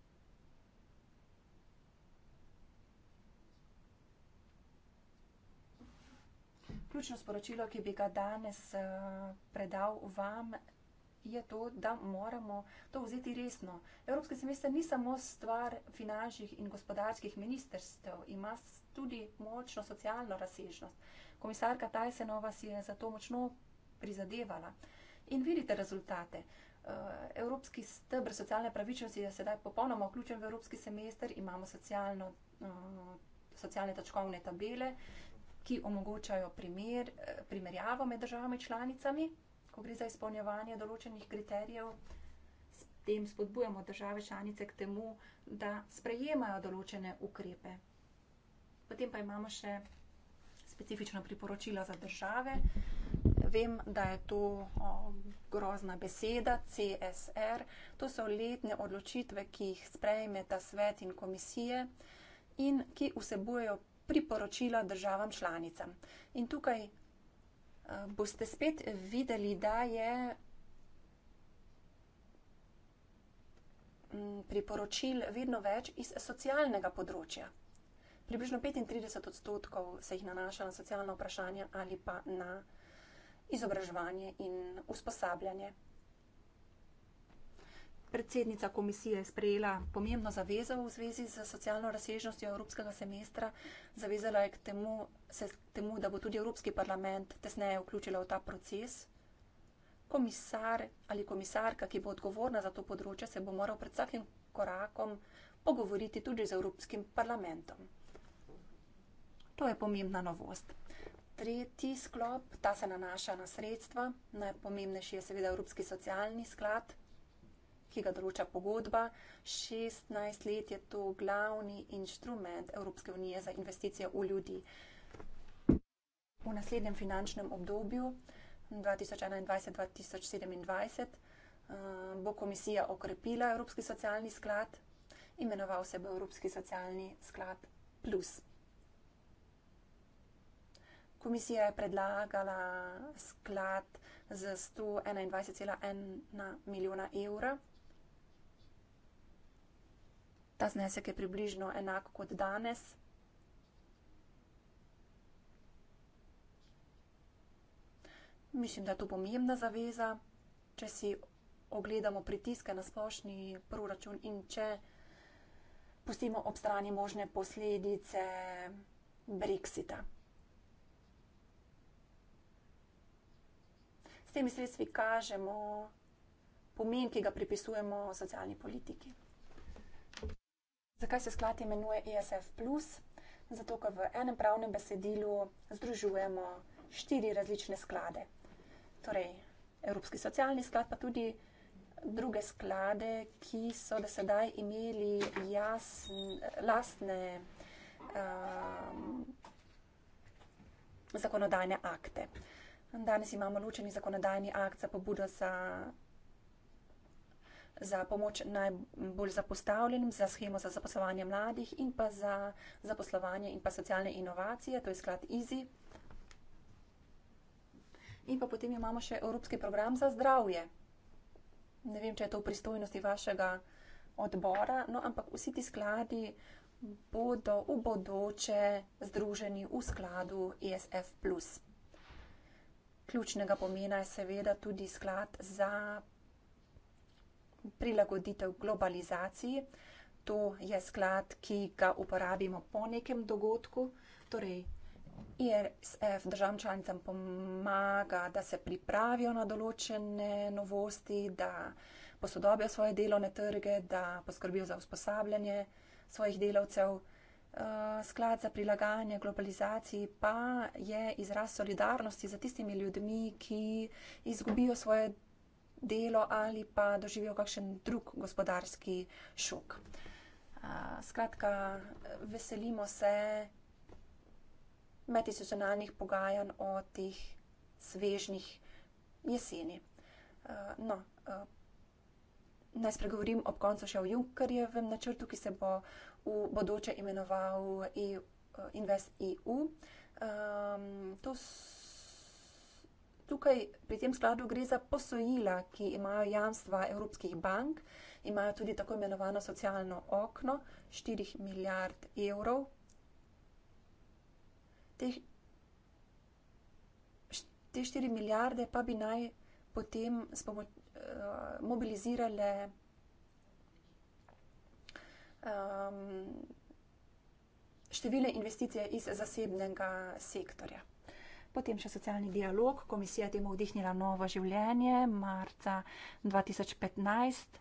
ključno sporočilo, ki bi ga danes eh, predal vam, je to, da moramo to vzeti resno. Evropski semester ni samo stvar finančnih in gospodarskih ministerstv, ima tudi močno socialno razsežnost. Komisarka Tajsenova si je za to močno prizadevala. In vidite rezultate. Eh, evropski stebr socialne pravičnosti je sedaj popolnoma vključen v evropski semester, imamo socialno, eh, socialne točkovne tabele, ki omogočajo primer, eh, primerjavo med državami članicami, ko gre za izpolnjevanje določenih kriterijev. S tem spodbujamo države članice k temu, da sprejemajo določene ukrepe. Potem pa imamo še specifično priporočilo za države. Vem, da je to o, grozna beseda, CSR. To so letne odločitve, ki jih sprejme ta svet in komisije in ki vsebujejo priporočila državam članicam. In tukaj eh, boste spet videli, da je mm, priporočil vedno več iz socialnega področja. Približno 35 odstotkov se jih nanaša na socialna vprašanja ali pa na izobraževanje in usposabljanje predsednica komisije sprejela pomembno zavezo v zvezi z socialno razsežnostjo evropskega semestra. Zavezala je k temu, se, temu, da bo tudi Evropski parlament tesneje vključila v ta proces. Komisar ali komisarka, ki bo odgovorna za to področje, se bo moral pred vsakim korakom pogovoriti tudi z Evropskim parlamentom. To je pomembna novost. Tretji sklop, ta se nanaša na sredstva. Najpomembnejši je seveda Evropski socialni sklad, ki ga določa pogodba. 16 let je to glavni inštrument Evropske unije za investicije v ljudi. V naslednjem finančnem obdobju 2021-2027 eh, bo komisija okrepila Evropski socialni sklad, imenoval se bo Evropski socialni sklad Plus. Komisija je predlagala sklad z 121,1 milijona evra. Ta znesek je približno enak kot danes. Mislim, da je to pomembna zaveza, če si ogledamo pritiske na splošni proračun in če pustimo ob strani možne posledice Brexita. S temi sredstvi kažemo pomen, ki ga pripisujemo socialni politiki. Zakaj se sklad imenuje ESF? Zato, ker v enem pravnem besedilu združujemo štiri različne sklade. Torej, Evropski socialni sklad, pa tudi druge sklade, ki so do sedaj imeli jasne um, zakonodajne akte. Danes imamo ločeni zakonodajni akt za pobudo za za pomoč najbolj zapostavljenim, za schemo za zaposlovanje mladih in pa za zaposlovanje in pa socialne inovacije, to je sklad EZI. In pa potem imamo še Evropski program za zdravje. Ne vem, če je to v pristojnosti vašega odbora, no, ampak vsi ti skladi bodo v bodoče združeni v skladu ESF. Ključnega pomena je seveda tudi sklad za prilagoditev globalizaciji. To je sklad, ki ga uporabimo po nekem dogodku. Torej, ISF državam članicam pomaga, da se pripravijo na določene novosti, da posodobijo svoje delovne trge, da poskrbijo za usposabljanje svojih delavcev. Eh, sklad za prilagajanje globalizaciji pa je izraz solidarnosti za tistimi ljudmi, ki izgubijo svoje delo ali pa doživel kakšen drug gospodarski šok. Skratka, veselimo se medinstitucionalnih pogajanj o teh svežnih jeseni. No, naj spregovorim ob koncu še o Junkerjevem načrtu, ki se bo v bodoče imenoval e, Invest EU. To so tukaj pri tem skladu gre za posojila, ki imajo jamstva evropskih bank, imajo tudi tako imenovano socialno okno 4 milijard evrov. Teh, te 4 milijarde pa bi naj potem spomo, uh, eh, mobilizirale um, številne investicije iz zasebnega sektorja potem še socialni dialog. Komisija temu vdihnila novo življenje. Marca 2015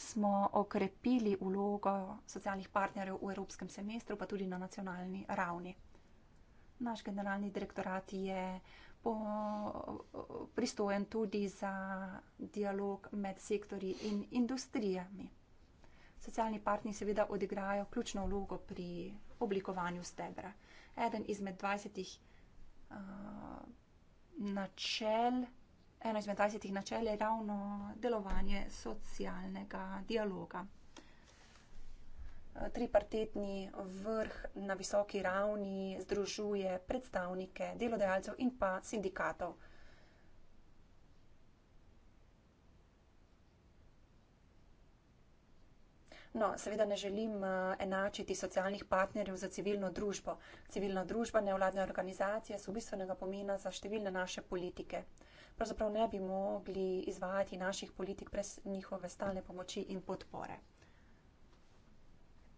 smo okrepili vlogo socialnih partnerjev v Evropskem semestru, pa tudi na nacionalni ravni. Naš generalni direktorat je pristojen tudi za dialog med sektori in industrijami. Socialni partnerji seveda odigrajo ključno vlogo pri oblikovanju stebra. Eden izmed 20 Eh, načel, eno izmed 20 načel je ravno delovanje socialnega dialoga. Eh, Tripartetni vrh na visoki ravni združuje predstavnike delodajalcev in pa sindikatov. No, seveda ne želim eh, enačiti socialnih partnerjev za civilno družbo. Civilna družba, nevladne organizacije so bistvenega pomena za številne naše politike. Pravzaprav ne bi mogli izvajati naših politik brez njihove stalne pomoči in podpore.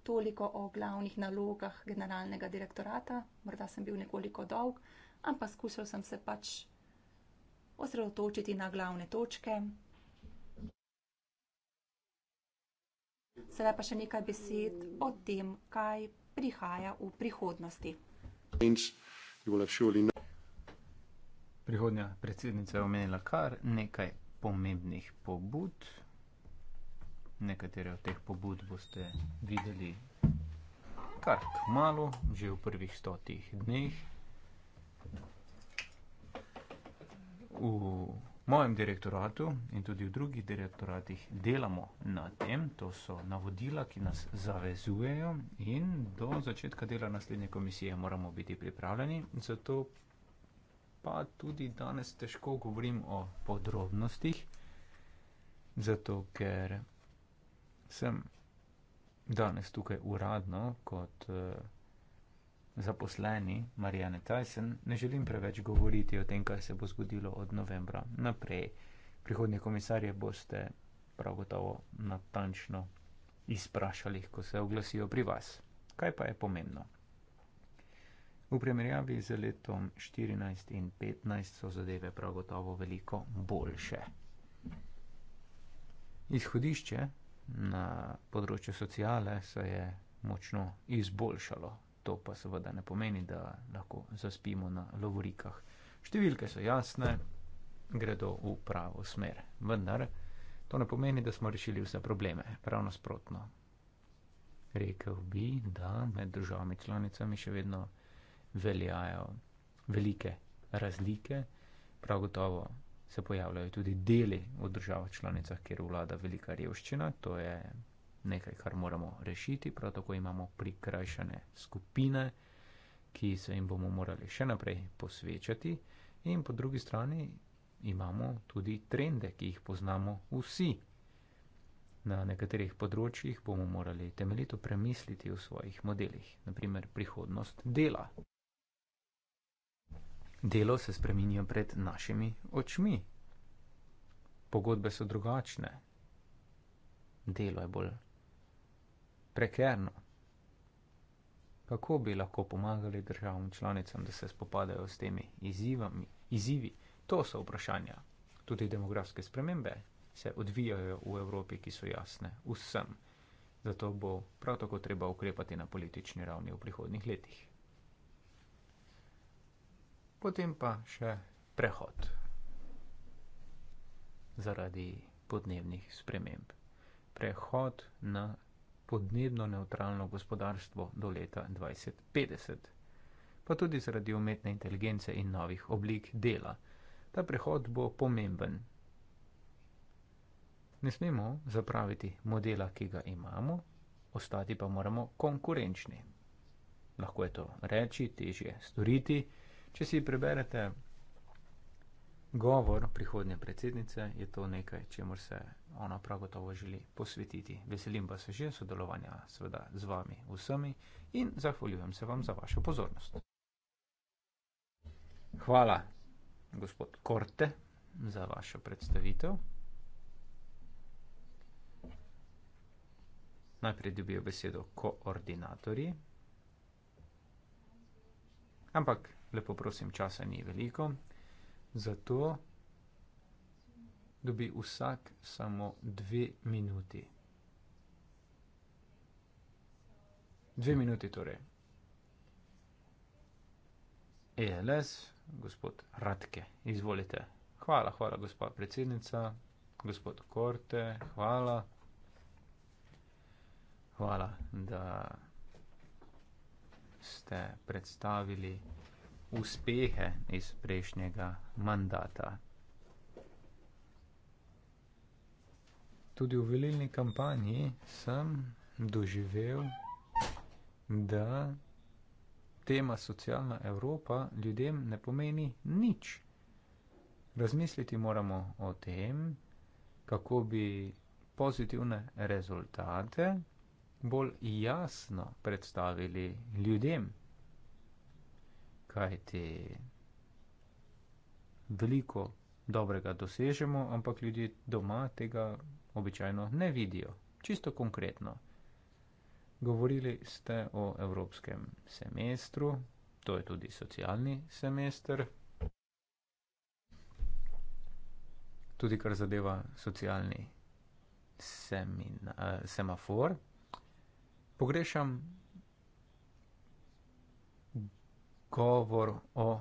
Toliko o glavnih nalogah generalnega direktorata. Morda sem bil nekoliko dolg, ampak skušal sem se pač osredotočiti na glavne točke. Sedaj pa še nekaj besed o tem, kaj prihaja v prihodnosti. Prihodnja predsednica je omenila kar nekaj pomembnih pobud. Nekatere od teh pobud boste videli kar k malu, že v prvih stotih dneh. V mojem direktoratu in tudi v drugih direktoratih delamo na tem. To so navodila, ki nas zavezujejo in do začetka dela naslednje komisije moramo biti pripravljeni. Zato pa tudi danes težko govorim o podrobnostih, zato ker sem danes tukaj uradno kot. Uh, zaposleni Marijane Tyson, ne želim preveč govoriti o tem, kaj se bo zgodilo od novembra naprej. Prihodnje komisarje boste prav gotovo natančno izprašali, ko se oglasijo pri vas. Kaj pa je pomembno? V primerjavi z letom 14 in 15 so zadeve prav gotovo veliko boljše. Izhodišče na področju sociale se je močno izboljšalo. To pa seveda ne pomeni, da lahko zaspimo na lovorikah. Številke so jasne, gredo v pravo smer. Vendar to ne pomeni, da smo rešili vse probleme. Prav nasprotno. Rekel bi, da med državami članicami še vedno veljajo velike razlike. Prav gotovo se pojavljajo tudi deli v državah članicah, kjer vlada velika revščina. To je nekaj, kar moramo rešiti, prav tako imamo prikrajšane skupine, ki se jim bomo morali še naprej posvečati, in po drugi strani imamo tudi trende, ki jih poznamo vsi. Na nekaterih področjih bomo morali temeljito premisliti o svojih modelih, naprimer prihodnost dela. Delo se spreminja pred našimi očmi. Pogodbe so drugačne. Delo je bolj prekerno. Kako bi lahko pomagali državam članicam, da se spopadajo s temi izzivami? izzivi? To so vprašanja. Tudi demografske spremembe se odvijajo v Evropi, ki so jasne vsem. Zato bo prav tako treba ukrepati na politični ravni v prihodnih letih. Potem pa še prehod zaradi podnebnih sprememb. Prehod na podnebno neutralno gospodarstvo do leta 2050, pa tudi zaradi umetne inteligence in novih oblik dela. Ta prehod bo pomemben. Ne smemo zapraviti modela, ki ga imamo, ostati pa moramo konkurenčni. Lahko je to reči, težje storiti. Če si preberete govor prihodnje predsednice je to nekaj, čemu se ona prav gotovo želi posvetiti. Veselim pa se že sodelovanja seveda z vami vsemi in zahvaljujem se vam za vašo pozornost. Hvala, gospod Korte, za vašo predstavitev. Najprej dobijo besedo koordinatorji. Ampak, lepo prosim, časa ni veliko, Zato dobi vsak samo dve minuti. Dve minuti torej. ELS, gospod Ratke, izvolite. Hvala, hvala, gospa predsednica, gospod Korte, hvala. Hvala, da ste predstavili uspehe iz prejšnjega mandata. Tudi v velilni kampanji sem doživel, da tema socialna Evropa ljudem ne pomeni nič. Razmisliti moramo o tem, kako bi pozitivne rezultate bolj jasno predstavili ljudem kajti veliko dobrega dosežemo, ampak ljudje doma tega običajno ne vidijo. Čisto konkretno. Govorili ste o evropskem semestru, to je tudi socialni semester. Tudi kar zadeva socialni semina, eh, semafor. Pogrešam govor o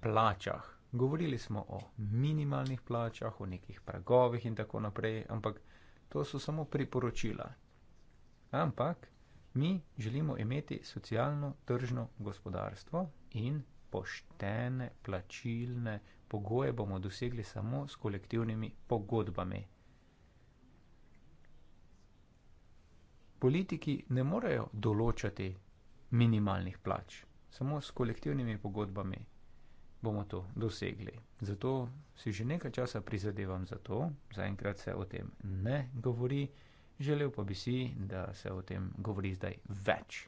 plačah. Govorili smo o minimalnih plačah, o nekih pragovih in tako naprej, ampak to so samo priporočila. Ampak mi želimo imeti socialno tržno gospodarstvo in poštene plačilne pogoje bomo dosegli samo s kolektivnimi pogodbami. Politiki ne morejo določati minimalnih plač. Samo s kolektivnimi pogodbami bomo to dosegli. Zato si že nekaj časa prizadevam za to, zaenkrat se o tem ne govori, želel pa bi si, da se o tem govori zdaj več.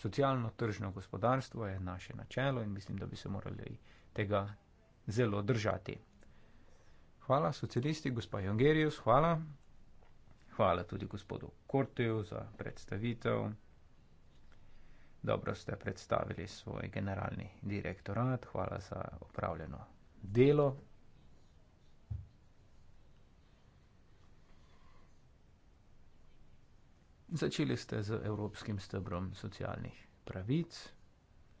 Socialno-tržno gospodarstvo je naše načelo in mislim, da bi se morali tega zelo držati. Hvala socialisti, gospa Jongerius, hvala. Hvala tudi gospodu Korteju za predstavitev. Dobro ste predstavili svoj generalni direktorat, hvala za upravljeno delo. Začeli ste z Evropskim stebrom socialnih pravic,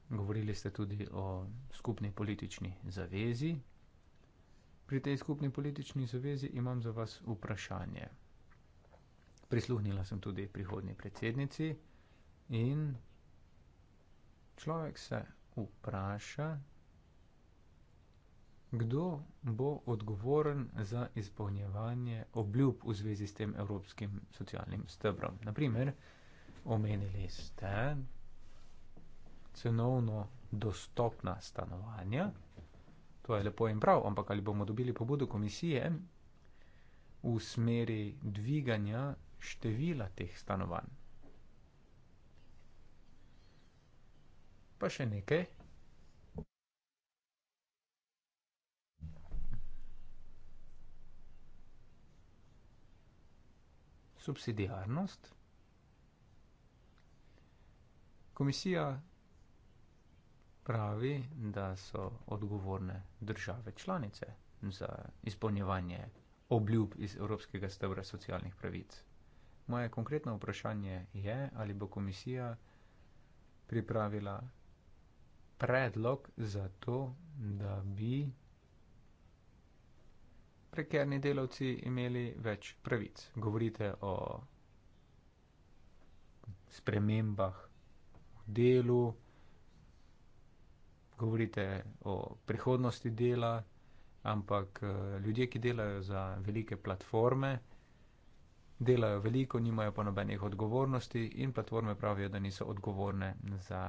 govorili ste tudi o skupni politični zavezi. Pri tej skupni politični zavezi imam za vas vprašanje. Prisluhnila sem tudi prihodni predsednici in človek se vpraša, kdo bo odgovoren za izpolnjevanje obljub v zvezi s tem evropskim socialnim stebrom. Naprimer, omenili ste cenovno dostopna stanovanja, to je lepo in prav, ampak ali bomo dobili pobudo komisije v smeri dviganja števila teh stanovanj? pa še nekaj. Subsidijarnost. Komisija pravi, da so odgovorne države članice za izpolnjevanje obljub iz Evropskega stebra socialnih pravic. Moje konkretno vprašanje je, ali bo komisija pripravila predlog za to, da bi prekerni delavci imeli več pravic. Govorite o spremembah v delu, govorite o prihodnosti dela, ampak eh, ljudje, ki delajo za velike platforme, delajo veliko, nimajo pa nobenih odgovornosti in platforme pravijo, da niso odgovorne za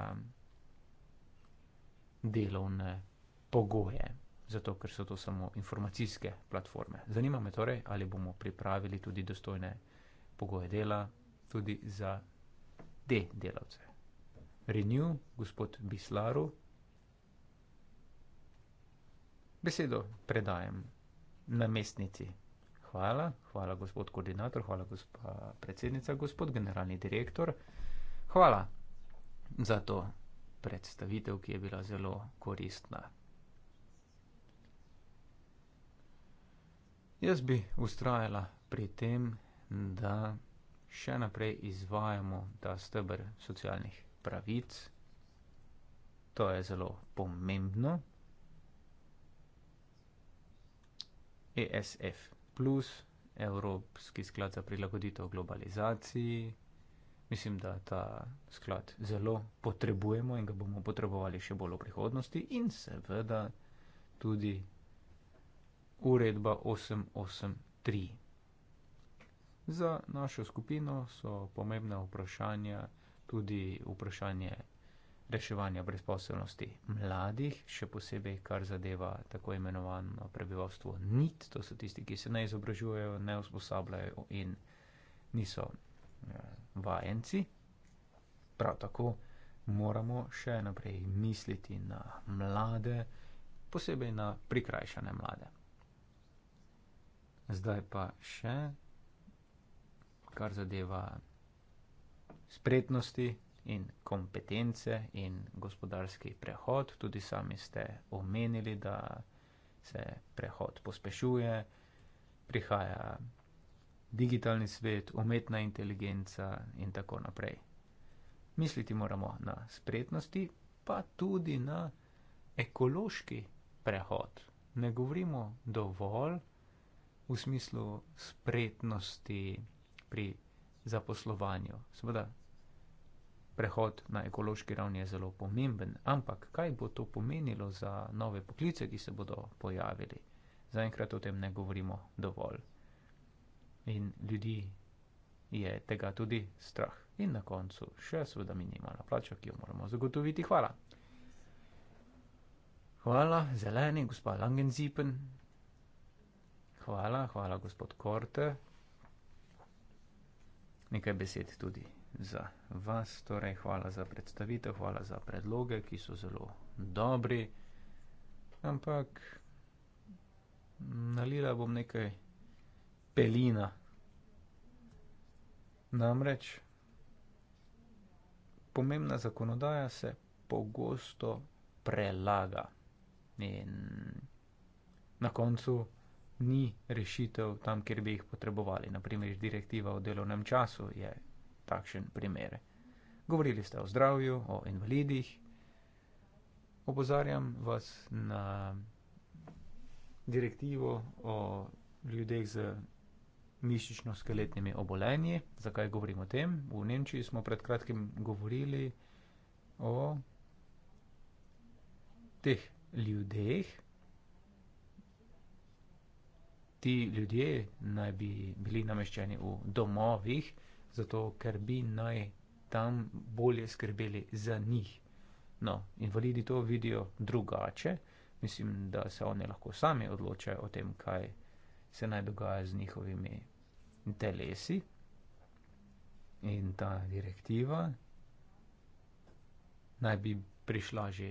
delovne pogoje, zato ker so to samo informacijske platforme. Zanima me torej, ali bomo pripravili tudi dostojne pogoje dela tudi za te delavce. Renew, gospod Bislaru, besedo predajem namestnici. Hvala, hvala gospod koordinator, hvala gospa predsednica, gospod generalni direktor. Hvala za to predstavitev, ki je bila zelo koristna. Jaz bi ustrajala pri tem, da še naprej izvajamo ta stebr socialnih pravic. To je zelo pomembno. ESF, Evropski sklad za prilagoditev globalizaciji. Mislim, da ta sklad zelo potrebujemo in ga bomo potrebovali še bolj v prihodnosti in seveda tudi uredba 883. Za našo skupino so pomembna vprašanja tudi vprašanje reševanja brezposelnosti mladih, še posebej kar zadeva tako imenovano prebivalstvo NIT, to so tisti, ki se ne izobražujejo, ne usposabljajo in niso vajenci. Prav tako moramo še naprej misliti na mlade, posebej na prikrajšane mlade. Zdaj pa še, kar zadeva spretnosti in kompetence in gospodarski prehod. Tudi sami ste omenili, da se prehod pospešuje, prihaja digitalni svet, umetna inteligenca in tako naprej. Misliti moramo na spretnosti, pa tudi na ekološki prehod. Ne govorimo dovolj v smislu spretnosti pri zaposlovanju. Seveda, prehod na ekološki ravni je zelo pomemben, ampak kaj bo to pomenilo za nove poklice, ki se bodo pojavili? Zaenkrat o tem ne govorimo dovolj in ljudi je tega tudi strah. In na koncu še seveda minimalna plača, ki jo moramo zagotoviti. Hvala. Hvala, zeleni, gospa Langenzipen. Hvala, hvala, gospod Korte. Nekaj besed tudi za vas, torej hvala za predstavitev, hvala za predloge, ki so zelo dobri. Ampak nalila bom nekaj pelina. Namreč pomembna zakonodaja se pogosto prelaga in na koncu ni rešitev tam, kjer bi jih potrebovali. Naprimer, direktiva o delovnem času je takšen primer. Govorili ste o zdravju, o invalidih. Opozarjam vas na direktivo o ljudeh z mišično-skeletnimi obolenji. Zakaj govorim o tem? V Nemčiji smo pred kratkim govorili o teh ljudeh. Ti ljudje naj bi bili nameščeni v domovih, zato ker bi naj tam bolje skrbeli za njih. No, invalidi to vidijo drugače. Mislim, da se oni lahko sami odločajo o tem, kaj se naj dogaja z njihovimi telesi in ta direktiva naj bi prišla že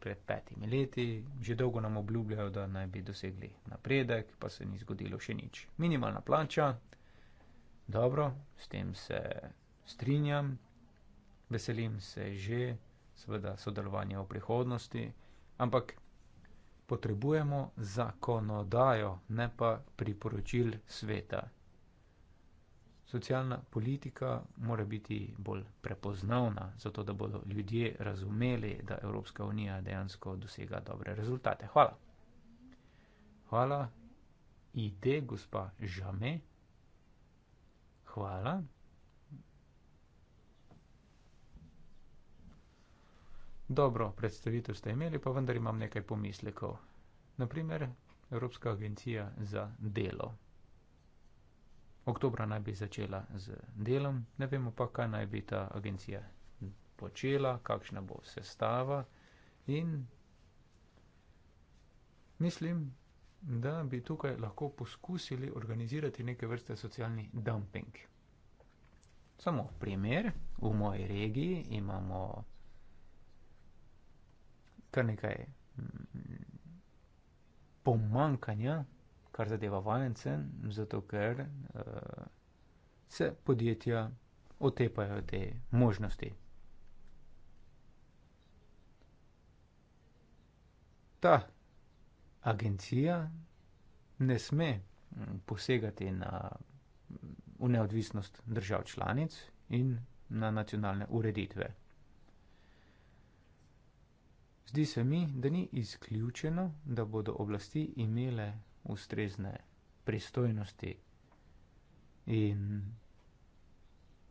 pred petimi leti, že dolgo nam obljubljajo, da naj bi dosegli napredek, pa se ni zgodilo še nič. Minimalna plača, dobro, s tem se strinjam, veselim se že, seveda, sodelovanja v prihodnosti, ampak potrebujemo zakonodajo, ne pa priporočil sveta socialna politika mora biti bolj prepoznavna, zato da bodo ljudje razumeli, da Evropska unija dejansko dosega dobre rezultate. Hvala. Hvala, ide gospa Žame. Hvala. Dobro predstavitev ste imeli, pa vendar imam nekaj pomislekov. Naprimer, Evropska agencija za delo. Oktobra naj bi začela z delom, ne vemo pa, kaj naj bi ta agencija počela, kakšna bo sestava in mislim, da bi tukaj lahko poskusili organizirati neke vrste socialni dumping. Samo primer, v moji regiji imamo kar nekaj mm, pomankanja kar zadeva vajence, zato ker uh, se podjetja otepajo te možnosti. Ta agencija ne sme mm, posegati na mm, neodvisnost držav članic in na nacionalne ureditve. Zdi se mi, da ni izključeno, da bodo oblasti imele ustrezne pristojnosti. In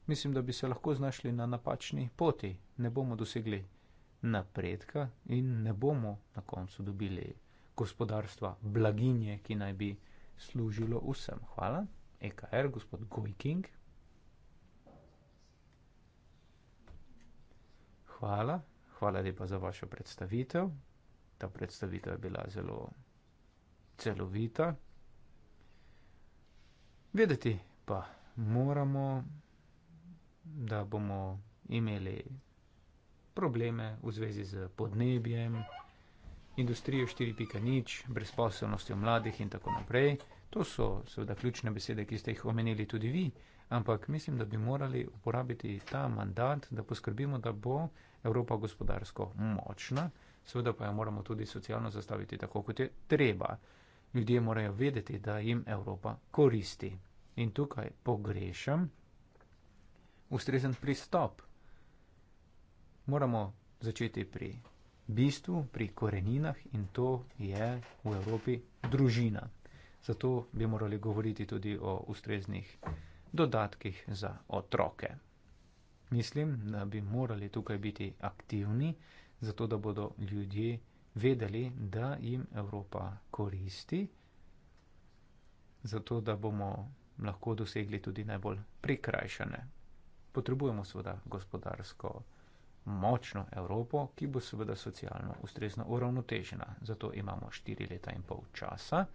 mislim, da bi se lahko znašli na napačni poti, ne bomo dosegli napredka in ne bomo na koncu dobili gospodarstva, blaginje, ki naj bi služilo vsem. Hvala, EKR, er, gospod Gojking. Hvala, hvala lepa za vašo predstavitev. Ta predstavitev je bila zelo celovita. Vedeti pa moramo, da bomo imeli probleme v zvezi z podnebjem, industrijo 4.0, brezposobnostjo mladih in tako naprej. To so seveda ključne besede, ki ste jih omenili tudi vi, ampak mislim, da bi morali uporabiti ta mandat, da poskrbimo, da bo Evropa gospodarsko močna, seveda pa jo moramo tudi socialno zastaviti tako, kot je treba. Ljudje morajo vedeti, da jim Evropa koristi. In tukaj pogrešam ustrezen pristop. Moramo začeti pri bistvu, pri koreninah in to je v Evropi družina. Zato bi morali govoriti tudi o ustreznih dodatkih za otroke. Mislim, da bi morali tukaj biti aktivni, zato da bodo ljudje vedeli, da jim Evropa koristi, zato da bomo lahko dosegli tudi najbolj prikrajšane. Potrebujemo seveda gospodarsko močno Evropo, ki bo seveda socialno ustrezno uravnotežena. Zato imamo štiri leta in pol časa,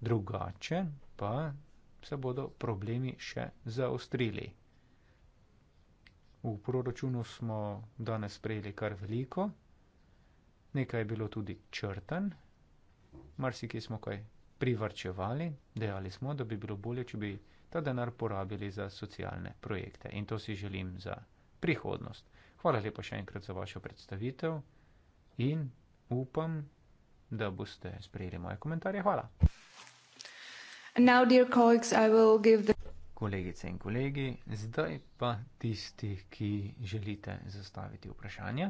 drugače pa se bodo problemi še zaostrili. V proračunu smo danes prejeli kar veliko, nekaj je bilo tudi črten, marsikaj smo kaj privrčevali, dejali smo, da bi bilo bolje, če bi ta denar porabili za socialne projekte. In to si želim za prihodnost. Hvala lepa še enkrat za vašo predstavitev in upam, da boste sprejeli moje komentarje. Hvala. Now, colleagues, the... Kolegice in kolegi, zdaj pa tisti, ki želite zastaviti vprašanje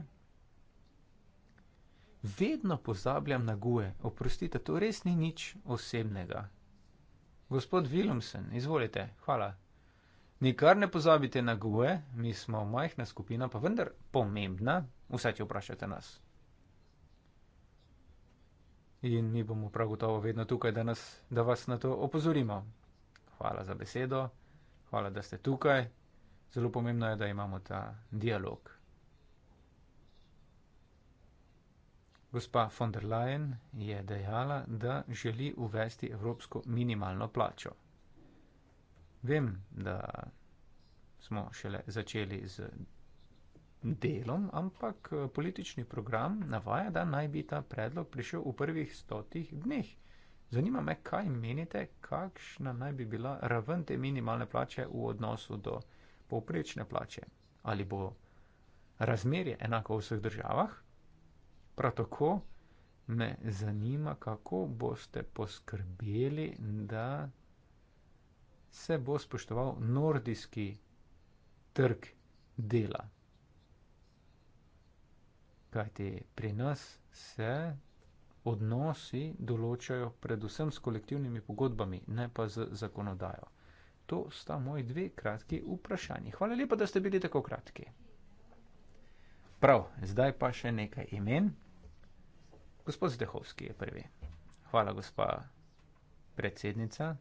vedno pozabljam na guje. Oprostite, to res ni nič osebnega. Gospod Willemsen, izvolite, hvala. Nikar ne pozabite na guje, mi smo majhna skupina, pa vendar pomembna, vsaj če vprašate nas. In mi bomo prav gotovo vedno tukaj, da, nas, da vas na to opozorimo. Hvala za besedo, hvala, da ste tukaj. Zelo pomembno je, da imamo ta dialog. Gospa von der Leyen je dejala, da želi uvesti evropsko minimalno plačo. Vem, da smo šele začeli z delom, ampak eh, politični program navaja, da naj bi ta predlog prišel v prvih stotih dneh. Zanima me, kaj menite, kakšna naj bi bila raven te minimalne plače v odnosu do povprečne plače. Ali bo razmerje enako v vseh državah? Prav tako me zanima, kako boste poskrbeli, da se bo spoštoval nordijski trg dela. Kajti pri nas se odnosi določajo predvsem s kolektivnimi pogodbami, ne pa z zakonodajo. To sta moji dve kratki vprašanji. Hvala lepa, da ste bili tako kratki. Prav, zdaj pa še nekaj imen. Gospod Zdehovski je prvi. Hvala, gospa predsednica.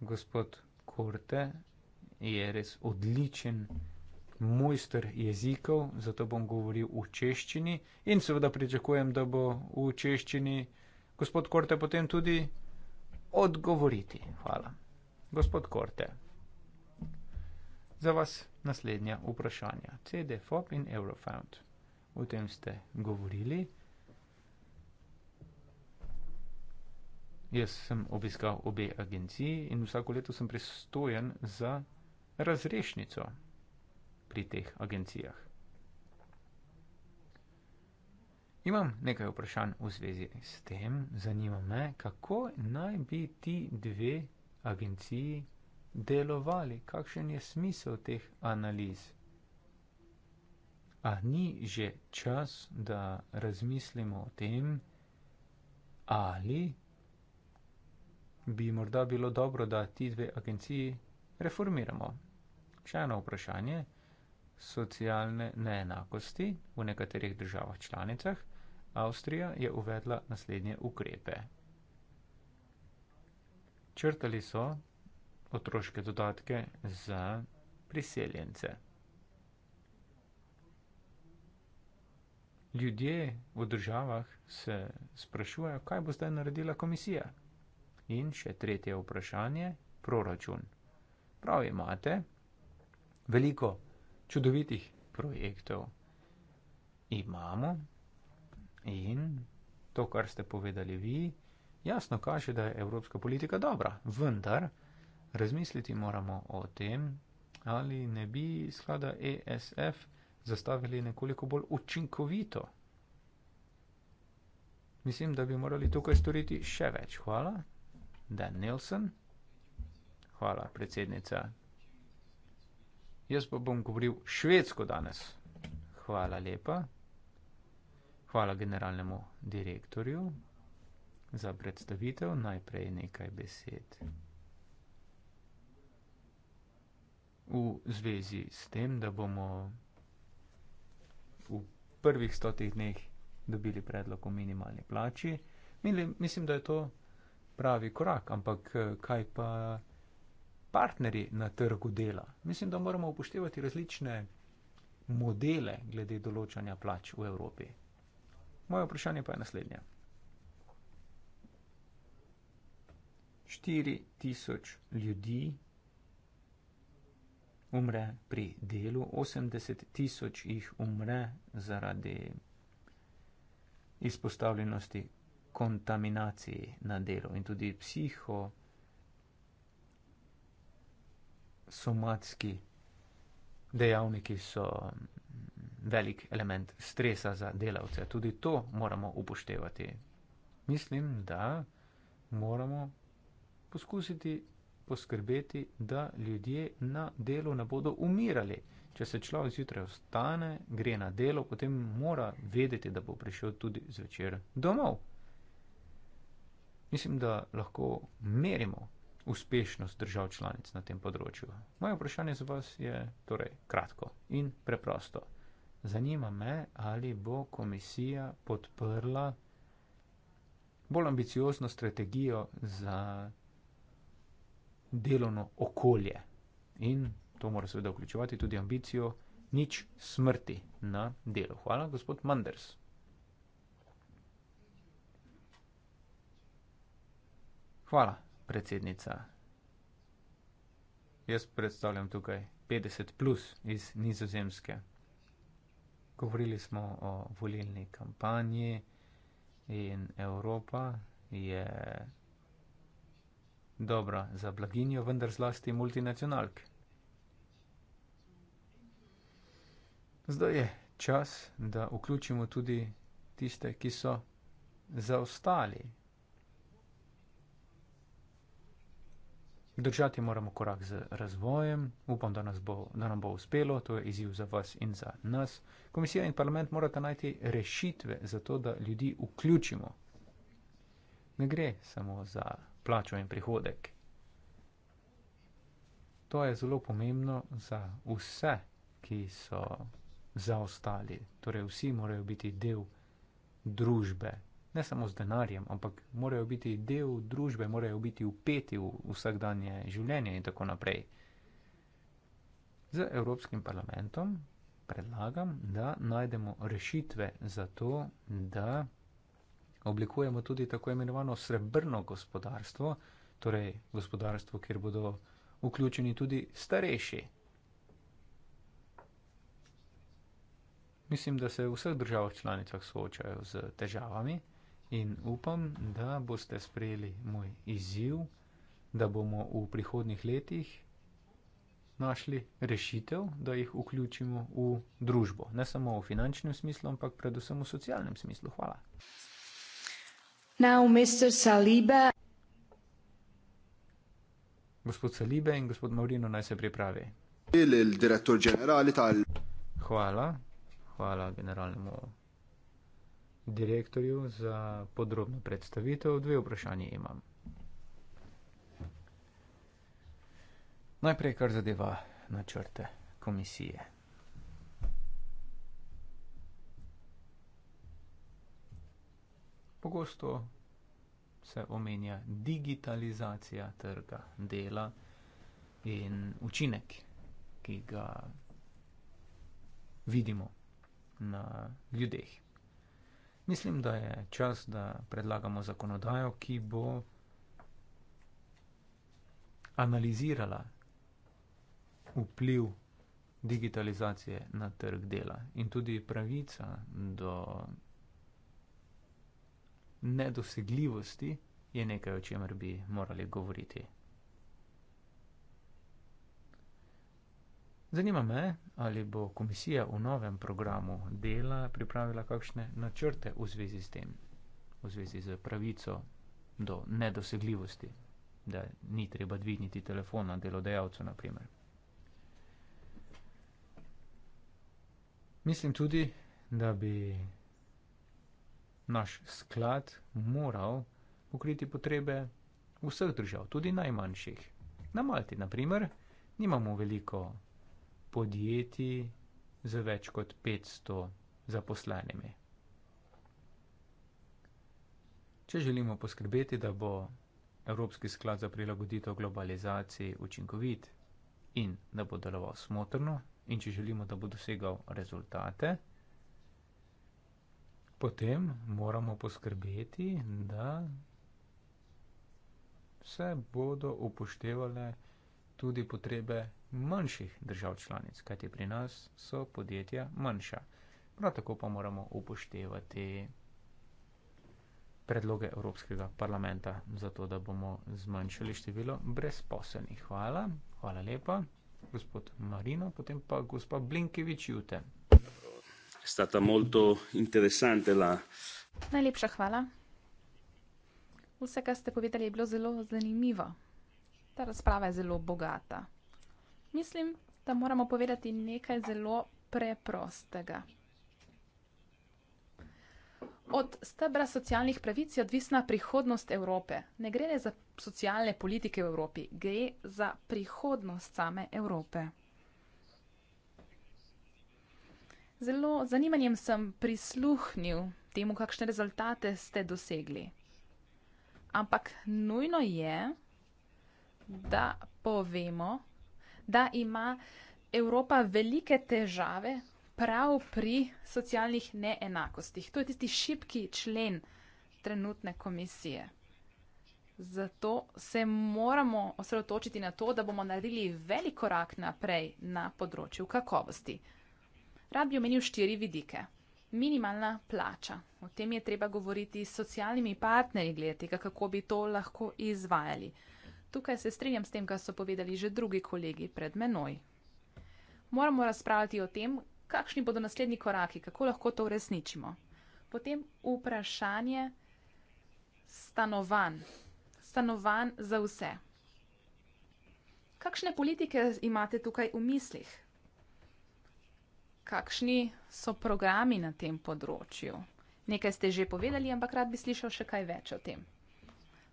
Gospod Korte je res odličen mojster jezikov, zato bom govoril v češčini in seveda pričakujem, da bo v češčini gospod Korte potem tudi odgovoriti. Hvala. Gospod Korte, za vas naslednja vprašanja. CD, FOP in Eurofound o tem ste govorili. Jaz sem obiskal obe agenciji in vsako leto sem pristojen za razrešnico pri teh agencijah. Imam nekaj vprašanj v zvezi s tem, zanima me, kako naj bi ti dve agenciji delovali, kakšen je smisel teh analiz. A ni že čas, da razmislimo o tem, ali bi morda bilo dobro, da ti dve agenciji reformiramo? Še eno vprašanje socialne neenakosti v nekaterih državah članicah. Avstrija je uvedla naslednje ukrepe. Črtali so otroške dodatke za priseljence. ljudje v državah se sprašujejo, kaj bo zdaj naredila komisija. In še tretje vprašanje, proračun. Prav imate, veliko čudovitih projektov imamo in to, kar ste povedali vi, jasno kaže, da je evropska politika dobra, vendar razmisliti moramo o tem, ali ne bi sklada ESF zastavili nekoliko bolj učinkovito. Mislim, da bi morali tukaj storiti še več. Hvala, Dan Nilsen. Hvala, predsednica. Jaz pa bom govoril švedsko danes. Hvala lepa. Hvala generalnemu direktorju za predstavitev. Najprej nekaj besed v zvezi s tem, da bomo prvih stotih dneh dobili predlog o minimalni plači. Mislim, da je to pravi korak, ampak eh, kaj pa partnerji na trgu dela? Mislim, da moramo upoštevati različne modele glede določanja plač v Evropi. Moje vprašanje pa je naslednje. 4000 ljudi umre pri delu, 80 tisoč jih umre zaradi izpostavljenosti kontaminaciji na delu in tudi psihosomatski dejavniki so velik element stresa za delavce. Tudi to moramo upoštevati. Mislim, da moramo poskusiti poskrbeti, da ljudje na delu ne bodo umirali. Če se človek zjutraj ostane, gre na delo, potem mora vedeti, da bo prišel tudi zvečer domov. Mislim, da lahko merimo uspešnost držav članic na tem področju. Moje vprašanje za vas je torej kratko in preprosto. Zanima me, ali bo komisija podprla bolj ambiciozno strategijo za delovno okolje. In to mora seveda vključevati tudi ambicijo nič smrti na delu. Hvala, gospod Manders. Hvala, predsednica. Jaz predstavljam tukaj 50 plus iz nizozemske. Govorili smo o volilni kampanji in Evropa je dobra za blaginjo, vendar zlasti multinacionalk. Zdaj je čas, da vključimo tudi tiste, ki so zaostali. Držati moramo korak z razvojem, upam, da, bo, da nam bo uspelo, to je izziv za vas in za nas. Komisija in parlament morata najti rešitve za to, da ljudi vključimo ne gre samo za plačo in prihodek. To je zelo pomembno za vse, ki so zaostali. Torej, vsi morajo biti del družbe, ne samo z denarjem, ampak morajo biti del družbe, morajo biti upeti v vsakdanje življenje in tako naprej. Z Evropskim parlamentom predlagam, da najdemo rešitve za to, da oblikujemo tudi tako imenovano srebrno gospodarstvo, torej gospodarstvo, kjer bodo vključeni tudi starejši. Mislim, da se v vseh državah članicah soočajo z težavami in upam, da boste sprejeli moj izziv, da bomo v prihodnih letih našli rešitev, da jih vključimo v družbo. Ne samo v finančnem smislu, ampak predvsem v socialnem smislu. Hvala. Gospod Salibe in gospod Maurino naj se pripravi. Hvala, hvala generalnemu direktorju za podrobno predstavitev. Dve vprašanje imam. Najprej, kar zadeva načrte komisije. Pogosto se omenja digitalizacija trga dela in učinek, ki ga vidimo na ljudeh. Mislim, da je čas, da predlagamo zakonodajo, ki bo analizirala vpliv digitalizacije na trg dela in tudi pravica do nedosegljivosti je nekaj, o čemer bi morali govoriti. Zanima me, ali bo komisija v novem programu dela pripravila kakšne načrte v zvezi s tem, v zvezi z pravico do nedosegljivosti, da ni treba dvigniti telefona delodajalcu, naprimer. Mislim tudi, da bi naš sklad moral pokriti potrebe vseh držav, tudi najmanjših. Na Malti, na primer, nimamo veliko podjetij z več kot 500 zaposlenimi. Če želimo poskrbeti, da bo Evropski sklad za prilagoditev globalizaciji učinkovit in da bo deloval smotrno, in če želimo, da bo dosegal rezultate, potem moramo poskrbeti, da se bodo upoštevale tudi potrebe manjših držav članic, kajti pri nas so podjetja manjša. Prav tako pa moramo upoštevati predloge Evropskega parlamenta, zato da bomo zmanjšali število brezposelnih. Hvala, hvala lepa, gospod Marino, potem pa gospa Blinkevič Jute stata molto interessante la. Najlepša hvala. Vse, kar ste povedali, je bilo zelo zanimivo. Ta razprava je zelo bogata. Mislim, da moramo povedati nekaj zelo preprostega. Od stebra socialnih pravic je odvisna prihodnost Evrope. Ne gre le za socialne politike v Evropi, gre za prihodnost same Evrope. Zelo zanimanjem sem prisluhnil temu, kakšne rezultate ste dosegli. Ampak nujno je, da povemo, da ima Evropa velike težave prav pri socialnih neenakostih. To je tisti šipki člen trenutne komisije. Zato se moramo osredotočiti na to, da bomo naredili velik korak naprej na področju kakovosti. Rad bi omenil štiri vidike. Minimalna plača. O tem je treba govoriti s socialnimi partnerji, gledati, kako bi to lahko izvajali. Tukaj se strinjam s tem, kar so povedali že drugi kolegi pred menoj. Moramo razpravljati o tem, kakšni bodo naslednji koraki, kako lahko to uresničimo. Potem vprašanje stanovanj. Stanovanj za vse. Kakšne politike imate tukaj v mislih? kakšni so programi na tem področju? Nekaj ste že povedali, ampak rad bi slišal še kaj več o tem.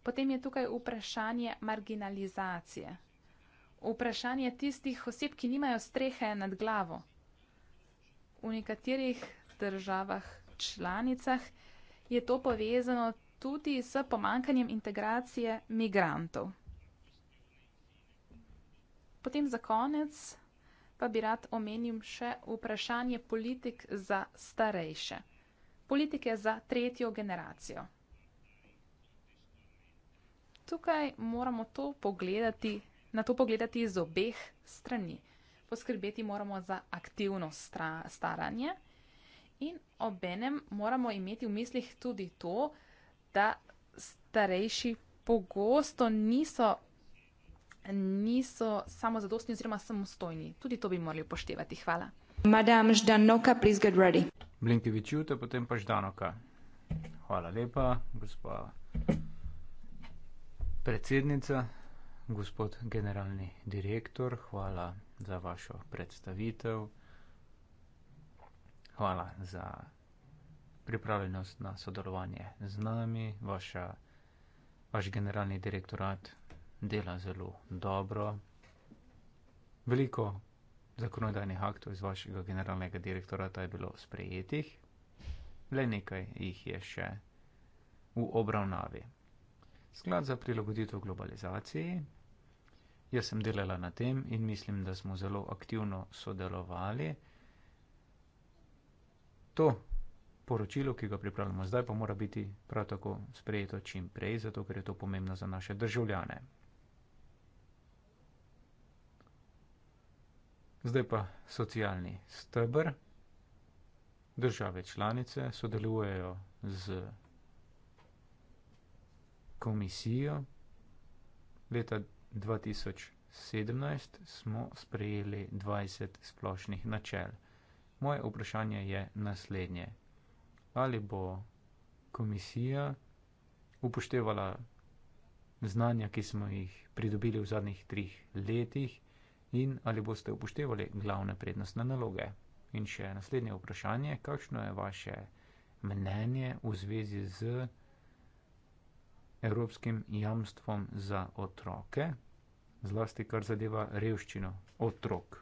Potem je tukaj vprašanje marginalizacije. Vprašanje tistih oseb, ki nimajo strehe nad glavo. V nekaterih državah članicah je to povezano tudi s pomankanjem integracije migrantov. Potem za konec pa bi rad omenil še vprašanje politik za starejše, politike za tretjo generacijo. Tukaj moramo to pogledati, na to pogledati iz obeh strani. Poskrbeti moramo za aktivno stra, staranje in obenem moramo imeti v mislih tudi to, da starejši pogosto niso niso samozadostni oziroma samostojni. Tudi to bi morali upoštevati. Hvala. Madame Ždanoka, please get ready. Blinkevič Jute, potem pa Ždanoka. Hvala lepa, gospod predsednica, gospod generalni direktor, hvala za vašo predstavitev. Hvala za pripravljenost na sodelovanje z nami, vaša, vaš generalni direktorat dela zelo dobro. Veliko zakonodajnih aktov iz vašega generalnega direktorata je bilo sprejetih, le nekaj jih je še v obravnavi. Sklad za prilagoditev globalizaciji. Jaz sem delala na tem in mislim, da smo zelo aktivno sodelovali. To poročilo, ki ga pripravljamo zdaj, pa mora biti prav tako sprejeto čim prej, zato ker je to pomembno za naše državljane. Zdaj pa socialni stebr. Države članice sodelujejo z komisijo. Leta 2017 smo sprejeli 20 splošnih načel. Moje vprašanje je naslednje. Ali bo komisija upoštevala znanja, ki smo jih pridobili v zadnjih trih letih in ali boste upoštevali glavne prednostne naloge. In še naslednje vprašanje, kakšno je vaše mnenje v zvezi z evropskim jamstvom za otroke, zlasti kar zadeva revščino otrok.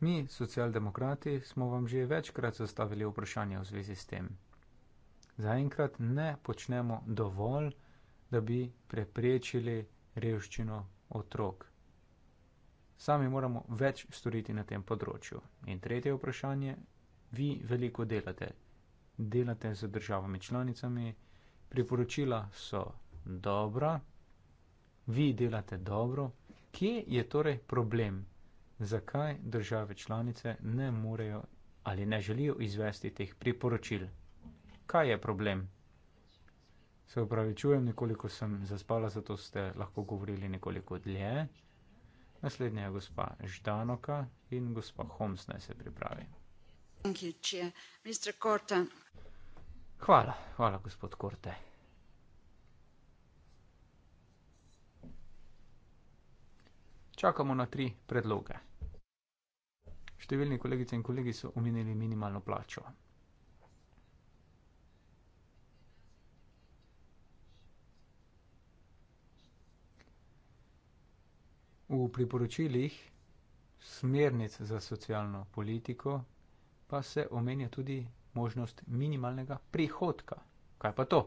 Mi, socialdemokrati, smo vam že večkrat zastavili vprašanje v zvezi s tem. Zaenkrat ne počnemo dovolj, da bi preprečili revščino otrok. Sami moramo več storiti na tem področju. In tretje vprašanje, vi veliko delate. Delate z državami članicami, priporočila so dobra, vi delate dobro. Kje je torej problem? Zakaj države članice ne morejo ali ne želijo izvesti teh priporočil? Kaj je problem? Se upravičujem, nekoliko sem zaspala, zato ste lahko govorili nekoliko dlje. Naslednja je gospa Ždanoka in gospa Holmes naj se pripravi. Hvala, hvala gospod Korte. Čakamo na tri predloge. Številni kolegice in kolegi so omenili minimalno plačo. V priporočilih smernic za socialno politiko pa se omenja tudi možnost minimalnega prihodka. Kaj pa to?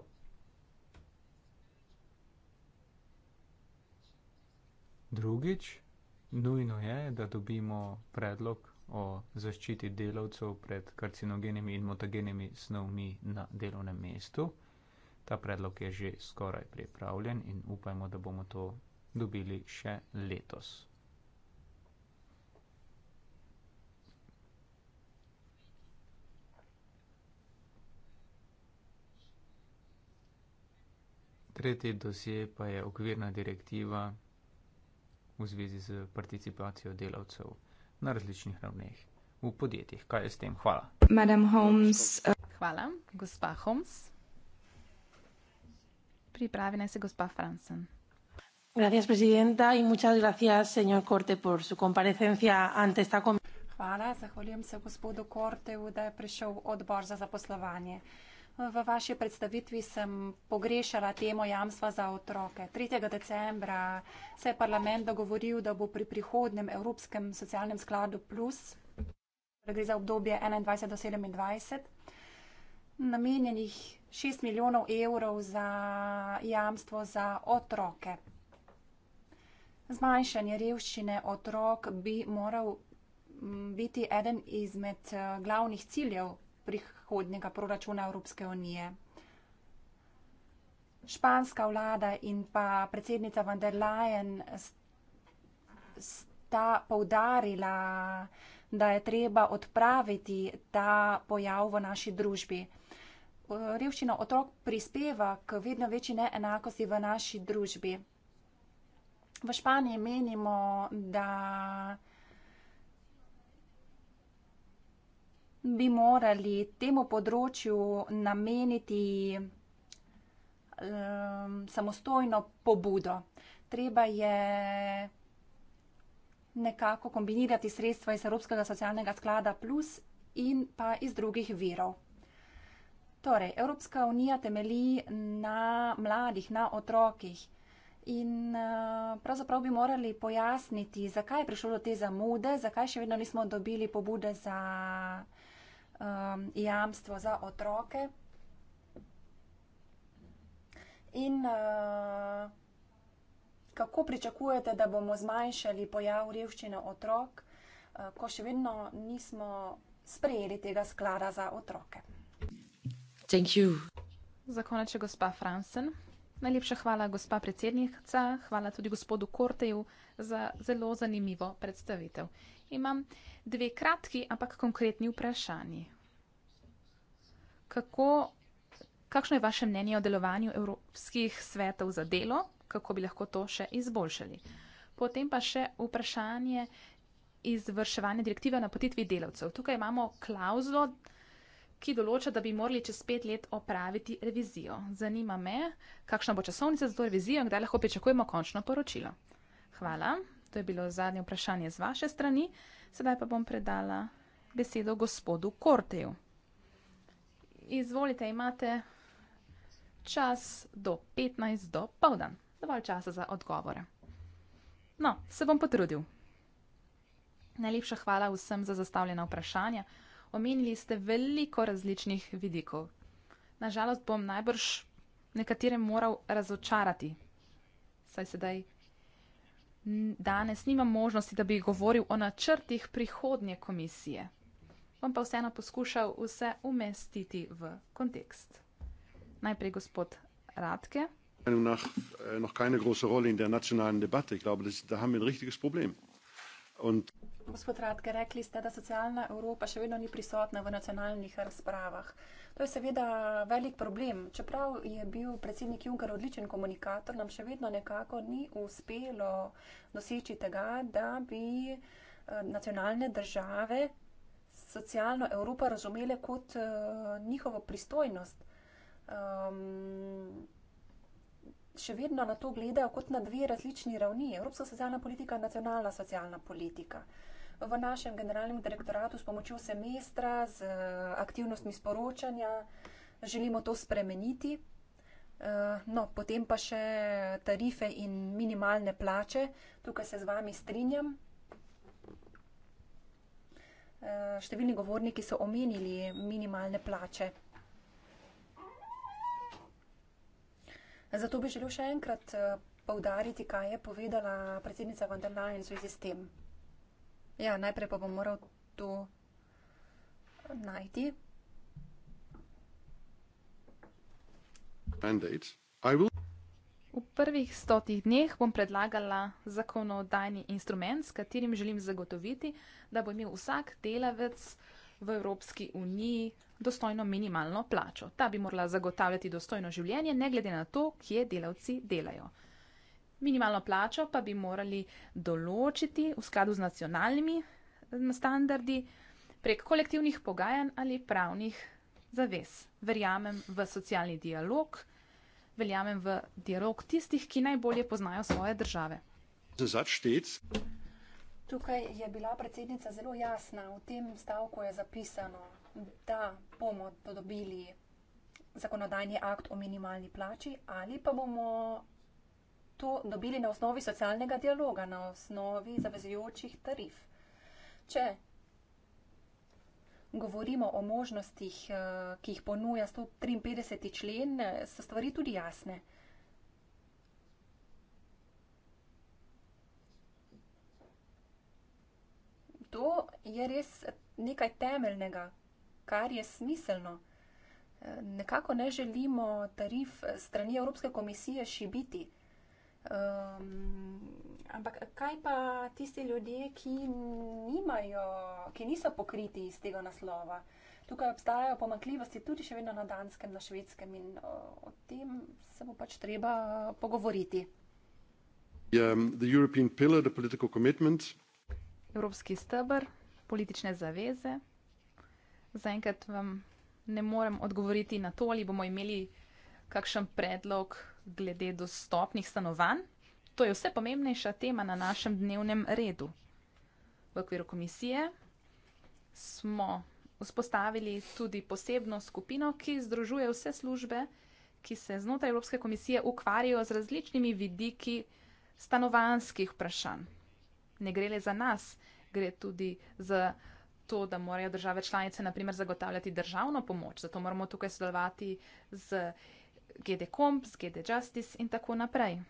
Drugič, nujno je, da dobimo predlog o zaščiti delavcev pred karcinogenimi in mutagenimi snovmi na delovnem mestu. Ta predlog je že skoraj pripravljen in upajmo, da bomo to dobili še letos. Tretji dosje pa je okvirna direktiva v zvezi z participacijo delavcev na različnih ravneh v podjetjih. Kaj je s tem? Hvala. Madam Holmes. Eh. Hvala, gospa Holmes. Pripravi naj se gospa Fransen. Gracias, presidenta, y muchas gracias, señor Corte, por su comparecencia ante esta comisión. Hvala, zahvaljujem se gospodu Korteju, da je prišel odbor za zaposlovanje. V vaši predstavitvi sem pogrešala temo jamstva za otroke. 3. decembra se je parlament dogovoril, da bo pri prihodnem Evropskem socialnem skladu plus, torej gre za obdobje 21 do 27, namenjenih 6 milijonov evrov za jamstvo za otroke. Zmanjšanje revščine otrok bi moral mm, biti eden izmed eh, glavnih ciljev prihodnega proračuna Evropske unije. Španska vlada in pa predsednica van der Leyen sta poudarila, da je treba odpraviti ta pojav v naši družbi. Eh, revščina otrok prispeva k vedno večji neenakosti v naši družbi. V Španiji menimo, da bi morali temu področju nameniti um, samostojno pobudo. Treba je nekako kombinirati sredstva iz Evropskega socialnega sklada plus in pa iz drugih virov. Torej, Evropska unija temeli na mladih, na otrokih. In eh, pravzaprav bi morali pojasniti, zakaj je prišlo do te zamude, zakaj še vedno nismo dobili pobude za um, jamstvo za otroke. In uh, kako pričakujete, da bomo zmanjšali pojav revščine otrok, uh, ko še vedno nismo sprejeli tega sklada za otroke? Za konec, gospa Fransen. Najlepša hvala, gospa predsednica, hvala tudi gospodu Korteju za zelo zanimivo predstavitev. Imam dve kratki, ampak konkretni vprašanji. Kako, kakšno je vaše mnenje o delovanju evropskih svetov za delo, kako bi lahko to še izboljšali? Potem pa še vprašanje izvrševanja direktive o napotitvi delavcev. Tukaj imamo klauzulo, ki določa, da bi morali čez pet let opraviti revizijo. Zanima me, kakšna bo časovnica za to revizijo in kdaj lahko pričakujemo končno poročilo. Hvala, to je bilo zadnje vprašanje z vaše strani. Sedaj pa bom predala besedo gospodu Korteju. Izvolite, imate čas do 15 do povdan. Dovolj časa za odgovore. No, se bom potrudil. Najlepša hvala vsem za zastavljena vprašanja omenili ste veliko različnih vidikov. Nažalost bom najbrž nekatere moral razočarati, saj sedaj danes nimam možnosti, da bi govoril o načrtih prihodnje komisije. Bom pa vseeno poskušal vse umestiti v kontekst. Najprej gospod Radke. Nach, äh, noch keine große Rolle in der nationalen Debatte. Ich glaube, das, da haben wir ein richtiges Problem. Und Gospod Radke, rekli ste, da socialna Evropa še vedno ni prisotna v nacionalnih razpravah. To je seveda velik problem. Čeprav je bil predsednik Juncker odličen komunikator, nam še vedno nekako ni uspelo doseči tega, da bi eh, nacionalne države socialno Evropo razumele kot eh, njihovo pristojnost. Um, še vedno na to gledajo kot na dve različni ravni. Evropska socialna politika in nacionalna socialna politika. Uh, v našem generalnem direktoratu s pomočjo semestra, z eh, aktivnostmi sporočanja, želimo to spremeniti. Eh, no, potem pa še tarife in minimalne plače. Tukaj se z vami strinjam. Eh, številni govorniki so omenili minimalne plače. Zato bi želel še enkrat povdariti, kaj je povedala predsednica Vandalajn v zvezi s tem. Ja, najprej pa bom moral to najti. V prvih stotih dneh bom predlagala zakonodajni instrument, s katerim želim zagotoviti, da bo imel vsak delavec v Evropski uniji dostojno minimalno plačo. Ta bi morala zagotavljati dostojno življenje, ne glede na to, kje delavci delajo. Minimalno plačo pa bi morali določiti v skladu z nacionalnimi eh, standardi prek kolektivnih pogajanj ali pravnih zavez. Verjamem v socialni dialog, verjamem v dialog tistih, ki najbolje poznajo svoje države. Tukaj je bila predsednica zelo jasna. V tem stavku je zapisano, da bomo dobili zakonodajni akt o minimalni plači ali pa bomo to dobili na osnovi socialnega dialoga, na osnovi zavezujočih tarif. Če govorimo o možnostih, eh, ki jih ponuja 153. člen, eh, so stvari tudi jasne. To je res nekaj temeljnega, kar je smiselno. Eh, nekako ne želimo tarif strani Evropske komisije šibiti. Um, ampak kaj pa tisti ljudje, ki, nimajo, ki niso pokriti iz tega naslova? Tukaj obstajajo pomakljivosti tudi še vedno na danskem, na švedskem in o, o tem se bo pač treba pogovoriti. Yeah, ja, um, Evropski stebr, politične zaveze. Zaenkrat vam ne morem odgovoriti na to, ali bomo imeli kakšen predlog glede dostopnih stanovanj. To je vse pomembnejša tema na našem dnevnem redu. V okviru komisije smo vzpostavili tudi posebno skupino, ki združuje vse službe, ki se znotraj Evropske komisije ukvarjajo z različnimi vidiki stanovanskih vprašanj. Ne gre le za nas, gre tudi za to, da morajo države članice naprimer zagotavljati državno pomoč, zato moramo tukaj sodelovati z GD Comp, z GD Justice in tako naprej.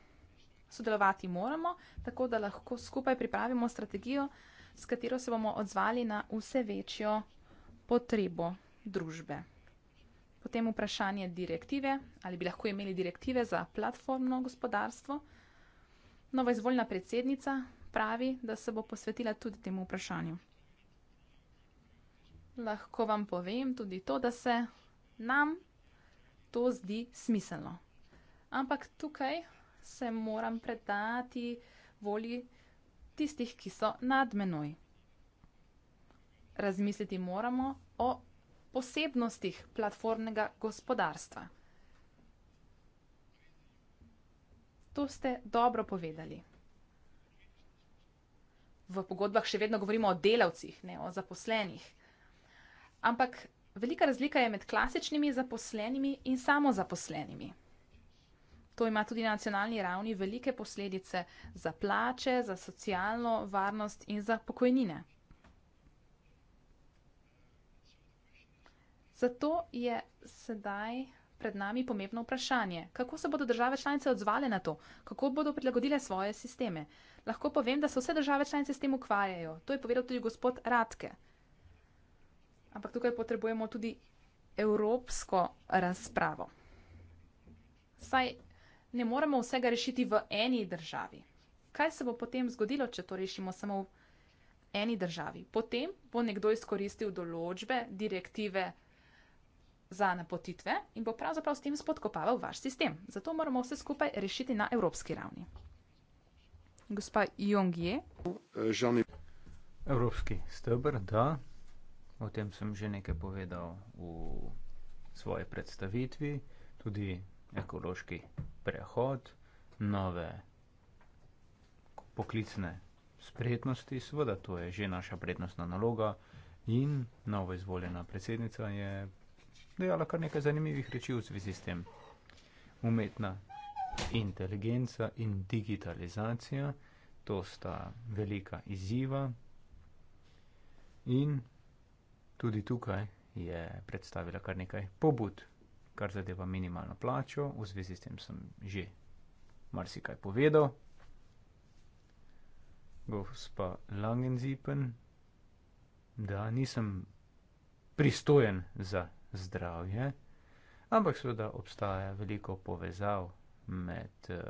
Sodelovati moramo, tako da lahko skupaj pripravimo strategijo, s katero se bomo odzvali na vse večjo potrebo družbe. Potem vprašanje direktive, ali bi lahko imeli direktive za platformno gospodarstvo. Nova izvoljna predsednica pravi, da se bo posvetila tudi temu vprašanju. Lahko vam povem tudi to, da se nam to zdi smiselno. Ampak tukaj se moram predati volji tistih, ki so nad menoj. Razmisliti moramo o posebnostih platformnega gospodarstva. To ste dobro povedali. V pogodbah še vedno govorimo o delavcih, ne o zaposlenih. Ampak Velika razlika je med klasičnimi zaposlenimi in samozaposlenimi. To ima tudi na nacionalni ravni velike posledice za plače, za socialno varnost in za pokojnine. Zato je sedaj pred nami pomembno vprašanje, kako se bodo države članice odzvale na to, kako bodo prilagodile svoje sisteme. Lahko povem, da se vse države članice s tem ukvarjajo. To je povedal tudi gospod Radke. Ampak tukaj potrebujemo tudi evropsko razpravo. Saj ne moremo vsega rešiti v eni državi. Kaj se bo potem zgodilo, če to rešimo samo v eni državi? Potem bo nekdo izkoristil določbe, direktive za napotitve in bo pravzaprav s tem spodkopaval vaš sistem. Zato moramo vse skupaj rešiti na evropski ravni. Gospa Jongje. Evropski stebr, da. O tem sem že nekaj povedal v svoji predstavitvi, tudi ekološki prehod, nove poklicne spretnosti, seveda to je že naša prednostna naloga in novo izvoljena predsednica je dejala kar nekaj zanimivih reči v zvezi s tem. Umetna inteligenca in digitalizacija, to sta velika izziva in Tudi tukaj je predstavila kar nekaj pobud, kar zadeva minimalno plačo, v zvezi s tem sem že marsikaj povedal. Gospa Langenzipen, da nisem pristojen za zdravje, ampak seveda obstaja veliko povezav med uh,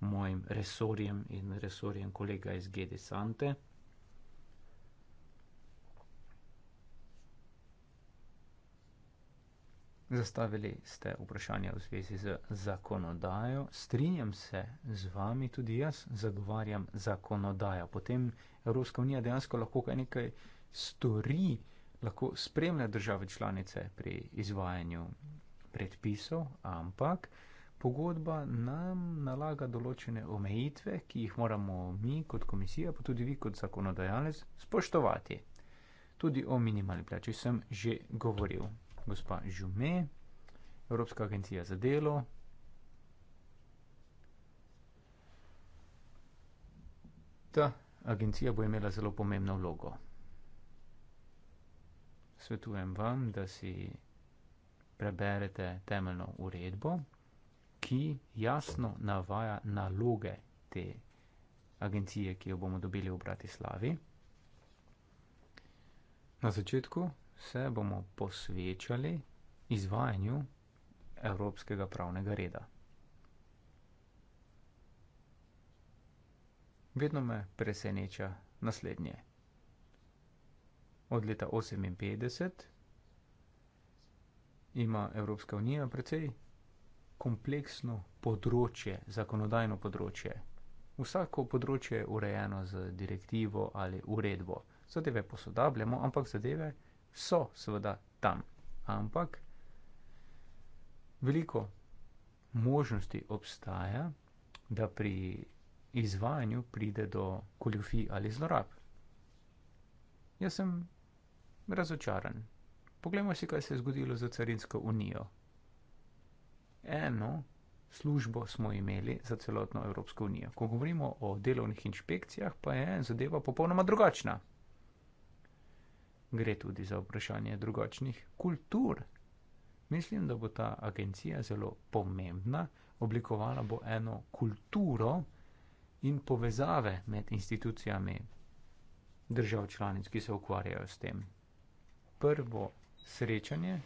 mojim resorjem in resorjem kolega iz GD Sante. Zastavili ste vprašanje v zvezi z zakonodajo. Strinjam se z vami, tudi jaz zagovarjam zakonodajo. Potem Evropska unija dejansko lahko kaj nekaj stori, lahko spremlja države članice pri izvajanju predpisov, ampak pogodba nam nalaga določene omejitve, ki jih moramo mi kot komisija, pa tudi vi kot zakonodajalec, spoštovati. Tudi o minimalni plači sem že govoril gospa Žume, Evropska agencija za delo. Ta agencija bo imela zelo pomembno vlogo. Svetujem vam, da si preberete temeljno uredbo, ki jasno navaja naloge te agencije, ki jo bomo dobili v Bratislavi. Na začetku se bomo posvečali izvajanju evropskega pravnega reda. Vedno me preseneča naslednje. Od leta 1958 ima Evropska unija precej kompleksno področje, zakonodajno področje. Vsako področje je urejeno z direktivo ali uredbo. Zadeve posodabljamo, ampak zadeve so seveda tam, ampak veliko možnosti obstaja, da pri izvajanju pride do koljufi ali zlorab. Jaz sem razočaran. Poglejmo si, kaj se je zgodilo za carinsko unijo. Eno službo smo imeli za celotno Evropsko unijo. Ko govorimo o delovnih inšpekcijah, pa je zadeva popolnoma drugačna gre tudi za vprašanje drugačnih kultur. Mislim, da bo ta agencija zelo pomembna, oblikovala bo eno kulturo in povezave med institucijami držav članic, ki se ukvarjajo s tem. Prvo srečanje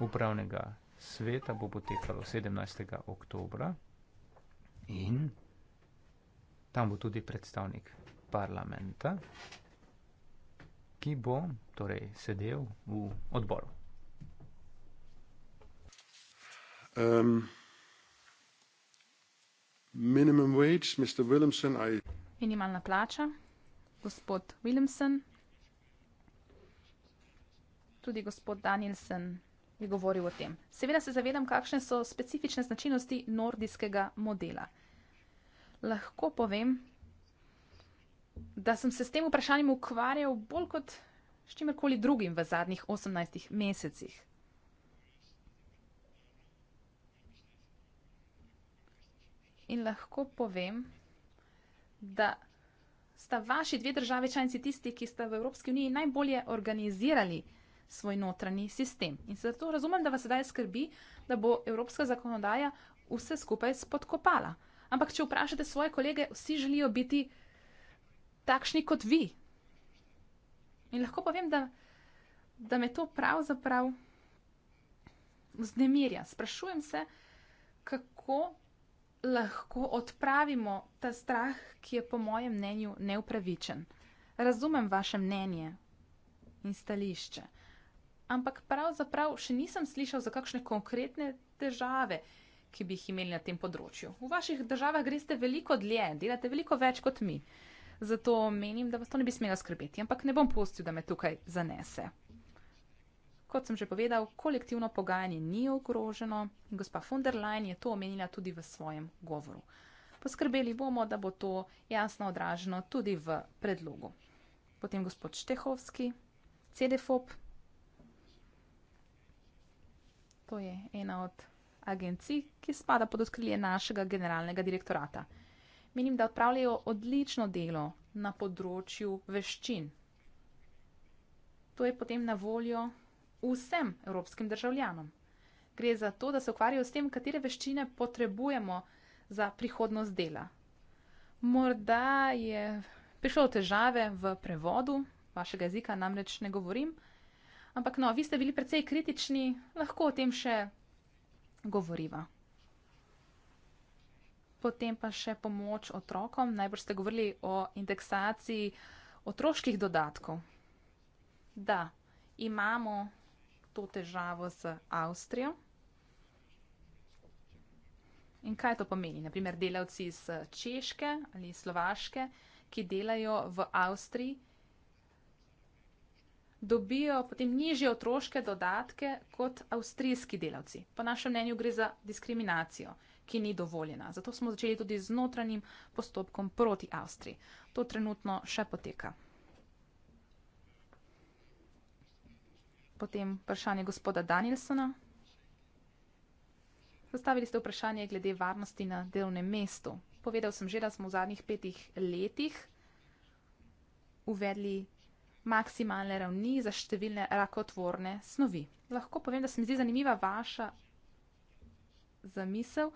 upravnega sveta bo potekalo 17. oktobra in tam bo tudi predstavnik parlamenta ki bo torej, sedel v odboru. Um, minimum wage, Mr. Williamson. I... Minimalna plača, gospod Williamson. Tudi gospod Danielson je govoril o tem. Seveda se zavedam, kakšne so specifične značilnosti nordijskega modela. Lahko povem, da sem se s tem vprašanjem ukvarjal bolj kot s čimerkoli drugim v zadnjih 18 mesecih. In lahko povem, da sta vaši dve države članici tisti, ki sta v Evropski uniji najbolje organizirali svoj notranji sistem. In zato razumem, da vas sedaj skrbi, da bo evropska zakonodaja vse skupaj spodkopala. Ampak, če vprašate svoje kolege, vsi želijo biti takšni kot vi. In lahko povem, da, da me to pravzaprav znemirja. Sprašujem se, kako lahko odpravimo ta strah, ki je po mojem mnenju neupravičen. Razumem vaše mnenje in stališče. Ampak pravzaprav še nisem slišal za kakšne konkretne težave, ki bi jih imeli na tem področju. V vaših državah greste veliko dlje, delate veliko več kot mi. Uh, Zato menim, da vas to ne bi smela skrbeti, ampak ne bom pustil, da me tukaj zanese. Kot sem že povedal, kolektivno pogajanje ni ogroženo in gospa von der Leyen je to omenila tudi v svojem govoru. Poskrbeli bomo, da bo to jasno odraženo tudi v predlogu. Potem gospod Štehovski, CDFOP. To je ena od agencij, ki spada pod odkrilje našega generalnega direktorata menim, da opravljajo odlično delo na področju veščin. To je potem na voljo vsem evropskim državljanom. Gre za to, da se ukvarjajo s tem, katere veščine potrebujemo za prihodnost dela. Morda je prišlo do težave v prevodu, vašega jezika namreč ne govorim, ampak no, vi ste bili precej kritični, lahko o tem še govoriva. Potem pa še pomoč otrokom. Najbrž ste govorili o indeksaciji otroških dodatkov. Da, imamo to težavo z Avstrijo. In kaj to pomeni? Naprimer, delavci iz Češke ali Slovaške, ki delajo v Avstriji, dobijo potem nižje otroške dodatke kot avstrijski delavci. Po našem mnenju gre za diskriminacijo ki ni dovoljena. Zato smo začeli tudi z notranjim postopkom proti Avstriji. To trenutno še poteka. Potem vprašanje gospoda Danielsona. Zastavili ste vprašanje glede varnosti na delovnem mestu. Povedal sem že, da smo v zadnjih petih letih uvedli maksimalne ravni za številne rakotvorne snovi. Lahko povem, da se mi zdi zanimiva vaša zamisel,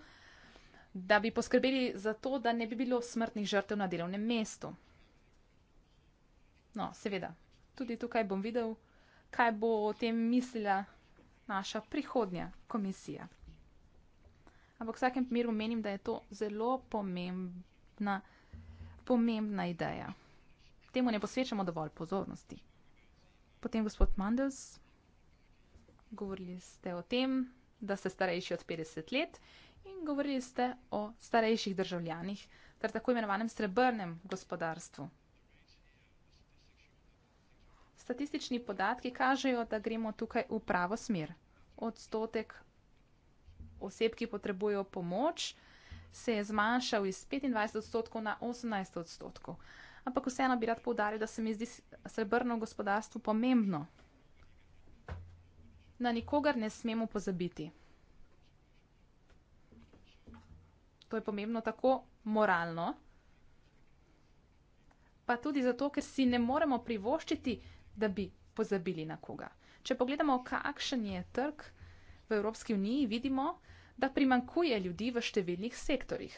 da bi poskrbeli za to, da ne bi bilo smrtnih žrtev na delovnem mestu. No, seveda, tudi tukaj bom videl, kaj bo o tem mislila naša prihodnja komisija. Ampak v vsakem primeru menim, da je to zelo pomembna, pomembna ideja. Temu ne posvečamo dovolj pozornosti. Potem gospod Mandels, govorili ste o tem, da ste starejši od 50 let in govorili ste o starejših državljanih ter tako imenovanem srebrnem gospodarstvu. Statistični podatki kažejo, da gremo tukaj v pravo smer. Odstotek oseb, ki potrebujo pomoč, se je zmanjšal iz 25 odstotkov na 18 odstotkov. Ampak vseeno bi rad poudaril, da se mi zdi srebrno gospodarstvo pomembno na nikogar ne smemo pozabiti. To je pomembno tako moralno, pa tudi zato, ker si ne moremo privoščiti, da bi pozabili na koga. Če pogledamo, kakšen je trg v Evropski uniji, vidimo, da primankuje ljudi v številnih sektorjih.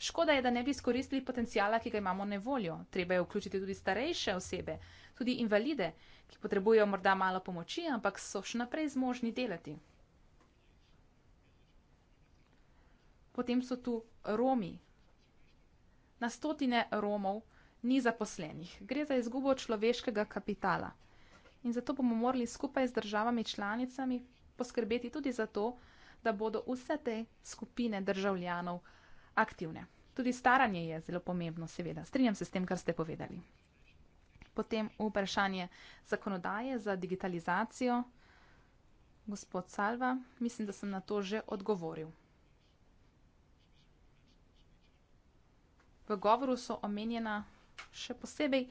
Škoda je, da ne bi izkoristili potencijala, ki ga imamo na voljo. Treba je vključiti tudi starejše osebe, tudi invalide, ki potrebujejo morda malo pomoči, ampak so še naprej zmožni delati. Potem so tu Romi. Na stotine Romov ni zaposlenih. Gre za izgubo človeškega kapitala. In zato bomo morali skupaj z državami članicami poskrbeti tudi za to, da bodo vse te skupine državljanov aktivne. Tudi staranje je zelo pomembno, seveda. Strinjam se s tem, kar ste povedali. Potem vprašanje zakonodaje za digitalizacijo. Gospod Salva, mislim, da sem na to že odgovoril. V govoru so omenjena še posebej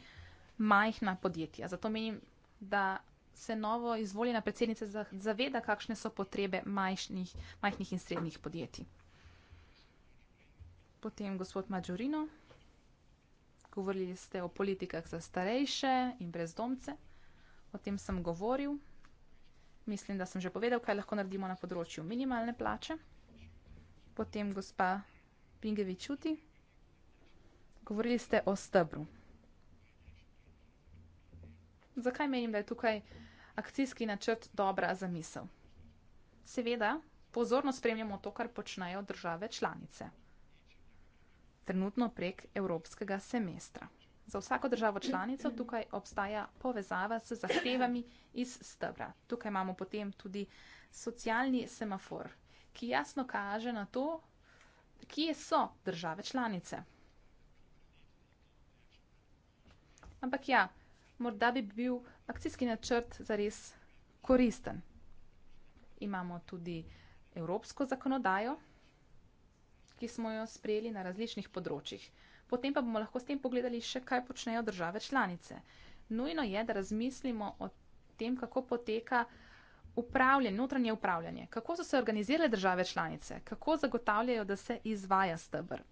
majhna podjetja. Zato menim, da se novo izvoljena predsednica zaveda, kakšne so potrebe majhnih, majhnih in srednjih podjetij. Potem gospod Mađurino, govorili ste o politikah za starejše in brezdomce. O tem sem govoril. Mislim, da sem že povedal, kaj lahko naredimo na področju minimalne plače. Potem gospa Pingevičuti, govorili ste o stebru. Zakaj menim, da je tukaj akcijski načrt dobra zamisel? Seveda, pozorno spremljamo to, kar počnejo države članice trenutno prek evropskega semestra. Za vsako državo članico tukaj obstaja povezava s zahtevami iz stebra. Tukaj imamo potem tudi socialni semafor, ki jasno kaže na to, kje so države članice. Ampak ja, morda bi bil akcijski načrt zares koristen. Imamo tudi evropsko zakonodajo ki smo jo sprejeli na različnih področjih. Potem pa bomo lahko s tem pogledali še, kaj počnejo države članice. Nujno je, da razmislimo o tem, kako poteka upravljanje, notranje upravljanje, kako so se organizirale države članice, kako zagotavljajo, da se izvaja stebr.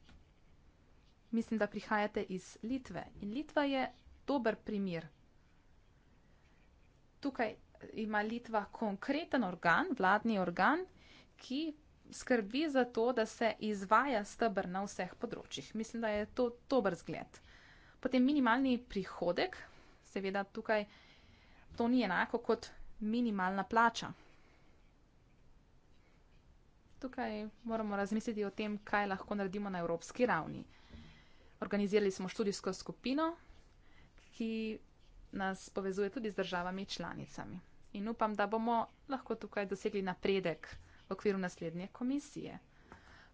Mislim, da prihajate iz Litve in Litva je dober primer. Tukaj ima Litva konkreten organ, vladni organ, ki skrbi za to, da se izvaja stebr na vseh področjih. Mislim, da je to dober zgled. Potem minimalni prihodek, seveda tukaj to ni enako kot minimalna plača. Tukaj moramo razmisliti o tem, kaj lahko naredimo na evropski ravni. Organizirali smo študijsko skupino, ki nas povezuje tudi z državami članicami. In upam, da bomo lahko tukaj dosegli napredek v okviru naslednje komisije.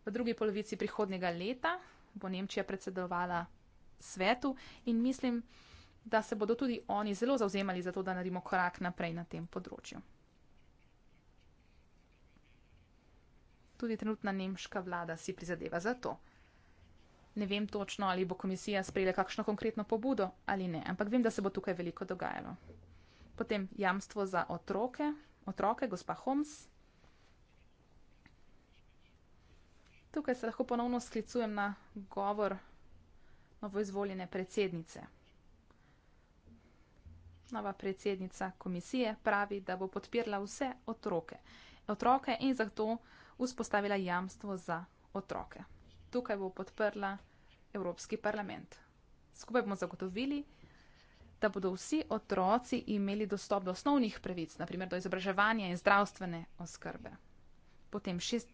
V drugi polovici prihodnega leta bo Nemčija predsedovala svetu in mislim, da se bodo tudi oni zelo zauzemali za to, da naredimo korak naprej na tem področju. Tudi trenutna nemška vlada si prizadeva za to. Ne vem točno, ali bo komisija sprejela kakšno konkretno pobudo ali ne, ampak vem, da se bo tukaj veliko dogajalo. Potem jamstvo za otroke, otroke, gospa Holmes, Tukaj se lahko ponovno sklicujem na govor novoizvoljene predsednice. Nova predsednica komisije pravi, da bo podpirala vse otroke, otroke in zato vzpostavila jamstvo za otroke. Tukaj bo podprla Evropski parlament. Skupaj bomo zagotovili, da bodo vsi otroci imeli dostop do osnovnih pravic, naprimer do izobraževanja in zdravstvene oskrbe. Potem šest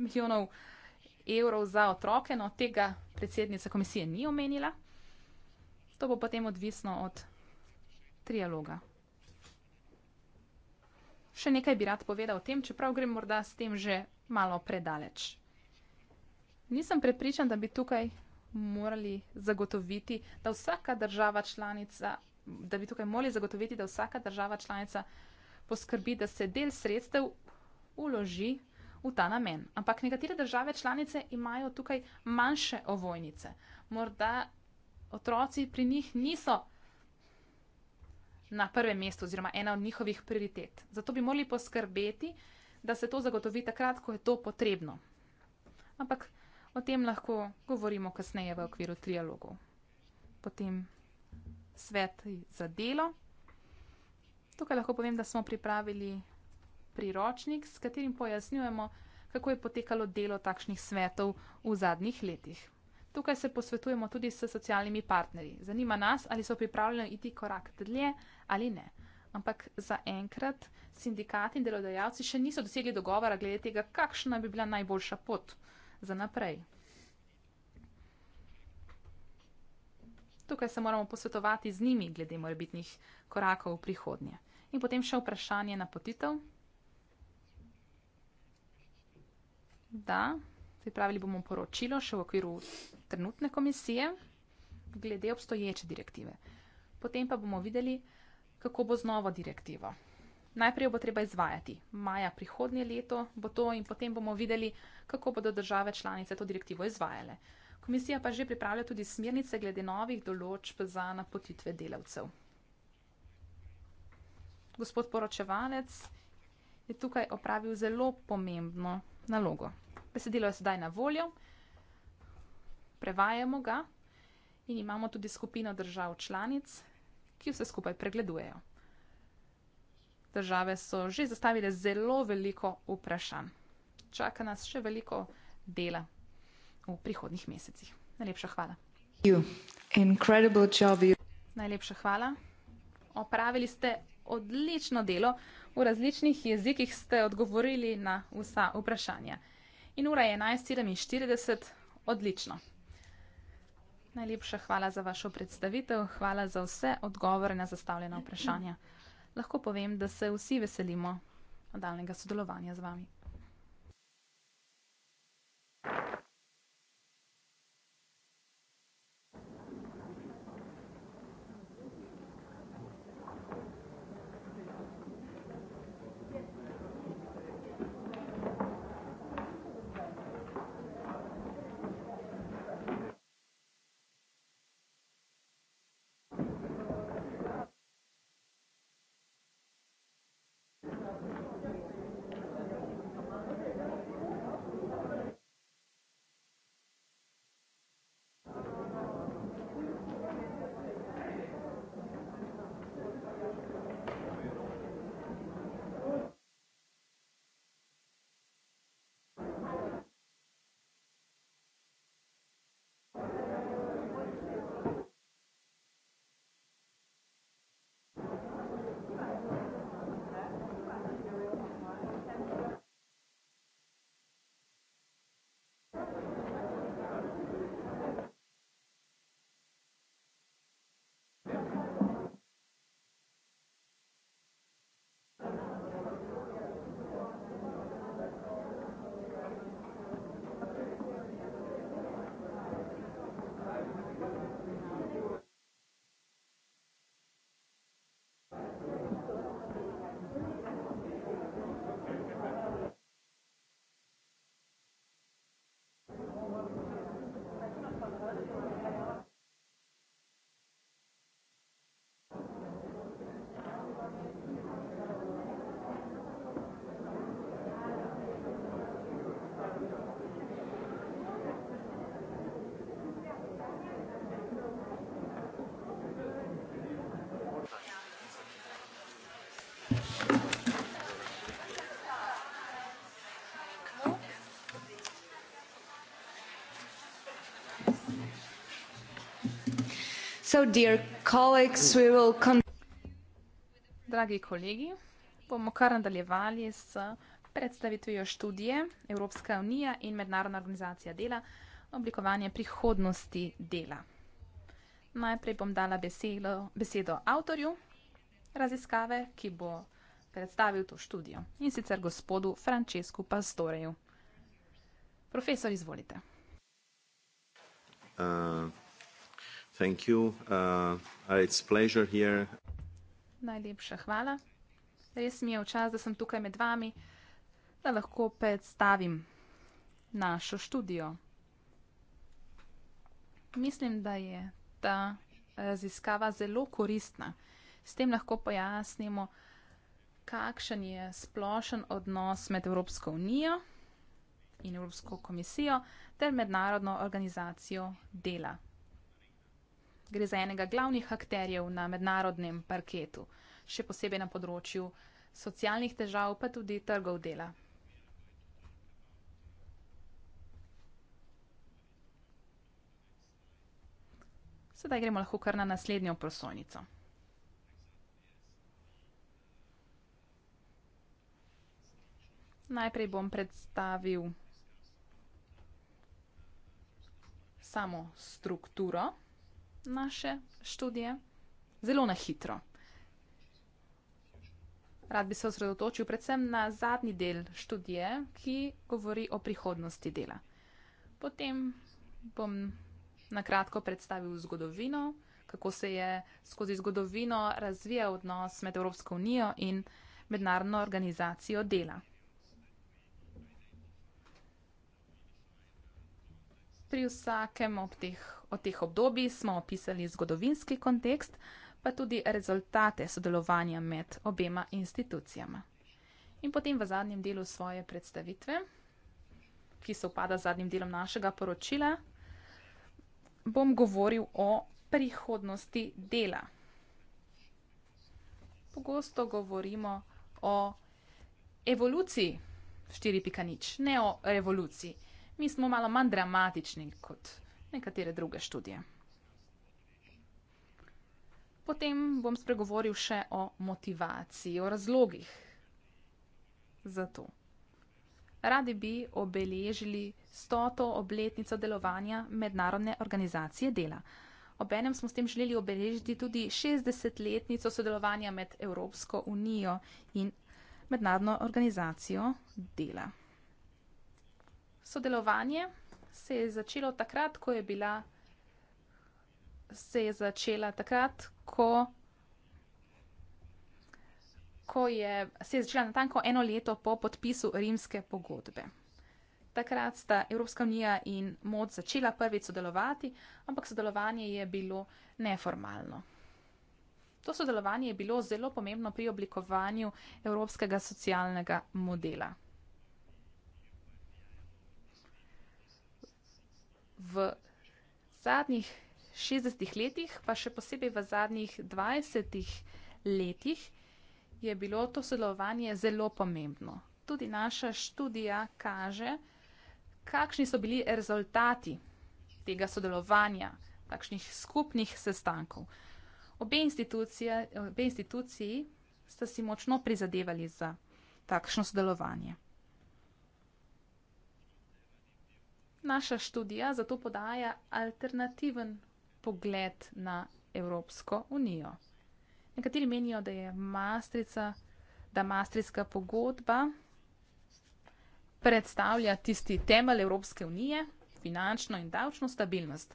milijonov evrov za otroke, no tega predsednica komisije ni omenila. To bo potem odvisno od trialoga. Še nekaj bi rad povedal o tem, čeprav grem morda s tem že malo predaleč. Nisem prepričan, da bi tukaj morali zagotoviti, da vsaka država članica, da bi tukaj morali zagotoviti, da vsaka država članica poskrbi, da se del sredstev uloži v ta namen. Ampak nekatere države članice imajo tukaj manjše ovojnice. Morda otroci pri njih niso na prvem mestu oziroma ena od njihovih prioritet. Zato bi morali poskrbeti, da se to zagotovi takrat, ko je to potrebno. Ampak o tem lahko govorimo kasneje v okviru trialogov. Potem svet za delo. Tukaj lahko povem, da smo pripravili priročnik, s katerim pojasnjujemo, kako je potekalo delo takšnih svetov v zadnjih letih. Tukaj se posvetujemo tudi s socialnimi partnerji. Zanima nas, ali so pripravljeni iti korak dlje ali ne. Ampak zaenkrat sindikati in delodajalci še niso dosegli dogovora glede tega, kakšna bi bila najboljša pot za naprej. Tukaj se moramo posvetovati z njimi glede morebitnih korakov v prihodnje. In potem še vprašanje napotitev. da pripravili bomo poročilo še v okviru trenutne komisije glede obstoječe direktive. Potem pa bomo videli, kako bo z novo direktivo. Najprej jo bo treba izvajati. Maja prihodnje leto bo to in potem bomo videli, kako bodo države članice to direktivo izvajale. Komisija pa že pripravlja tudi smernice glede novih določb za napotitve delavcev. Gospod poročevalec je tukaj opravil zelo pomembno nalogo. Besedilo je sedaj na voljo, prevajamo ga in imamo tudi skupino držav članic, ki vse skupaj pregledujejo. Države so že zastavile zelo veliko vprašanj. Čaka nas še veliko dela v prihodnih mesecih. Najlepša hvala. Najlepša hvala. Opravili ste odlično delo v različnih jezikih ste odgovorili na vsa vprašanja. In ura je 11:47, odlično. Najlepša hvala za vašo predstavitev, hvala za vse odgovore na zastavljena vprašanja. Lahko povem, da se vsi veselimo nadaljnega sodelovanja z vami. Dragi kolegi, bomo kar nadaljevali s predstavitvijo študije Evropska unija in Mednarodna organizacija dela oblikovanje prihodnosti dela. Najprej bom dala besedo, besedo avtorju raziskave, ki bo predstavil to študijo, in sicer gospodu Francesku Pastoreju. Profesor, izvolite. Uh, Thank you. Uh, uh, it's pleasure here. Najlepša hvala. Res mi je v čas, da sem tukaj med vami, da lahko predstavim našo študijo. Mislim, da je ta raziskava zelo koristna. S tem lahko pojasnimo, kakšen je splošen odnos med Evropsko unijo in Evropsko komisijo ter mednarodno organizacijo dela gre za enega glavnih akterjev na mednarodnem parketu, še posebej na področju socialnih težav, pa tudi trgov dela. Sedaj gremo lahko kar na naslednjo prosojnico. Najprej bom predstavil samo strukturo naše študije? Zelo na hitro. Rad bi se osredotočil predvsem na zadnji del študije, ki govori o prihodnosti dela. Potem bom na kratko predstavil zgodovino, kako se je skozi zgodovino razvijal odnos med Evropsko unijo in mednarodno organizacijo dela. pri vsakem ob teh, od teh obdobij smo opisali zgodovinski kontekst, pa tudi rezultate sodelovanja med obema institucijama. In potem v zadnjem delu svoje predstavitve, ki se upada z zadnjim delom našega poročila, bom govoril o prihodnosti dela. Pogosto govorimo o evoluciji 4.0, ne o revoluciji mi smo malo manj dramatični kot nekatere druge študije. Potem bom spregovoril še o motivaciji, o razlogih za to. Radi bi obeležili stoto obletnico delovanja mednarodne organizacije dela. Obenem smo s tem želeli obeležiti tudi 60-letnico sodelovanja med Evropsko unijo in mednarodno organizacijo dela. Sodelovanje se je začelo takrat, ko je bila, se je začela takrat, ko, ko je, se je začela natanko eno leto po podpisu rimske pogodbe. Takrat sta Evropska unija in moč začela prvi sodelovati, ampak sodelovanje je bilo neformalno. To sodelovanje je bilo zelo pomembno pri oblikovanju evropskega socialnega modela. v zadnjih šestdesetih letih, pa še posebej v zadnjih dvajsetih letih, je bilo to sodelovanje zelo pomembno. Tudi naša študija kaže, kakšni so bili rezultati tega sodelovanja, takšnih skupnih sestankov. Obe, obe instituciji sta si močno prizadevali za takšno sodelovanje. Naša študija zato podaja alternativen pogled na Evropsko unijo. Nekateri menijo, da je Maastrica, da Maastrica pogodba predstavlja tisti temelj Evropske unije, finančno in davčno stabilnost.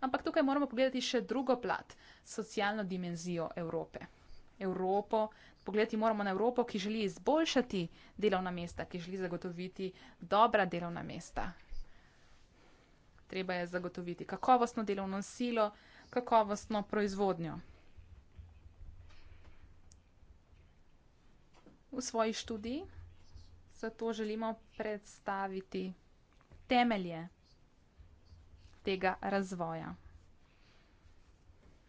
Ampak tukaj moramo pogledati še drugo plat, socialno dimenzijo Evrope. Evropo, pogledati moramo na Evropo, ki želi izboljšati delovna mesta, ki želi zagotoviti dobra delovna mesta, treba je zagotoviti kakovostno delovno silo, kakovostno proizvodnjo. V svoji študiji zato želimo predstaviti temelje tega razvoja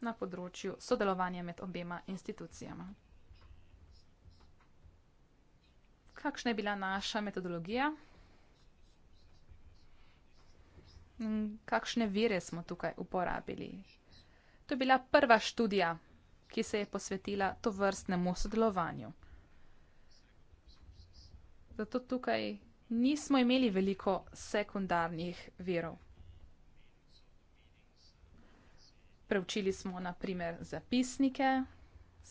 na področju sodelovanja med obema institucijama. Kakšna je bila naša metodologija? Mm, kakšne vire smo tukaj uporabili. To je bila prva študija, ki se je posvetila to vrstnemu sodelovanju. Zato tukaj nismo imeli veliko sekundarnih virov. Preučili smo naprimer zapisnike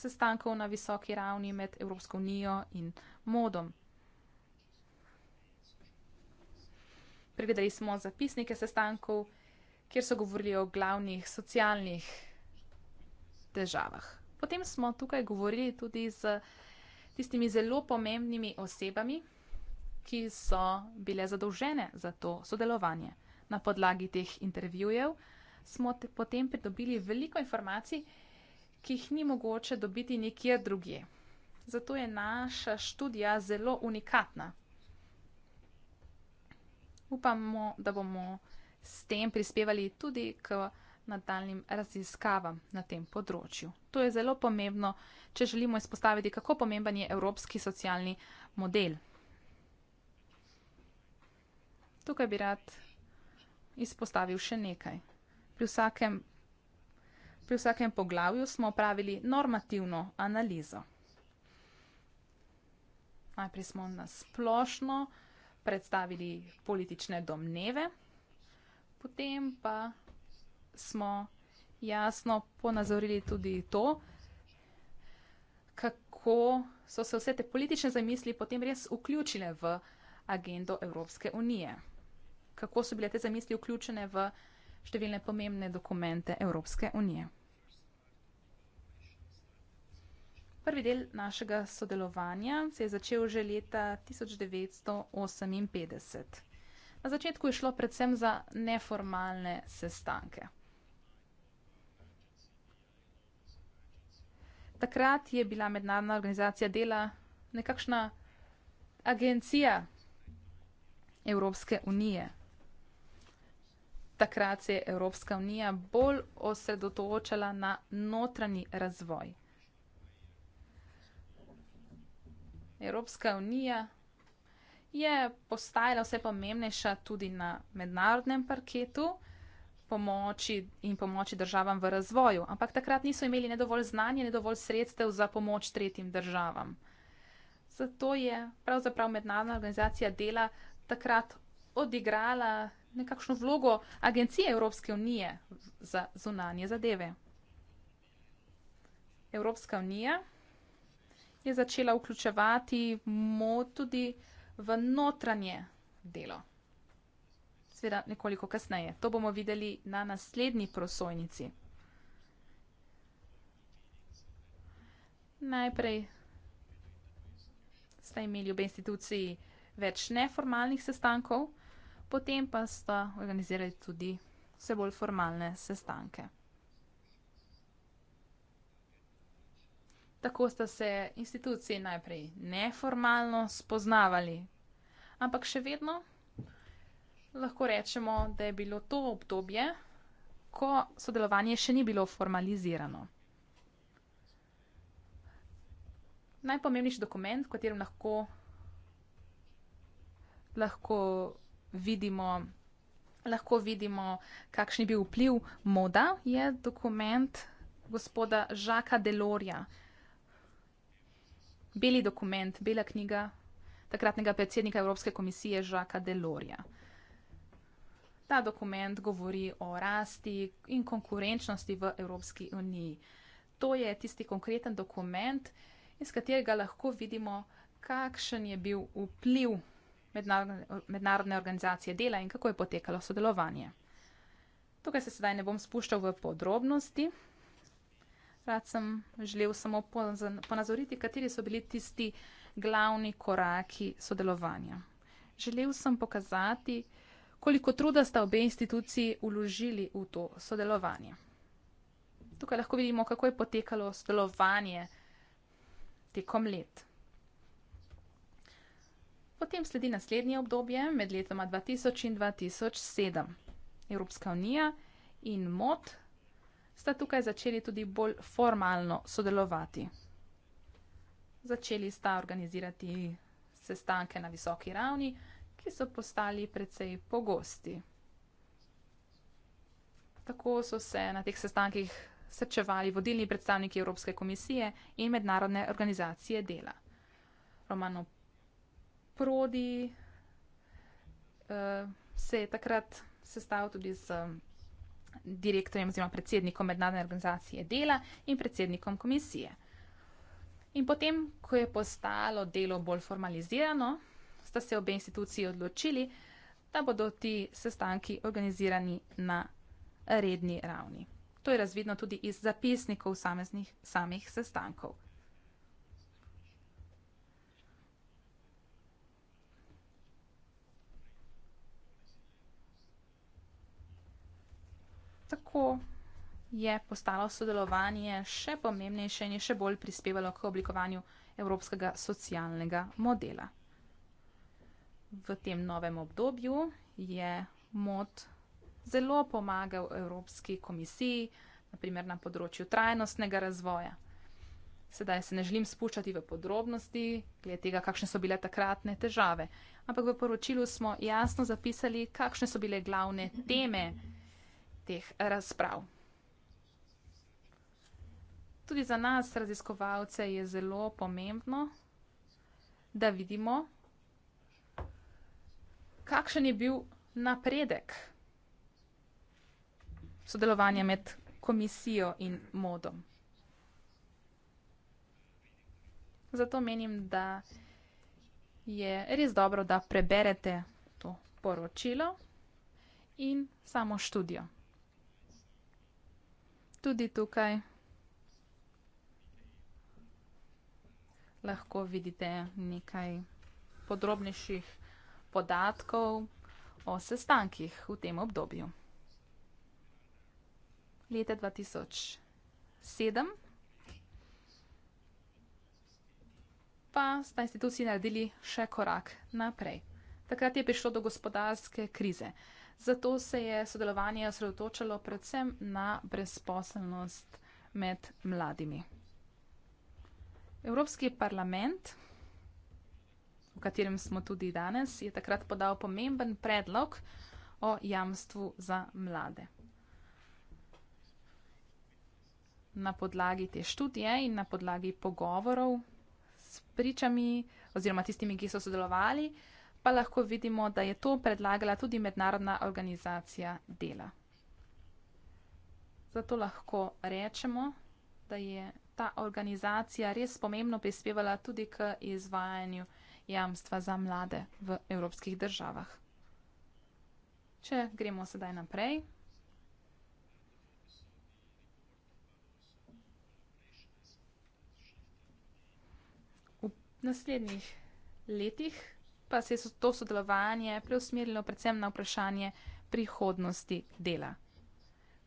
sestankov na visoki ravni med Evropsko unijo in modom. pregledali smo zapisnike sestankov, kjer so govorili o glavnih socialnih težavah. Potem smo tukaj govorili tudi z tistimi zelo pomembnimi osebami, ki so bile zadolžene za to sodelovanje. Na podlagi teh intervjujev smo te potem pridobili veliko informacij, ki jih ni mogoče dobiti nikjer drugje. Zato je naša študija zelo unikatna. Upamo, da bomo s tem prispevali tudi k nadaljnim raziskavam na tem področju. To je zelo pomembno, če želimo izpostaviti, kako pomemben je evropski socialni model. Tukaj bi rad izpostavil še nekaj. Pri vsakem, pri vsakem poglavju smo opravili normativno analizo. Najprej smo na splošno predstavili politične domneve, potem pa smo jasno ponazorili tudi to, kako so se vse te politične zamisli potem res vključile v agendo Evropske unije, kako so bile te zamisli vključene v številne pomembne dokumente Evropske unije. Prvi del našega sodelovanja se je začel že leta 1958. Na začetku je šlo predvsem za neformalne sestanke. Takrat je bila mednarodna organizacija dela nekakšna agencija Evropske unije. Takrat se je Evropska unija bolj osredotočala na notranji razvoj. Evropska unija je postajala vse pomembnejša tudi na mednarodnem parketu pomoči in pomoči državam v razvoju, ampak takrat niso imeli ne dovolj znanja, ne dovolj sredstev za pomoč tretjim državam. Zato je pravzaprav mednarodna organizacija dela takrat odigrala nekakšno vlogo Agencije Evropske unije za zunanje zadeve. Evropska unija je začela vključevati mod tudi v notranje delo. Sveda nekoliko kasneje. To bomo videli na naslednji prosojnici. Najprej sta imeli obe instituciji več neformalnih sestankov, potem pa sta organizirali tudi vse bolj formalne sestanke. Tako sta se instituciji najprej neformalno spoznavali. Ampak še vedno lahko rečemo, da je bilo to obdobje, ko sodelovanje še ni bilo formalizirano. Najpomembnejši dokument, v katerem lahko, lahko, vidimo, lahko vidimo, kakšen je bil vpliv moda, je dokument gospoda Žaka Delorja, beli dokument, bela knjiga takratnega predsednika Evropske komisije Žaka Delorja. Ta dokument govori o rasti in konkurenčnosti v Evropski uniji. To je tisti konkreten dokument, iz katerega lahko vidimo, kakšen je bil vpliv mednarodne organizacije dela in kako je potekalo sodelovanje. Tukaj se sedaj ne bom spuščal v podrobnosti. Rad sem želel samo ponazoriti, kateri so bili tisti glavni koraki sodelovanja. Želel sem pokazati, koliko truda sta obe instituciji uložili v to sodelovanje. Tukaj lahko vidimo, kako je potekalo sodelovanje tekom let. Potem sledi naslednje obdobje med letoma 2000 in 2007. Evropska unija in MOT sta tukaj začeli tudi bolj formalno sodelovati. Začeli sta organizirati sestanke na visoki ravni, ki so postali precej pogosti. Tako so se na teh sestankih srečevali vodilni predstavniki Evropske komisije in mednarodne organizacije dela. Romano Prodi eh, se je takrat sestavil tudi z direktorjem oziroma predsednikom mednarodne organizacije dela in predsednikom komisije. In potem, ko je postalo delo bolj formalizirano, sta se obe instituciji odločili, da bodo ti sestanki organizirani na redni ravni. To je razvidno tudi iz zapisnikov samih sestankov. tako je postalo sodelovanje še pomembnejše in je še bolj prispevalo k oblikovanju evropskega socialnega modela. V tem novem obdobju je MOD zelo pomagal Evropski komisiji, naprimer na področju trajnostnega razvoja. Sedaj se ne želim spuščati v podrobnosti, glede tega, kakšne so bile takratne težave. Ampak v poročilu smo jasno zapisali, kakšne so bile glavne teme teh razprav. Tudi za nas, raziskovalce, je zelo pomembno, da vidimo, kakšen je bil napredek sodelovanja med komisijo in modom. Zato menim, da je res dobro, da preberete to poročilo in samo študijo. Tudi tukaj lahko vidite nekaj podrobnejših podatkov o sestankih v tem obdobju. Leta 2007 pa sta instituciji naredili še korak naprej. Takrat je prišlo do gospodarske krize zato se je sodelovanje osredotočalo predvsem na brezposelnost med mladimi. Evropski parlament, v katerem smo tudi danes, je takrat podal pomemben predlog o jamstvu za mlade. Na podlagi te študije in na podlagi pogovorov s pričami oziroma tistimi, ki so sodelovali, uh, pa lahko vidimo, da je to predlagala tudi mednarodna organizacija dela. Zato lahko rečemo, da je ta organizacija res pomembno prispevala tudi k izvajanju jamstva za mlade v evropskih državah. Če gremo sedaj naprej. V naslednjih letih pa se je to sodelovanje preusmerilo predvsem na vprašanje prihodnosti dela.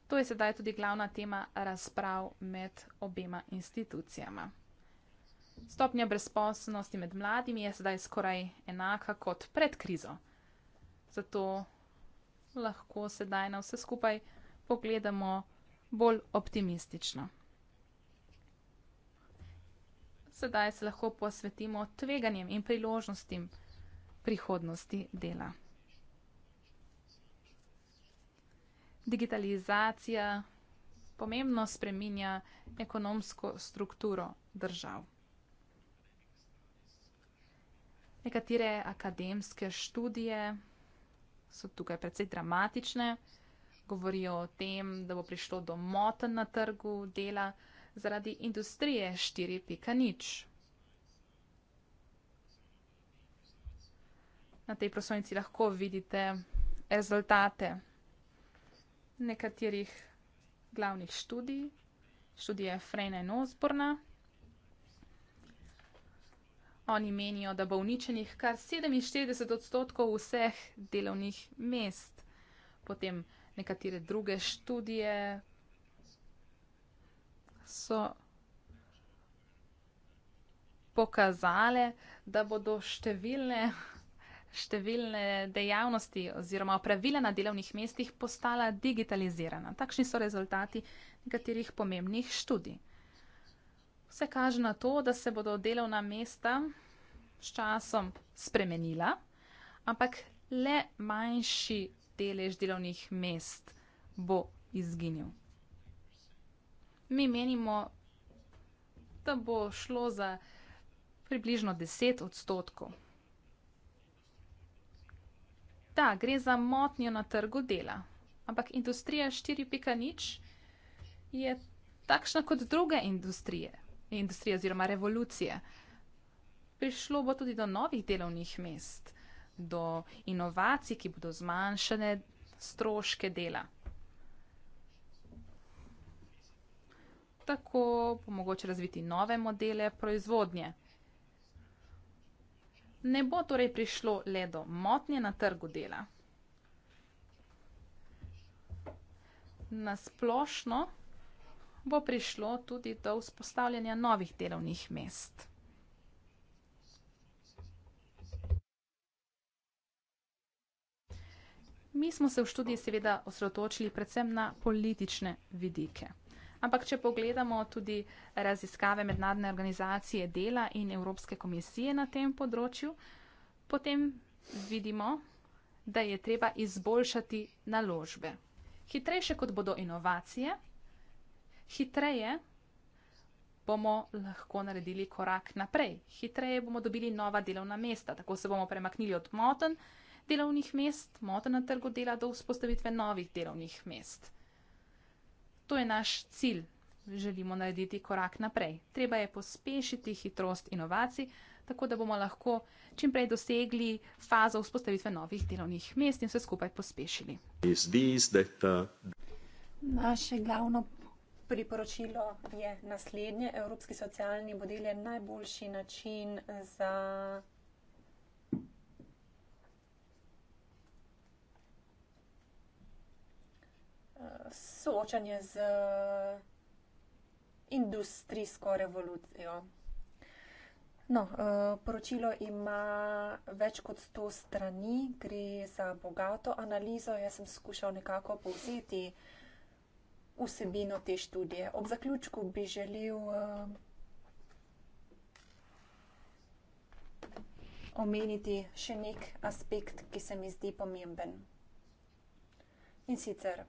To je sedaj tudi glavna tema razprav med obema institucijama. Stopnja brezposobnosti med mladimi je sedaj skoraj enaka kot pred krizo. Zato lahko sedaj na vse skupaj pogledamo bolj optimistično. Sedaj se lahko posvetimo tveganjem in priložnostim prihodnosti dela. Digitalizacija pomembno spreminja ekonomsko strukturo držav. Nekatere akademske študije so tukaj precej dramatične. Govorijo o tem, da bo prišlo do motenj na trgu dela zaradi industrije 4.0. na tej prosojnici lahko vidite rezultate nekaterih glavnih študij, študije Frejna in Osborna. Oni menijo, da bo uničenih kar 47 odstotkov vseh delovnih mest. Potem nekatere druge študije so pokazale, da bodo številne številne dejavnosti oziroma pravila na delovnih mestih postala digitalizirana. Takšni so rezultati nekaterih pomembnih študij. Vse kaže na to, da se bodo delovna mesta s časom spremenila, ampak le manjši delež delovnih mest bo izginil. Mi menimo, da bo šlo za približno 10 odstotkov da, gre za motnjo na trgu dela. Ampak industrija 4.0 je takšna kot druge industrije, industrije oziroma revolucije. Prišlo bo tudi do novih delovnih mest, do inovacij, ki bodo zmanjšale stroške dela. Tako bo mogoče razviti nove modele proizvodnje ne bo torej prišlo le do motnje na trgu dela. Nasplošno bo prišlo tudi do vzpostavljanja novih delovnih mest. Mi smo se v študiji seveda osredotočili predvsem na politične vidike. Ampak če pogledamo tudi raziskave mednarodne organizacije dela in Evropske komisije na tem področju, potem vidimo, da je treba izboljšati naložbe. Hitrejše kot bodo inovacije, hitreje bomo lahko naredili korak naprej, hitreje bomo dobili nova delovna mesta, tako se bomo premaknili od moten delovnih mest, moten na trgu dela do vzpostavitve novih delovnih mest. To je naš cilj. Želimo narediti korak naprej. Treba je pospešiti hitrost inovacij, tako da bomo lahko čim prej dosegli fazo vzpostavitve novih delovnih mest in vse skupaj pospešili. Uh, Naše glavno priporočilo je naslednje. Evropski socialni model je najboljši način za soočanje z eh, industrijsko revolucijo. No, eh, poročilo ima več kot 100 strani, gre za bogato analizo. Jaz sem skušal nekako povzeti vsebino te študije. Ob zaključku bi želel eh, omeniti še nek aspekt, ki se mi zdi pomemben. In sicer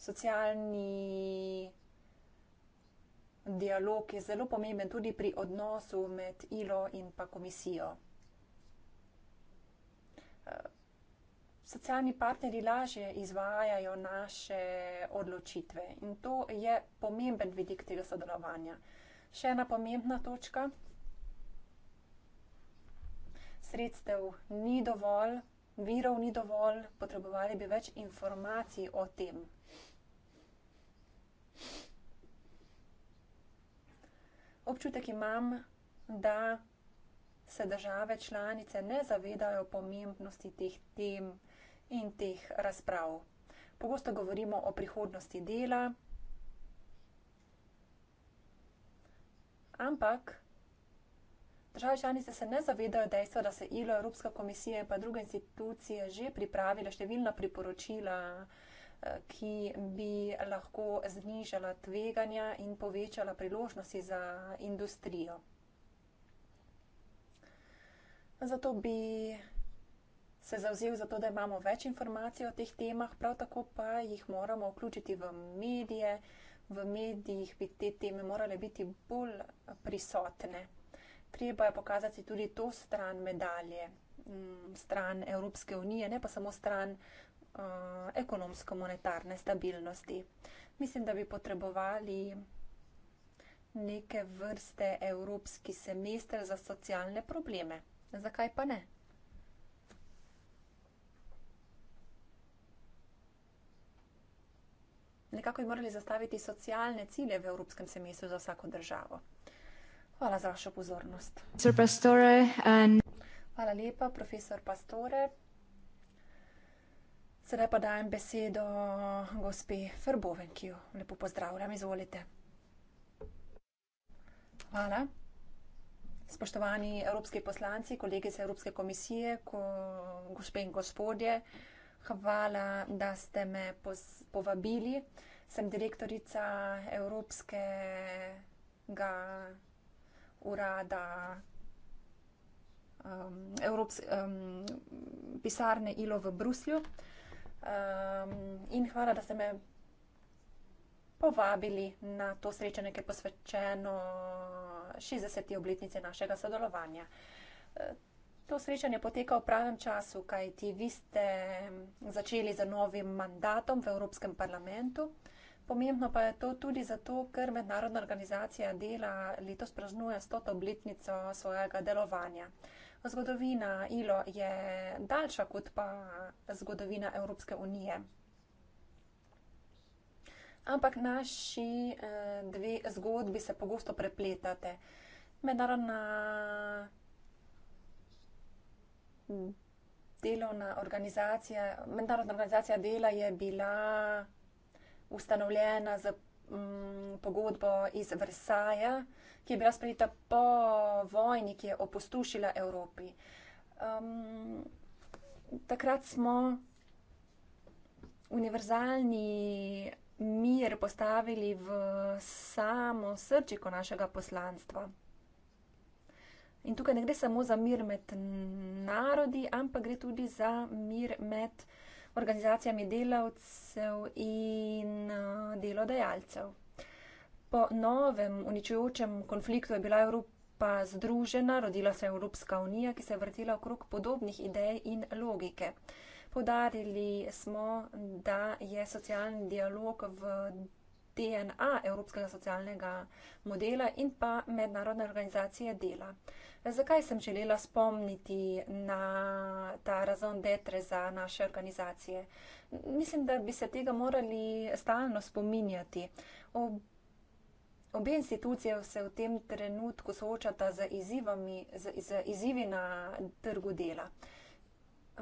socialni dialog je zelo pomemben tudi pri odnosu med ILO in pa komisijo. Socialni partneri lažje izvajajo naše odločitve in to je pomemben vidik tega sodelovanja. Še ena pomembna točka. Sredstev ni dovolj, virov ni dovolj, potrebovali bi več informacij o tem. občutek imam, da se države članice ne zavedajo pomembnosti teh tem in teh razprav. Pogosto govorimo o prihodnosti dela, ampak države članice se ne zavedajo dejstva, da se ILO, Evropska komisija in pa druge institucije že pripravile številna priporočila, ki bi lahko znižala tveganja in povečala priložnosti za industrijo. Zato bi se zauzel za to, da imamo več informacij o teh temah, prav tako pa jih moramo vključiti v medije. V medijih bi te teme morale biti bolj prisotne. Treba je pokazati tudi to stran medalje, mm, stran Evropske unije, ne pa samo stran Eh, ekonomsko-monetarne stabilnosti. Mislim, da bi potrebovali neke vrste evropski semester za socialne probleme. Zakaj pa ne? Nekako bi morali zastaviti socialne cilje v evropskem semestru za vsako državo. Hvala za vašo pozornost. Hvala lepa, profesor Pastore. Sedaj pa dajem besedo gospe Ferboven, ki jo lepo pozdravljam. Izvolite. Hvala. Spoštovani evropski poslanci, kolegice Evropske komisije, ko, gospe in gospodje, hvala, da ste me povabili. Sem direktorica Evropskega urada um, Evrops, um, pisarne ILO v Bruslju. Um, in hvala, da ste me povabili na to srečanje, ki je posvečeno 60. obletnici našega sodelovanja. E, to srečanje poteka v pravem času, kajti vi ste začeli za novim mandatom v Evropskem parlamentu. Pomembno pa je to tudi zato, ker mednarodna organizacija dela letos praznuje 100. obletnico svojega delovanja. Uh, zgodovina ILO je daljša kot pa zgodovina Evropske unije. Ampak naši eh, dve zgodbi se pogosto prepletate. Mednarodna delovna organizacija, mednarodna organizacija dela je bila ustanovljena za m, mm, pogodbo iz Versaja, ki je bila sprejeta po vojni, ki je opustošila Evropi. Um, takrat smo univerzalni mir postavili v samo srčiko našega poslanstva. In tukaj ne gre samo za mir med narodi, ampak gre tudi za mir med narodi organizacijami delavcev in eh, delodajalcev. Po novem uničujočem konfliktu je bila Evropa združena, rodila se je Evropska unija, ki se je vrtela okrog podobnih idej in logike. Podarili smo, da je socialni dialog v DNA evropskega socialnega modela in pa mednarodne organizacije dela. Zakaj sem želela spomniti na ta razon detre za naše organizacije? Mislim, da bi se tega morali stalno spominjati. Ob Obe institucije se v tem trenutku soočata z izzivami, z, z izzivi na trgu dela.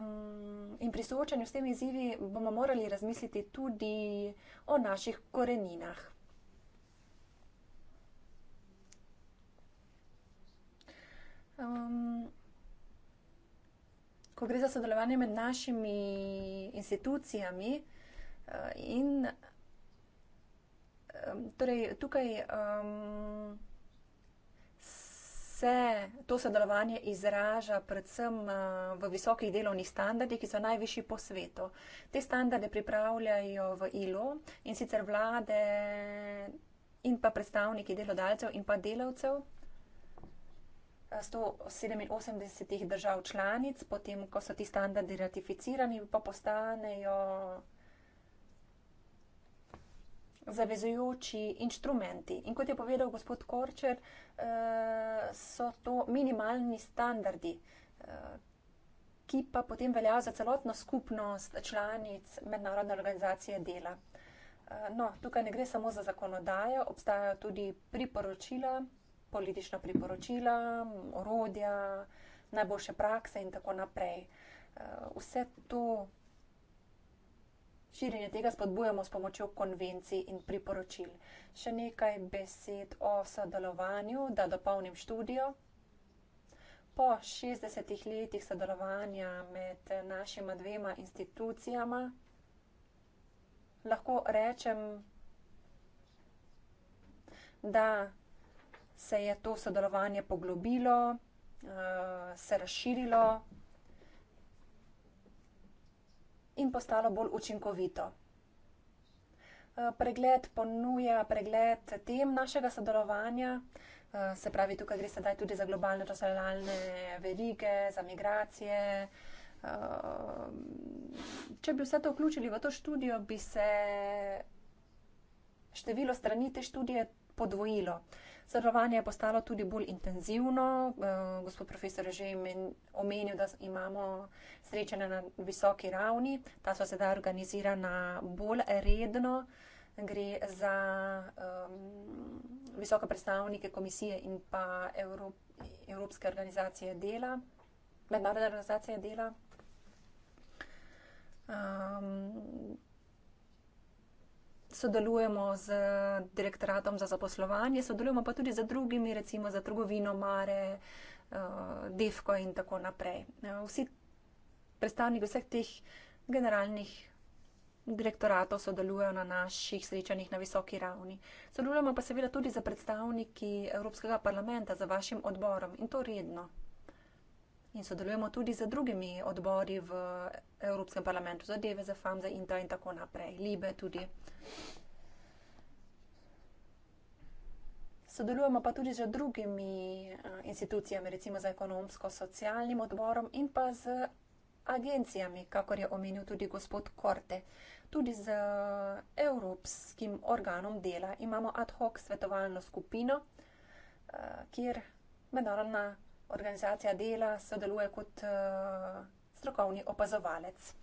Mm, in pri soočanju s temi izzivi bomo morali razmisliti tudi o naših koreninah. Um, ko gre za sodelovanje med našimi institucijami uh, in um, torej tukaj. Um, se to sodelovanje izraža predvsem eh, v visokih delovnih standardih, ki so najvišji po svetu. Te standarde pripravljajo v ILO in sicer vlade in pa predstavniki delodajalcev in pa delavcev. 187 eh, držav članic, potem, ko so ti standardi ratificirani, pa postanejo zavezujoči inštrumenti. In kot je povedal gospod Korčer, eh, so to minimalni standardi, eh, ki pa potem veljajo za celotno skupnost članic mednarodne organizacije dela. Eh, no, tukaj ne gre samo za zakonodajo, obstajajo tudi priporočila, politična priporočila, orodja, najboljše prakse in tako naprej. Vse to Širjenje tega spodbujamo s pomočjo konvencij in priporočil. Še nekaj besed o sodelovanju, da dopolnim študijo. Po 60 letih sodelovanja med našima dvema institucijama lahko rečem, da se je to sodelovanje poglobilo, eh, se razširilo in postalo bolj učinkovito. Eh, pregled ponuja pregled tem našega sodelovanja, eh, se pravi, tukaj gre sedaj tudi za globalne razdelalne verige, za migracije. Eh, če bi vse to vključili v to študijo, bi se število strani te študije podvojilo. Sodelovanje je postalo tudi bolj intenzivno. Eh, gospod profesor je že omenil, da imamo srečanja na visoki ravni, ta so sedaj organizirana bolj redno. Gre za um, visoke predstavnike komisije in pa Evrop, Evropske organizacije dela, mednarodne organizacije dela. Um, sodelujemo z direktoratom za zaposlovanje, sodelujemo pa tudi z drugimi, recimo za trgovino Mare, eh, Defko in tako naprej. Eh, vsi predstavniki vseh teh generalnih direktoratov sodelujejo na naših srečanjih na visoki ravni. Sodelujemo pa seveda tudi z predstavniki Evropskega parlamenta, z vašim odborom in to redno in sodelujemo tudi z drugimi odbori v Evropskem parlamentu, za DV, za FAM, za INTA in tako naprej, LIBE tudi. Sodelujemo pa tudi z drugimi institucijami, recimo z ekonomsko-socialnim odborom in pa z agencijami, kakor je omenil tudi gospod Korte. Tudi z Evropskim organom dela imamo ad hoc svetovalno skupino, kjer mednarodna organizacija dela sodeluje kot uh, strokovni opazovalec.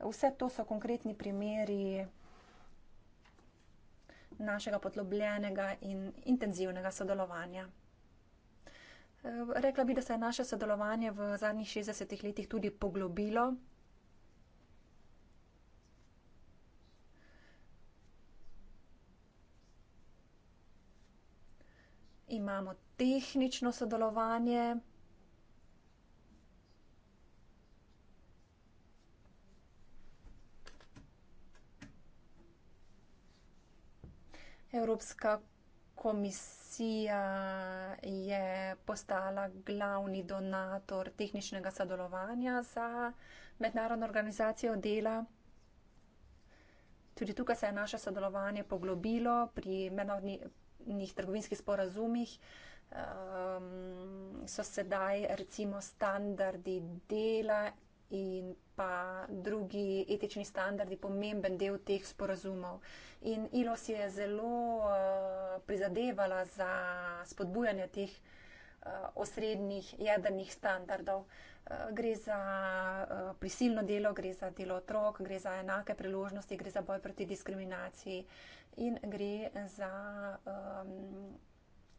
Vse to so konkretni primeri našega podlobljenega in intenzivnega sodelovanja. Eh, rekla bi, da se je naše sodelovanje v zadnjih 60 letih tudi poglobilo. imamo tehnično sodelovanje. Evropska komisija je postala glavni donator tehničnega sodelovanja za mednarodno organizacijo dela. Tudi tukaj se je naše sodelovanje poglobilo pri mednarodni nekih trgovinskih sporazumih um, so sedaj recimo standardi dela in pa drugi etični standardi pomemben del teh sporazumov. In ILO si je zelo uh, prizadevala za spodbujanje teh uh, osrednjih jedrnih standardov. Uh, Eh, gre za eh, prisilno delo, gre za delo otrok, gre za enake priložnosti, gre za boj proti diskriminaciji in gre za um,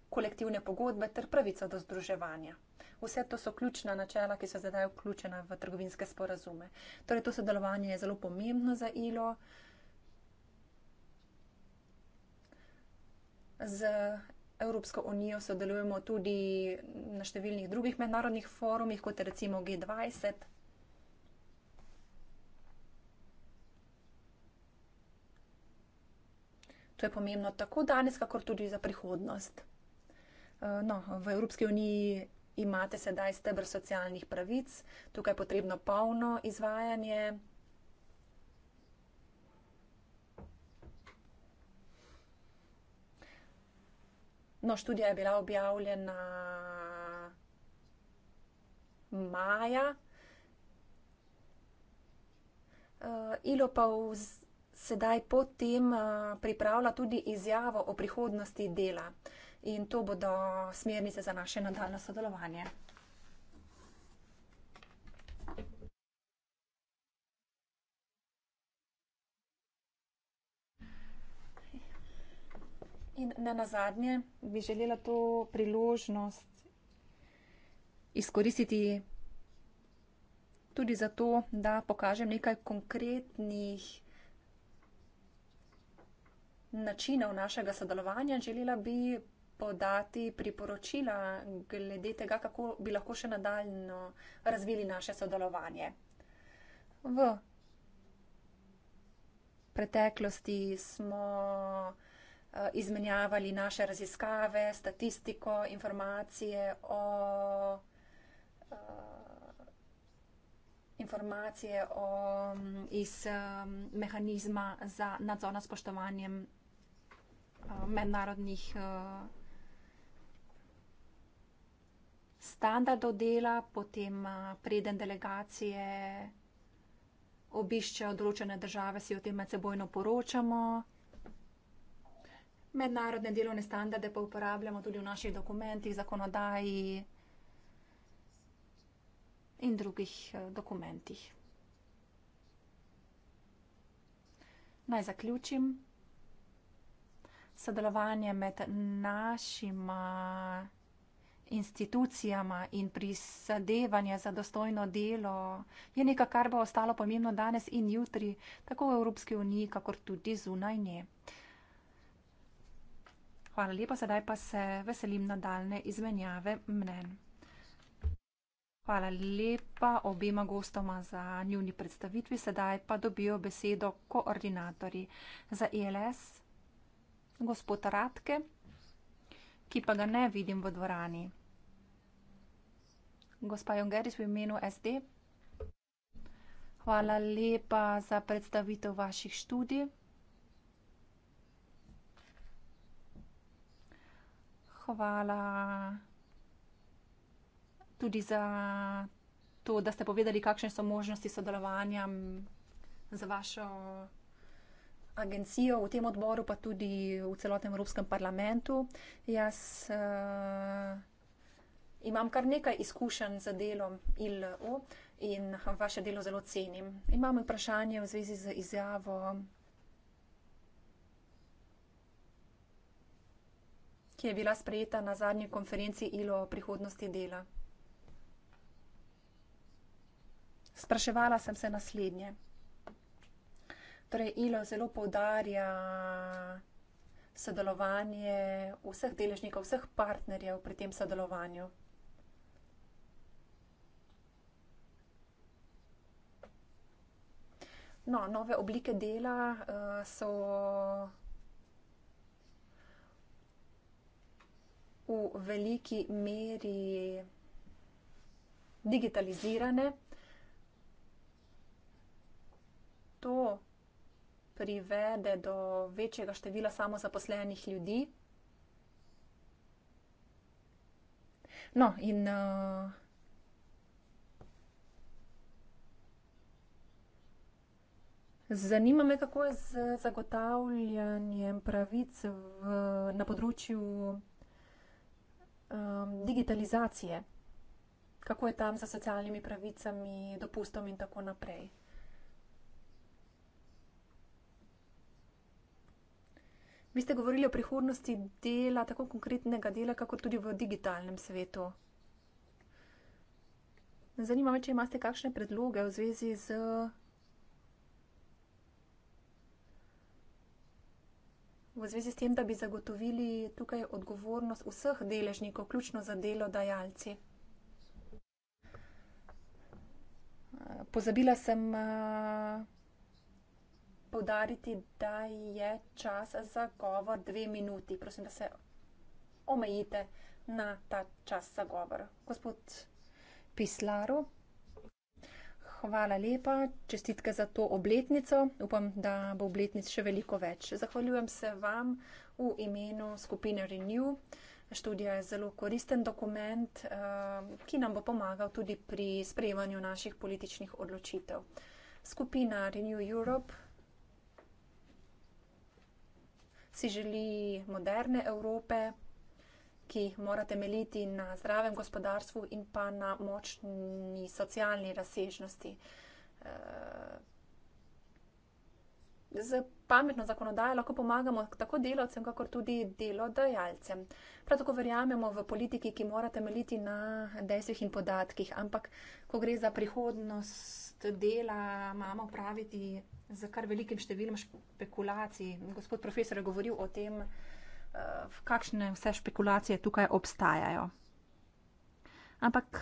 kolektivne pogodbe ter pravico do združevanja. Vse to so ključna načela, ki so zdaj vključena v trgovinske sporazume. Torej, to sodelovanje je zelo pomembno za ILO. Z Evropsko unijo sodelujemo tudi na številnih drugih mednarodnih forumih, kot je recimo G20. To je pomembno tako danes, kakor tudi za prihodnost. Eh, no, v Evropski uniji imate sedaj stebr socialnih pravic, tukaj je potrebno polno izvajanje. No, študija je bila objavljena maja, uh, ilo pa vz, sedaj potem uh, eh, pripravlja tudi izjavo o prihodnosti dela. In to bodo smernice za naše nadaljno sodelovanje. In na nazadnje bi želela to priložnost izkoristiti tudi zato, da pokažem nekaj konkretnih načinov našega sodelovanja. Želela bi podati priporočila glede tega, kako bi lahko še nadaljno razvili naše sodelovanje. V preteklosti smo Eh, izmenjavali naše raziskave, statistiko, informacije o, uh, informacije o, mm, iz um, mehanizma za nadzor nad spoštovanjem uh, mednarodnih uh, standardov dela, potem uh, preden delegacije obiščejo določene države, si o tem medsebojno poročamo mednarodne delovne standarde pa uporabljamo tudi v naših dokumentih, zakonodaji in drugih eh, dokumentih. Naj zaključim. Sodelovanje med našima institucijama in prizadevanje za dostojno delo je nekaj, kar bo ostalo pomembno danes in jutri, tako v Evropski uniji, kakor tudi zunaj nje. Hvala lepa, sedaj pa se veselim nadaljne izmenjave mnen. Hvala lepa obema gostoma za njuni predstavitvi. Sedaj pa dobijo besedo koordinatorji za ELS, gospod Ratke, ki pa ga ne vidim v dvorani. Gospa Jongeris v imenu SD. Hvala lepa za predstavitev vaših študij. pričakovala tudi za to, da ste povedali, kakšne so možnosti sodelovanja z vašo agencijo v tem odboru, pa tudi v celotnem Evropskem parlamentu. Jaz uh, imam kar nekaj izkušenj z delom ILO in vaše delo zelo cenim. Imam vprašanje v zvezi z izjavo ki je bila sprejeta na zadnji konferenci ILO o prihodnosti dela. Spraševala sem se naslednje. Torej, ILO zelo poudarja sodelovanje vseh deležnikov, vseh partnerjev pri tem sodelovanju. No, nove oblike dela uh, so v veliki meri digitalizirane. To privede do večjega števila samozaposlenih ljudi. No, in uh, zanima me, kako je z zagotavljanjem pravic v, na področju um, digitalizacije, kako je tam z socialnimi pravicami, dopustom in tako naprej. Vi ste govorili o prihodnosti dela, tako konkretnega dela, kako tudi v digitalnem svetu. Zanima me, če imate kakšne predloge v zvezi z v zvezi s tem, da bi zagotovili tukaj odgovornost vseh deležnikov, vključno za delodajalci. Pozabila sem eh, povdariti, da je čas za govor dve minuti. Prosim, da se omejite na ta čas za govor. Gospod Pislaru. Hvala lepa, čestitke za to obletnico. Upam, da bo obletnic še veliko več. Zahvaljujem se vam v imenu skupine Renew. Študija je zelo koristen dokument, eh, ki nam bo pomagal tudi pri sprejemanju naših političnih odločitev. Skupina Renew Europe si želi moderne Evrope ki mora temeljiti na zdravem gospodarstvu in pa na močni socialni razsežnosti. Eh, z pametno zakonodajo lahko pomagamo tako delavcem, kakor tudi delodajalcem. Prav tako verjamemo v politiki, ki mora temeljiti na dejstvih in podatkih, ampak ko gre za prihodnost dela, imamo praviti z kar velikim številom špekulacij. Gospod profesor je govoril o tem, da kakšne vse špekulacije tukaj obstajajo. Ampak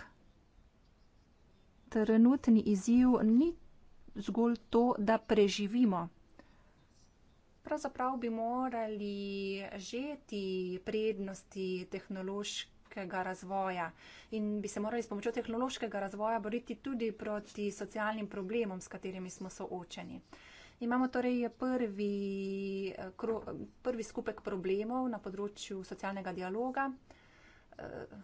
trenutni izziv ni zgolj to, da preživimo. Pravzaprav bi morali žeti prednosti tehnološkega razvoja in bi se morali s pomočjo tehnološkega razvoja boriti tudi proti socialnim problemom, s katerimi smo soočeni. Uh, Imamo torej prvi, eh, kru, prvi skupek problemov na področju socialnega dialoga. Eh,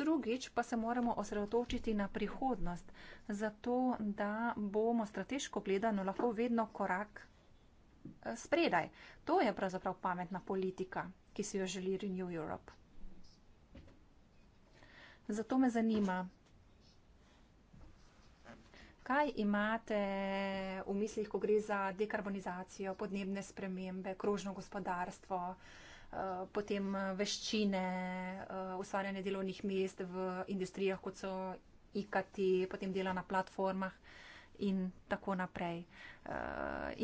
drugič pa se moramo osredotočiti na prihodnost, zato da bomo strateško gledano lahko vedno korak eh, spredaj. To je pravzaprav pametna politika, ki si jo želi Renew Europe. Zato me zanima, Kaj imate v mislih, ko gre za dekarbonizacijo, podnebne spremembe, krožno gospodarstvo, eh, potem eh, veščine, eh, ustvarjanje delovnih mest v industrijah, kot so IKT, potem dela na platformah in tako naprej.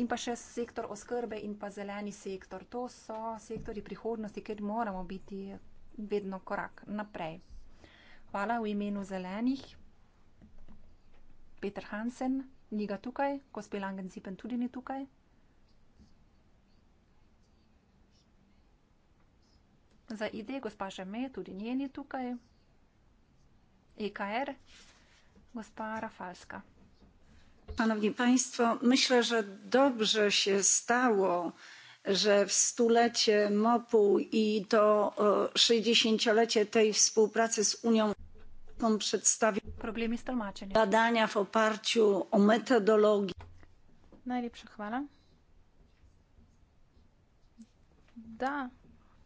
In pa še sektor oskrbe in pa zeleni sektor. To so sektori prihodnosti, kjer moramo biti vedno korak naprej. Hvala v imenu zelenih. Peter Hansen, ni ga tukaj, Kospi Langenzipen tudi ni tukaj. Za ID, gospa Žeme, tudi njeni tukaj. EKR, gospa Rafalska. Panowie Państwo, myślę, że dobrze się stało, że w stulecie MOPU i to 60-lecie e, tej współpracy z Unią bom predstavil problemi s tolmačenjem. Badanja v oparčju o metodologiji. Najlepša hvala. Da,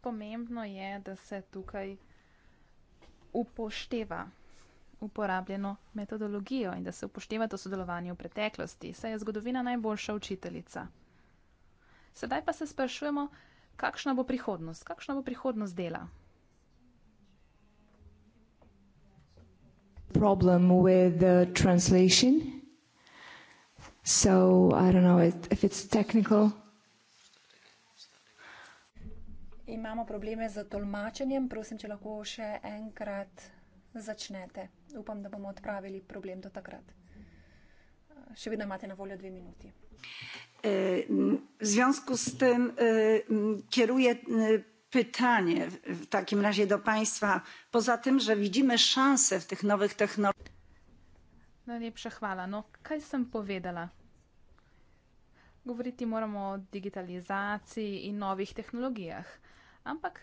pomembno je, da se tukaj upošteva uporabljeno metodologijo in da se upošteva to sodelovanje v preteklosti. Saj je zgodovina najboljša učiteljica. Sedaj pa se sprašujemo, kakšna bo prihodnost, kakšna bo prihodnost dela. problem with the translation. So I don't know if it's technical. Imamo probleme z tolmačenjem. Prosim, če lahko še enkrat začnete. Upam, da bomo odpravili problem do takrat. Še vedno imate na voljo dve minuti. E, v związku s tem e, kieruje. E, pytanie w takim razie do państwa. Poza tym, że widzimy szanse w tych nowych technologiach. No nie przechwala. No, kaj sam powiedziała? Mówić możemy o digitalizacji i nowych technologiach. Ampak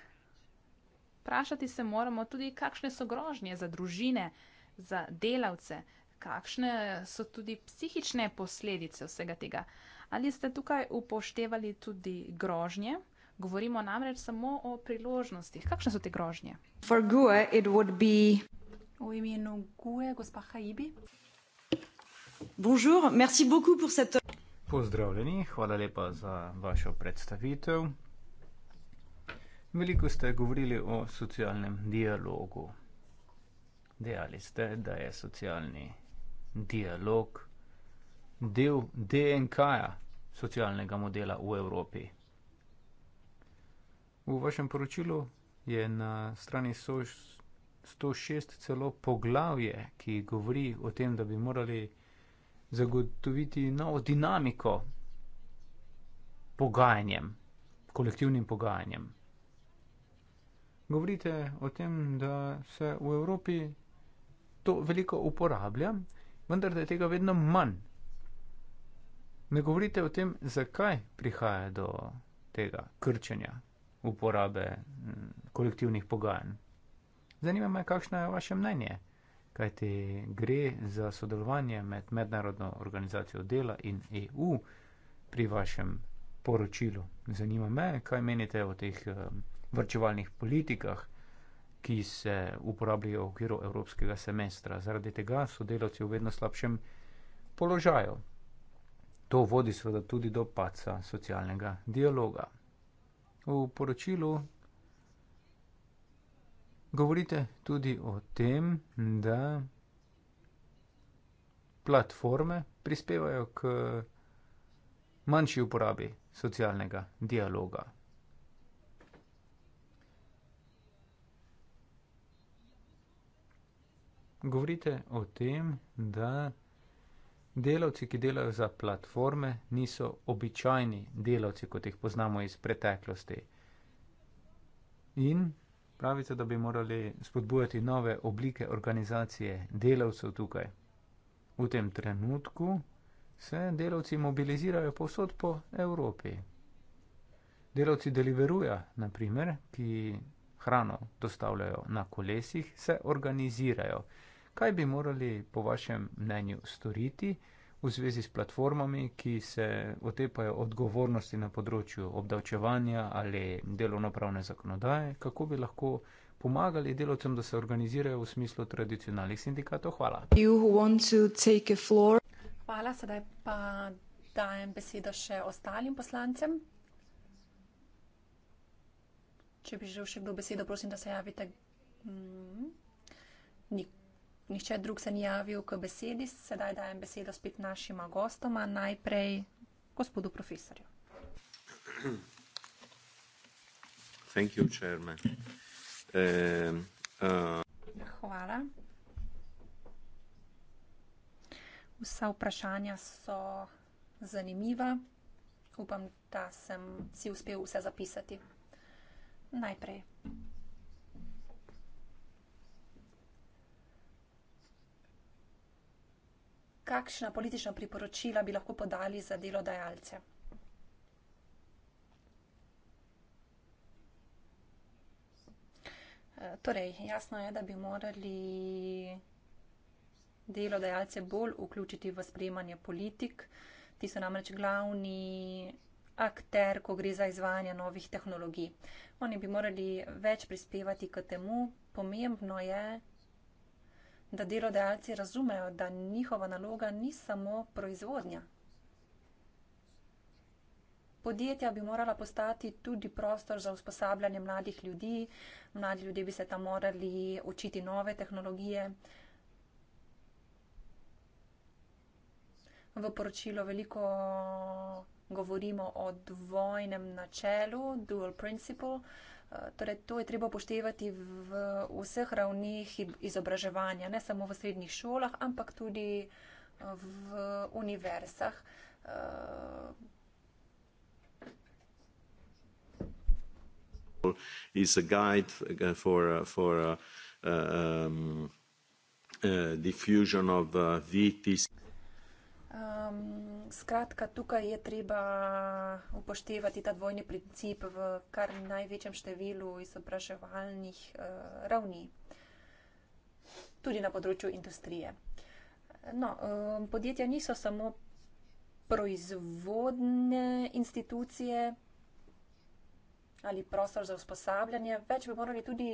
Prašati se moramo tudi, kakšne so grožnje za družine, za delavce, kakšne so tudi psihične posledice vsega tega. Ali ste tukaj upoštevali tudi grožnje? Govorimo namreč samo o priložnostih. Kakšne so te grožnje? Gue, be... V imenu Gue, gospa Haibi. Bonjour, merci beaucoup pour cette. Pozdravljeni, hvala lepa za vašo predstavitev. Veliko ste govorili o socialnem dialogu. Dejali ste, da je socialni dialog del DNK-ja socialnega modela v Evropi. V vašem poročilu je na strani 106 celo poglavje, ki govori o tem, da bi morali zagotoviti novo dinamiko pogajanjem, kolektivnim pogajanjem. Govorite o tem, da se v Evropi to veliko uporablja, vendar da je tega vedno manj. Ne govorite o tem, zakaj prihaja do tega krčenja, uporabe mm, kolektivnih pogajanj. Zanima me, kakšno je vaše mnenje, kajti gre za sodelovanje med mednarodno organizacijo dela in EU pri vašem poročilu. Zanima me, kaj menite o teh eh, vrčevalnih politikah, ki se uporabljajo v okviru evropskega semestra. Zaradi tega so delavci v vedno slabšem položaju. To vodi seveda tudi do paca socialnega dialoga v poročilu govorite tudi o tem, da platforme prispevajo k manjši uporabi socialnega dialoga. Govorite o tem, da. Delavci, ki delajo za platforme, niso običajni delavci, kot jih poznamo iz preteklosti. In pravite, da bi morali spodbujati nove oblike organizacije delavcev tukaj. V tem trenutku se delavci mobilizirajo povsod po Evropi. Delavci deliveruja, naprimer, ki hrano dostavljajo na kolesih, se organizirajo. Kaj bi morali po vašem mnenju storiti v zvezi s platformami, ki se otepajo odgovornosti na področju obdavčevanja ali delovnopravne zakonodaje? Kako bi lahko pomagali delovcem, da se organizirajo v smislu tradicionalnih sindikatov? Hvala. Hvala, sedaj pa dajem besedo še ostalim poslancem. Če bi želel še kdo besedo, prosim, da se javite. Mm nihče drug se ni javil k besedi, sedaj dajem besedo spet našima gostoma, najprej gospodu profesorju. Thank you, chairman. Um, uh... Hvala. Vsa vprašanja so zanimiva. Upam, da sem si uspel vse zapisati. Najprej kakšna politična priporočila bi lahko podali za delodajalce? E, torej, jasno je, da bi morali delodajalce bolj vključiti v sprejemanje politik. Ti so namreč glavni akter, ko gre za izvajanje novih tehnologij. Oni bi morali več prispevati k temu. Pomembno je, da delodajalci razumejo, da njihova naloga ni samo proizvodnja. Podjetja bi morala postati tudi prostor za usposabljanje mladih ljudi, mladi ljudje bi se tam morali učiti nove tehnologije. V poročilu veliko govorimo o dvojnem načelu, dual principle. Torej, to je treba upoštevati v vseh ravneh izobraževanja, ne samo v srednjih šolah, ampak tudi eh, v univerzah. Eh, Is a guide eh, for for uh, um, uh, diffusion of uh, VTC. Um, skratka, tukaj je treba upoštevati ta dvojni princip v kar največjem številu izobraževalnih uh, ravni, tudi na področju industrije. No, um, podjetja niso samo proizvodne institucije ali prostor za usposabljanje, več bi morali tudi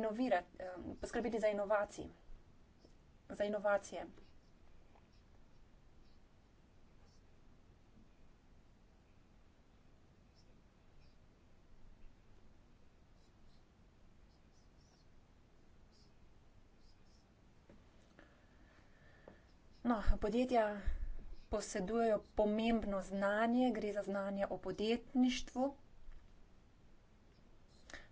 inovirati, um, poskrbeti za inovacije. Za inovacije. No, podjetja posedujejo pomembno znanje, gre za znanje o podjetništvu.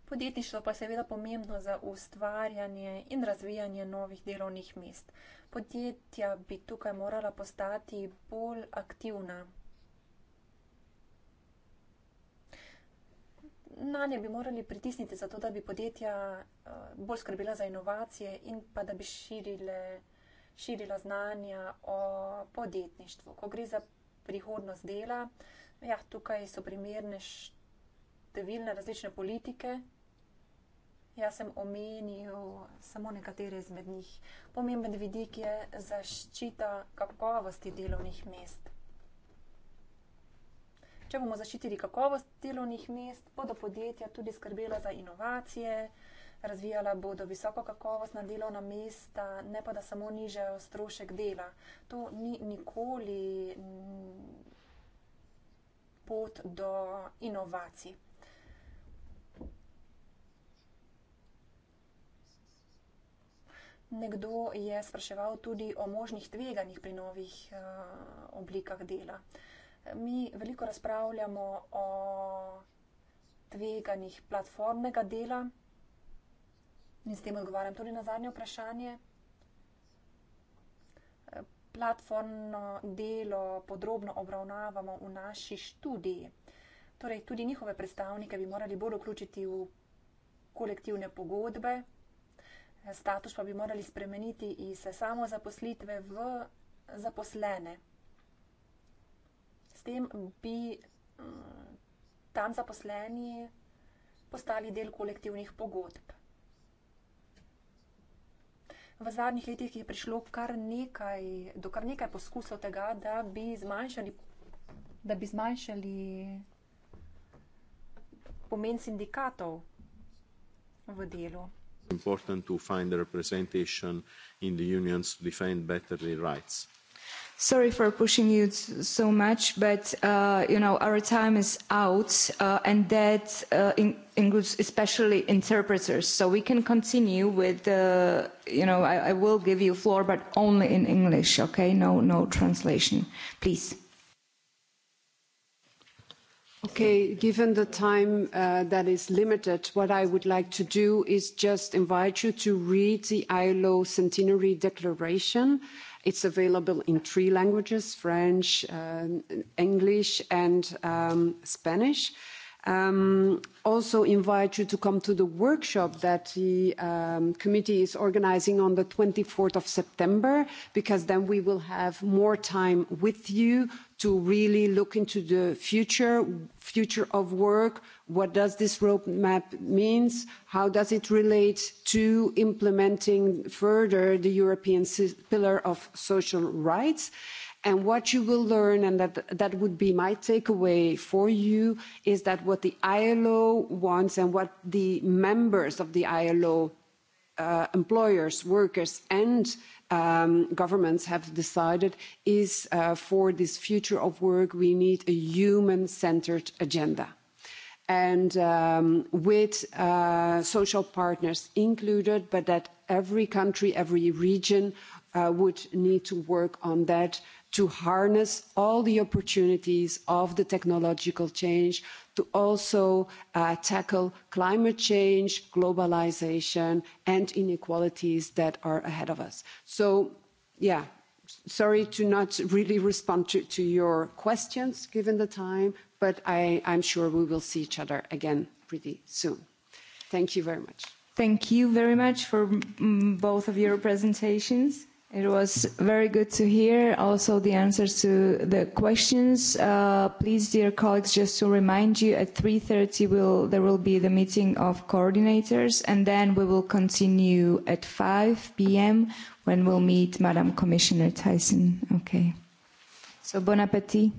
Podjetništvo pa je seveda pomembno za ustvarjanje in razvijanje novih delovnih mest. Podjetja bi tukaj morala postati bolj aktivna. Na nje bi morali pritisniti, zato da bi podjetja eh, bolj skrbila za inovacije in pa da bi širile širila znanja o podjetništvu. Ko gre za prihodnost dela, ja, tukaj so primerne številne različne politike. Jaz sem omenil samo nekatere izmed njih. Pomemben vidik je zaščita kakovosti delovnih mest. Če bomo zaščitili kakovost delovnih mest, bodo podjetja tudi skrbela za inovacije, razvijala bodo visoko kakovostna delovna mesta, ne pa da samo nižajo strošek dela. To ni nikoli mm, pot do inovacij. Nekdo je spraševal tudi o možnih tveganjih pri novih uh, oblikah dela. Mi veliko razpravljamo o tveganjih platformnega dela, In s tem odgovarjam tudi na zadnje vprašanje. Eh, platformno delo podrobno obravnavamo v naši študiji. Torej, tudi njihove predstavnike bi morali bolj vključiti v kolektivne pogodbe, eh, status pa bi morali spremeniti iz samo zaposlitve v zaposlene. S tem bi mm, tam zaposleni postali del kolektivnih pogodb v zadnjih letih je prišlo kar nekaj, do kar nekaj poskusov tega, da bi zmanjšali, da bi zmanjšali pomen sindikatov v delu. Important to find a representation in the unions to defend better their rights sorry for pushing you so much but uh, you know our time is out uh, and that uh, in includes especially interpreters so we can continue with the you know I, I will give you floor but only in english okay no no translation please Okay, given the time uh, that is limited, what I would like to do is just invite you to read the ILO Centenary Declaration It's available in three languages French, um, English, and um, Spanish. Um, also, invite you to come to the workshop that the um, committee is organizing on the 24th of September, because then we will have more time with you to really look into the future, future of work, what does this roadmap mean? How does it relate to implementing further the European pillar of social rights? And what you will learn, and that, that would be my takeaway for you, is that what the ILO wants and what the members of the ILO, uh, employers, workers, and um, governments have decided is uh, for this future of work, we need a human centered agenda and um, with uh, social partners included, but that every country, every region uh, would need to work on that to harness all the opportunities of the technological change to also uh, tackle climate change, globalization, and inequalities that are ahead of us. So, yeah, sorry to not really respond to, to your questions given the time, but I, I'm sure we will see each other again pretty soon. Thank you very much. Thank you very much for m- mm, both of your presentations. It was very good to hear also the answers to the questions. Uh, please, dear colleagues, just to remind you, at 3.30 we'll, there will be the meeting of coordinators, and then we will continue at 5 p.m. when we'll meet Madam Commissioner Tyson. Okay. So, bon appétit.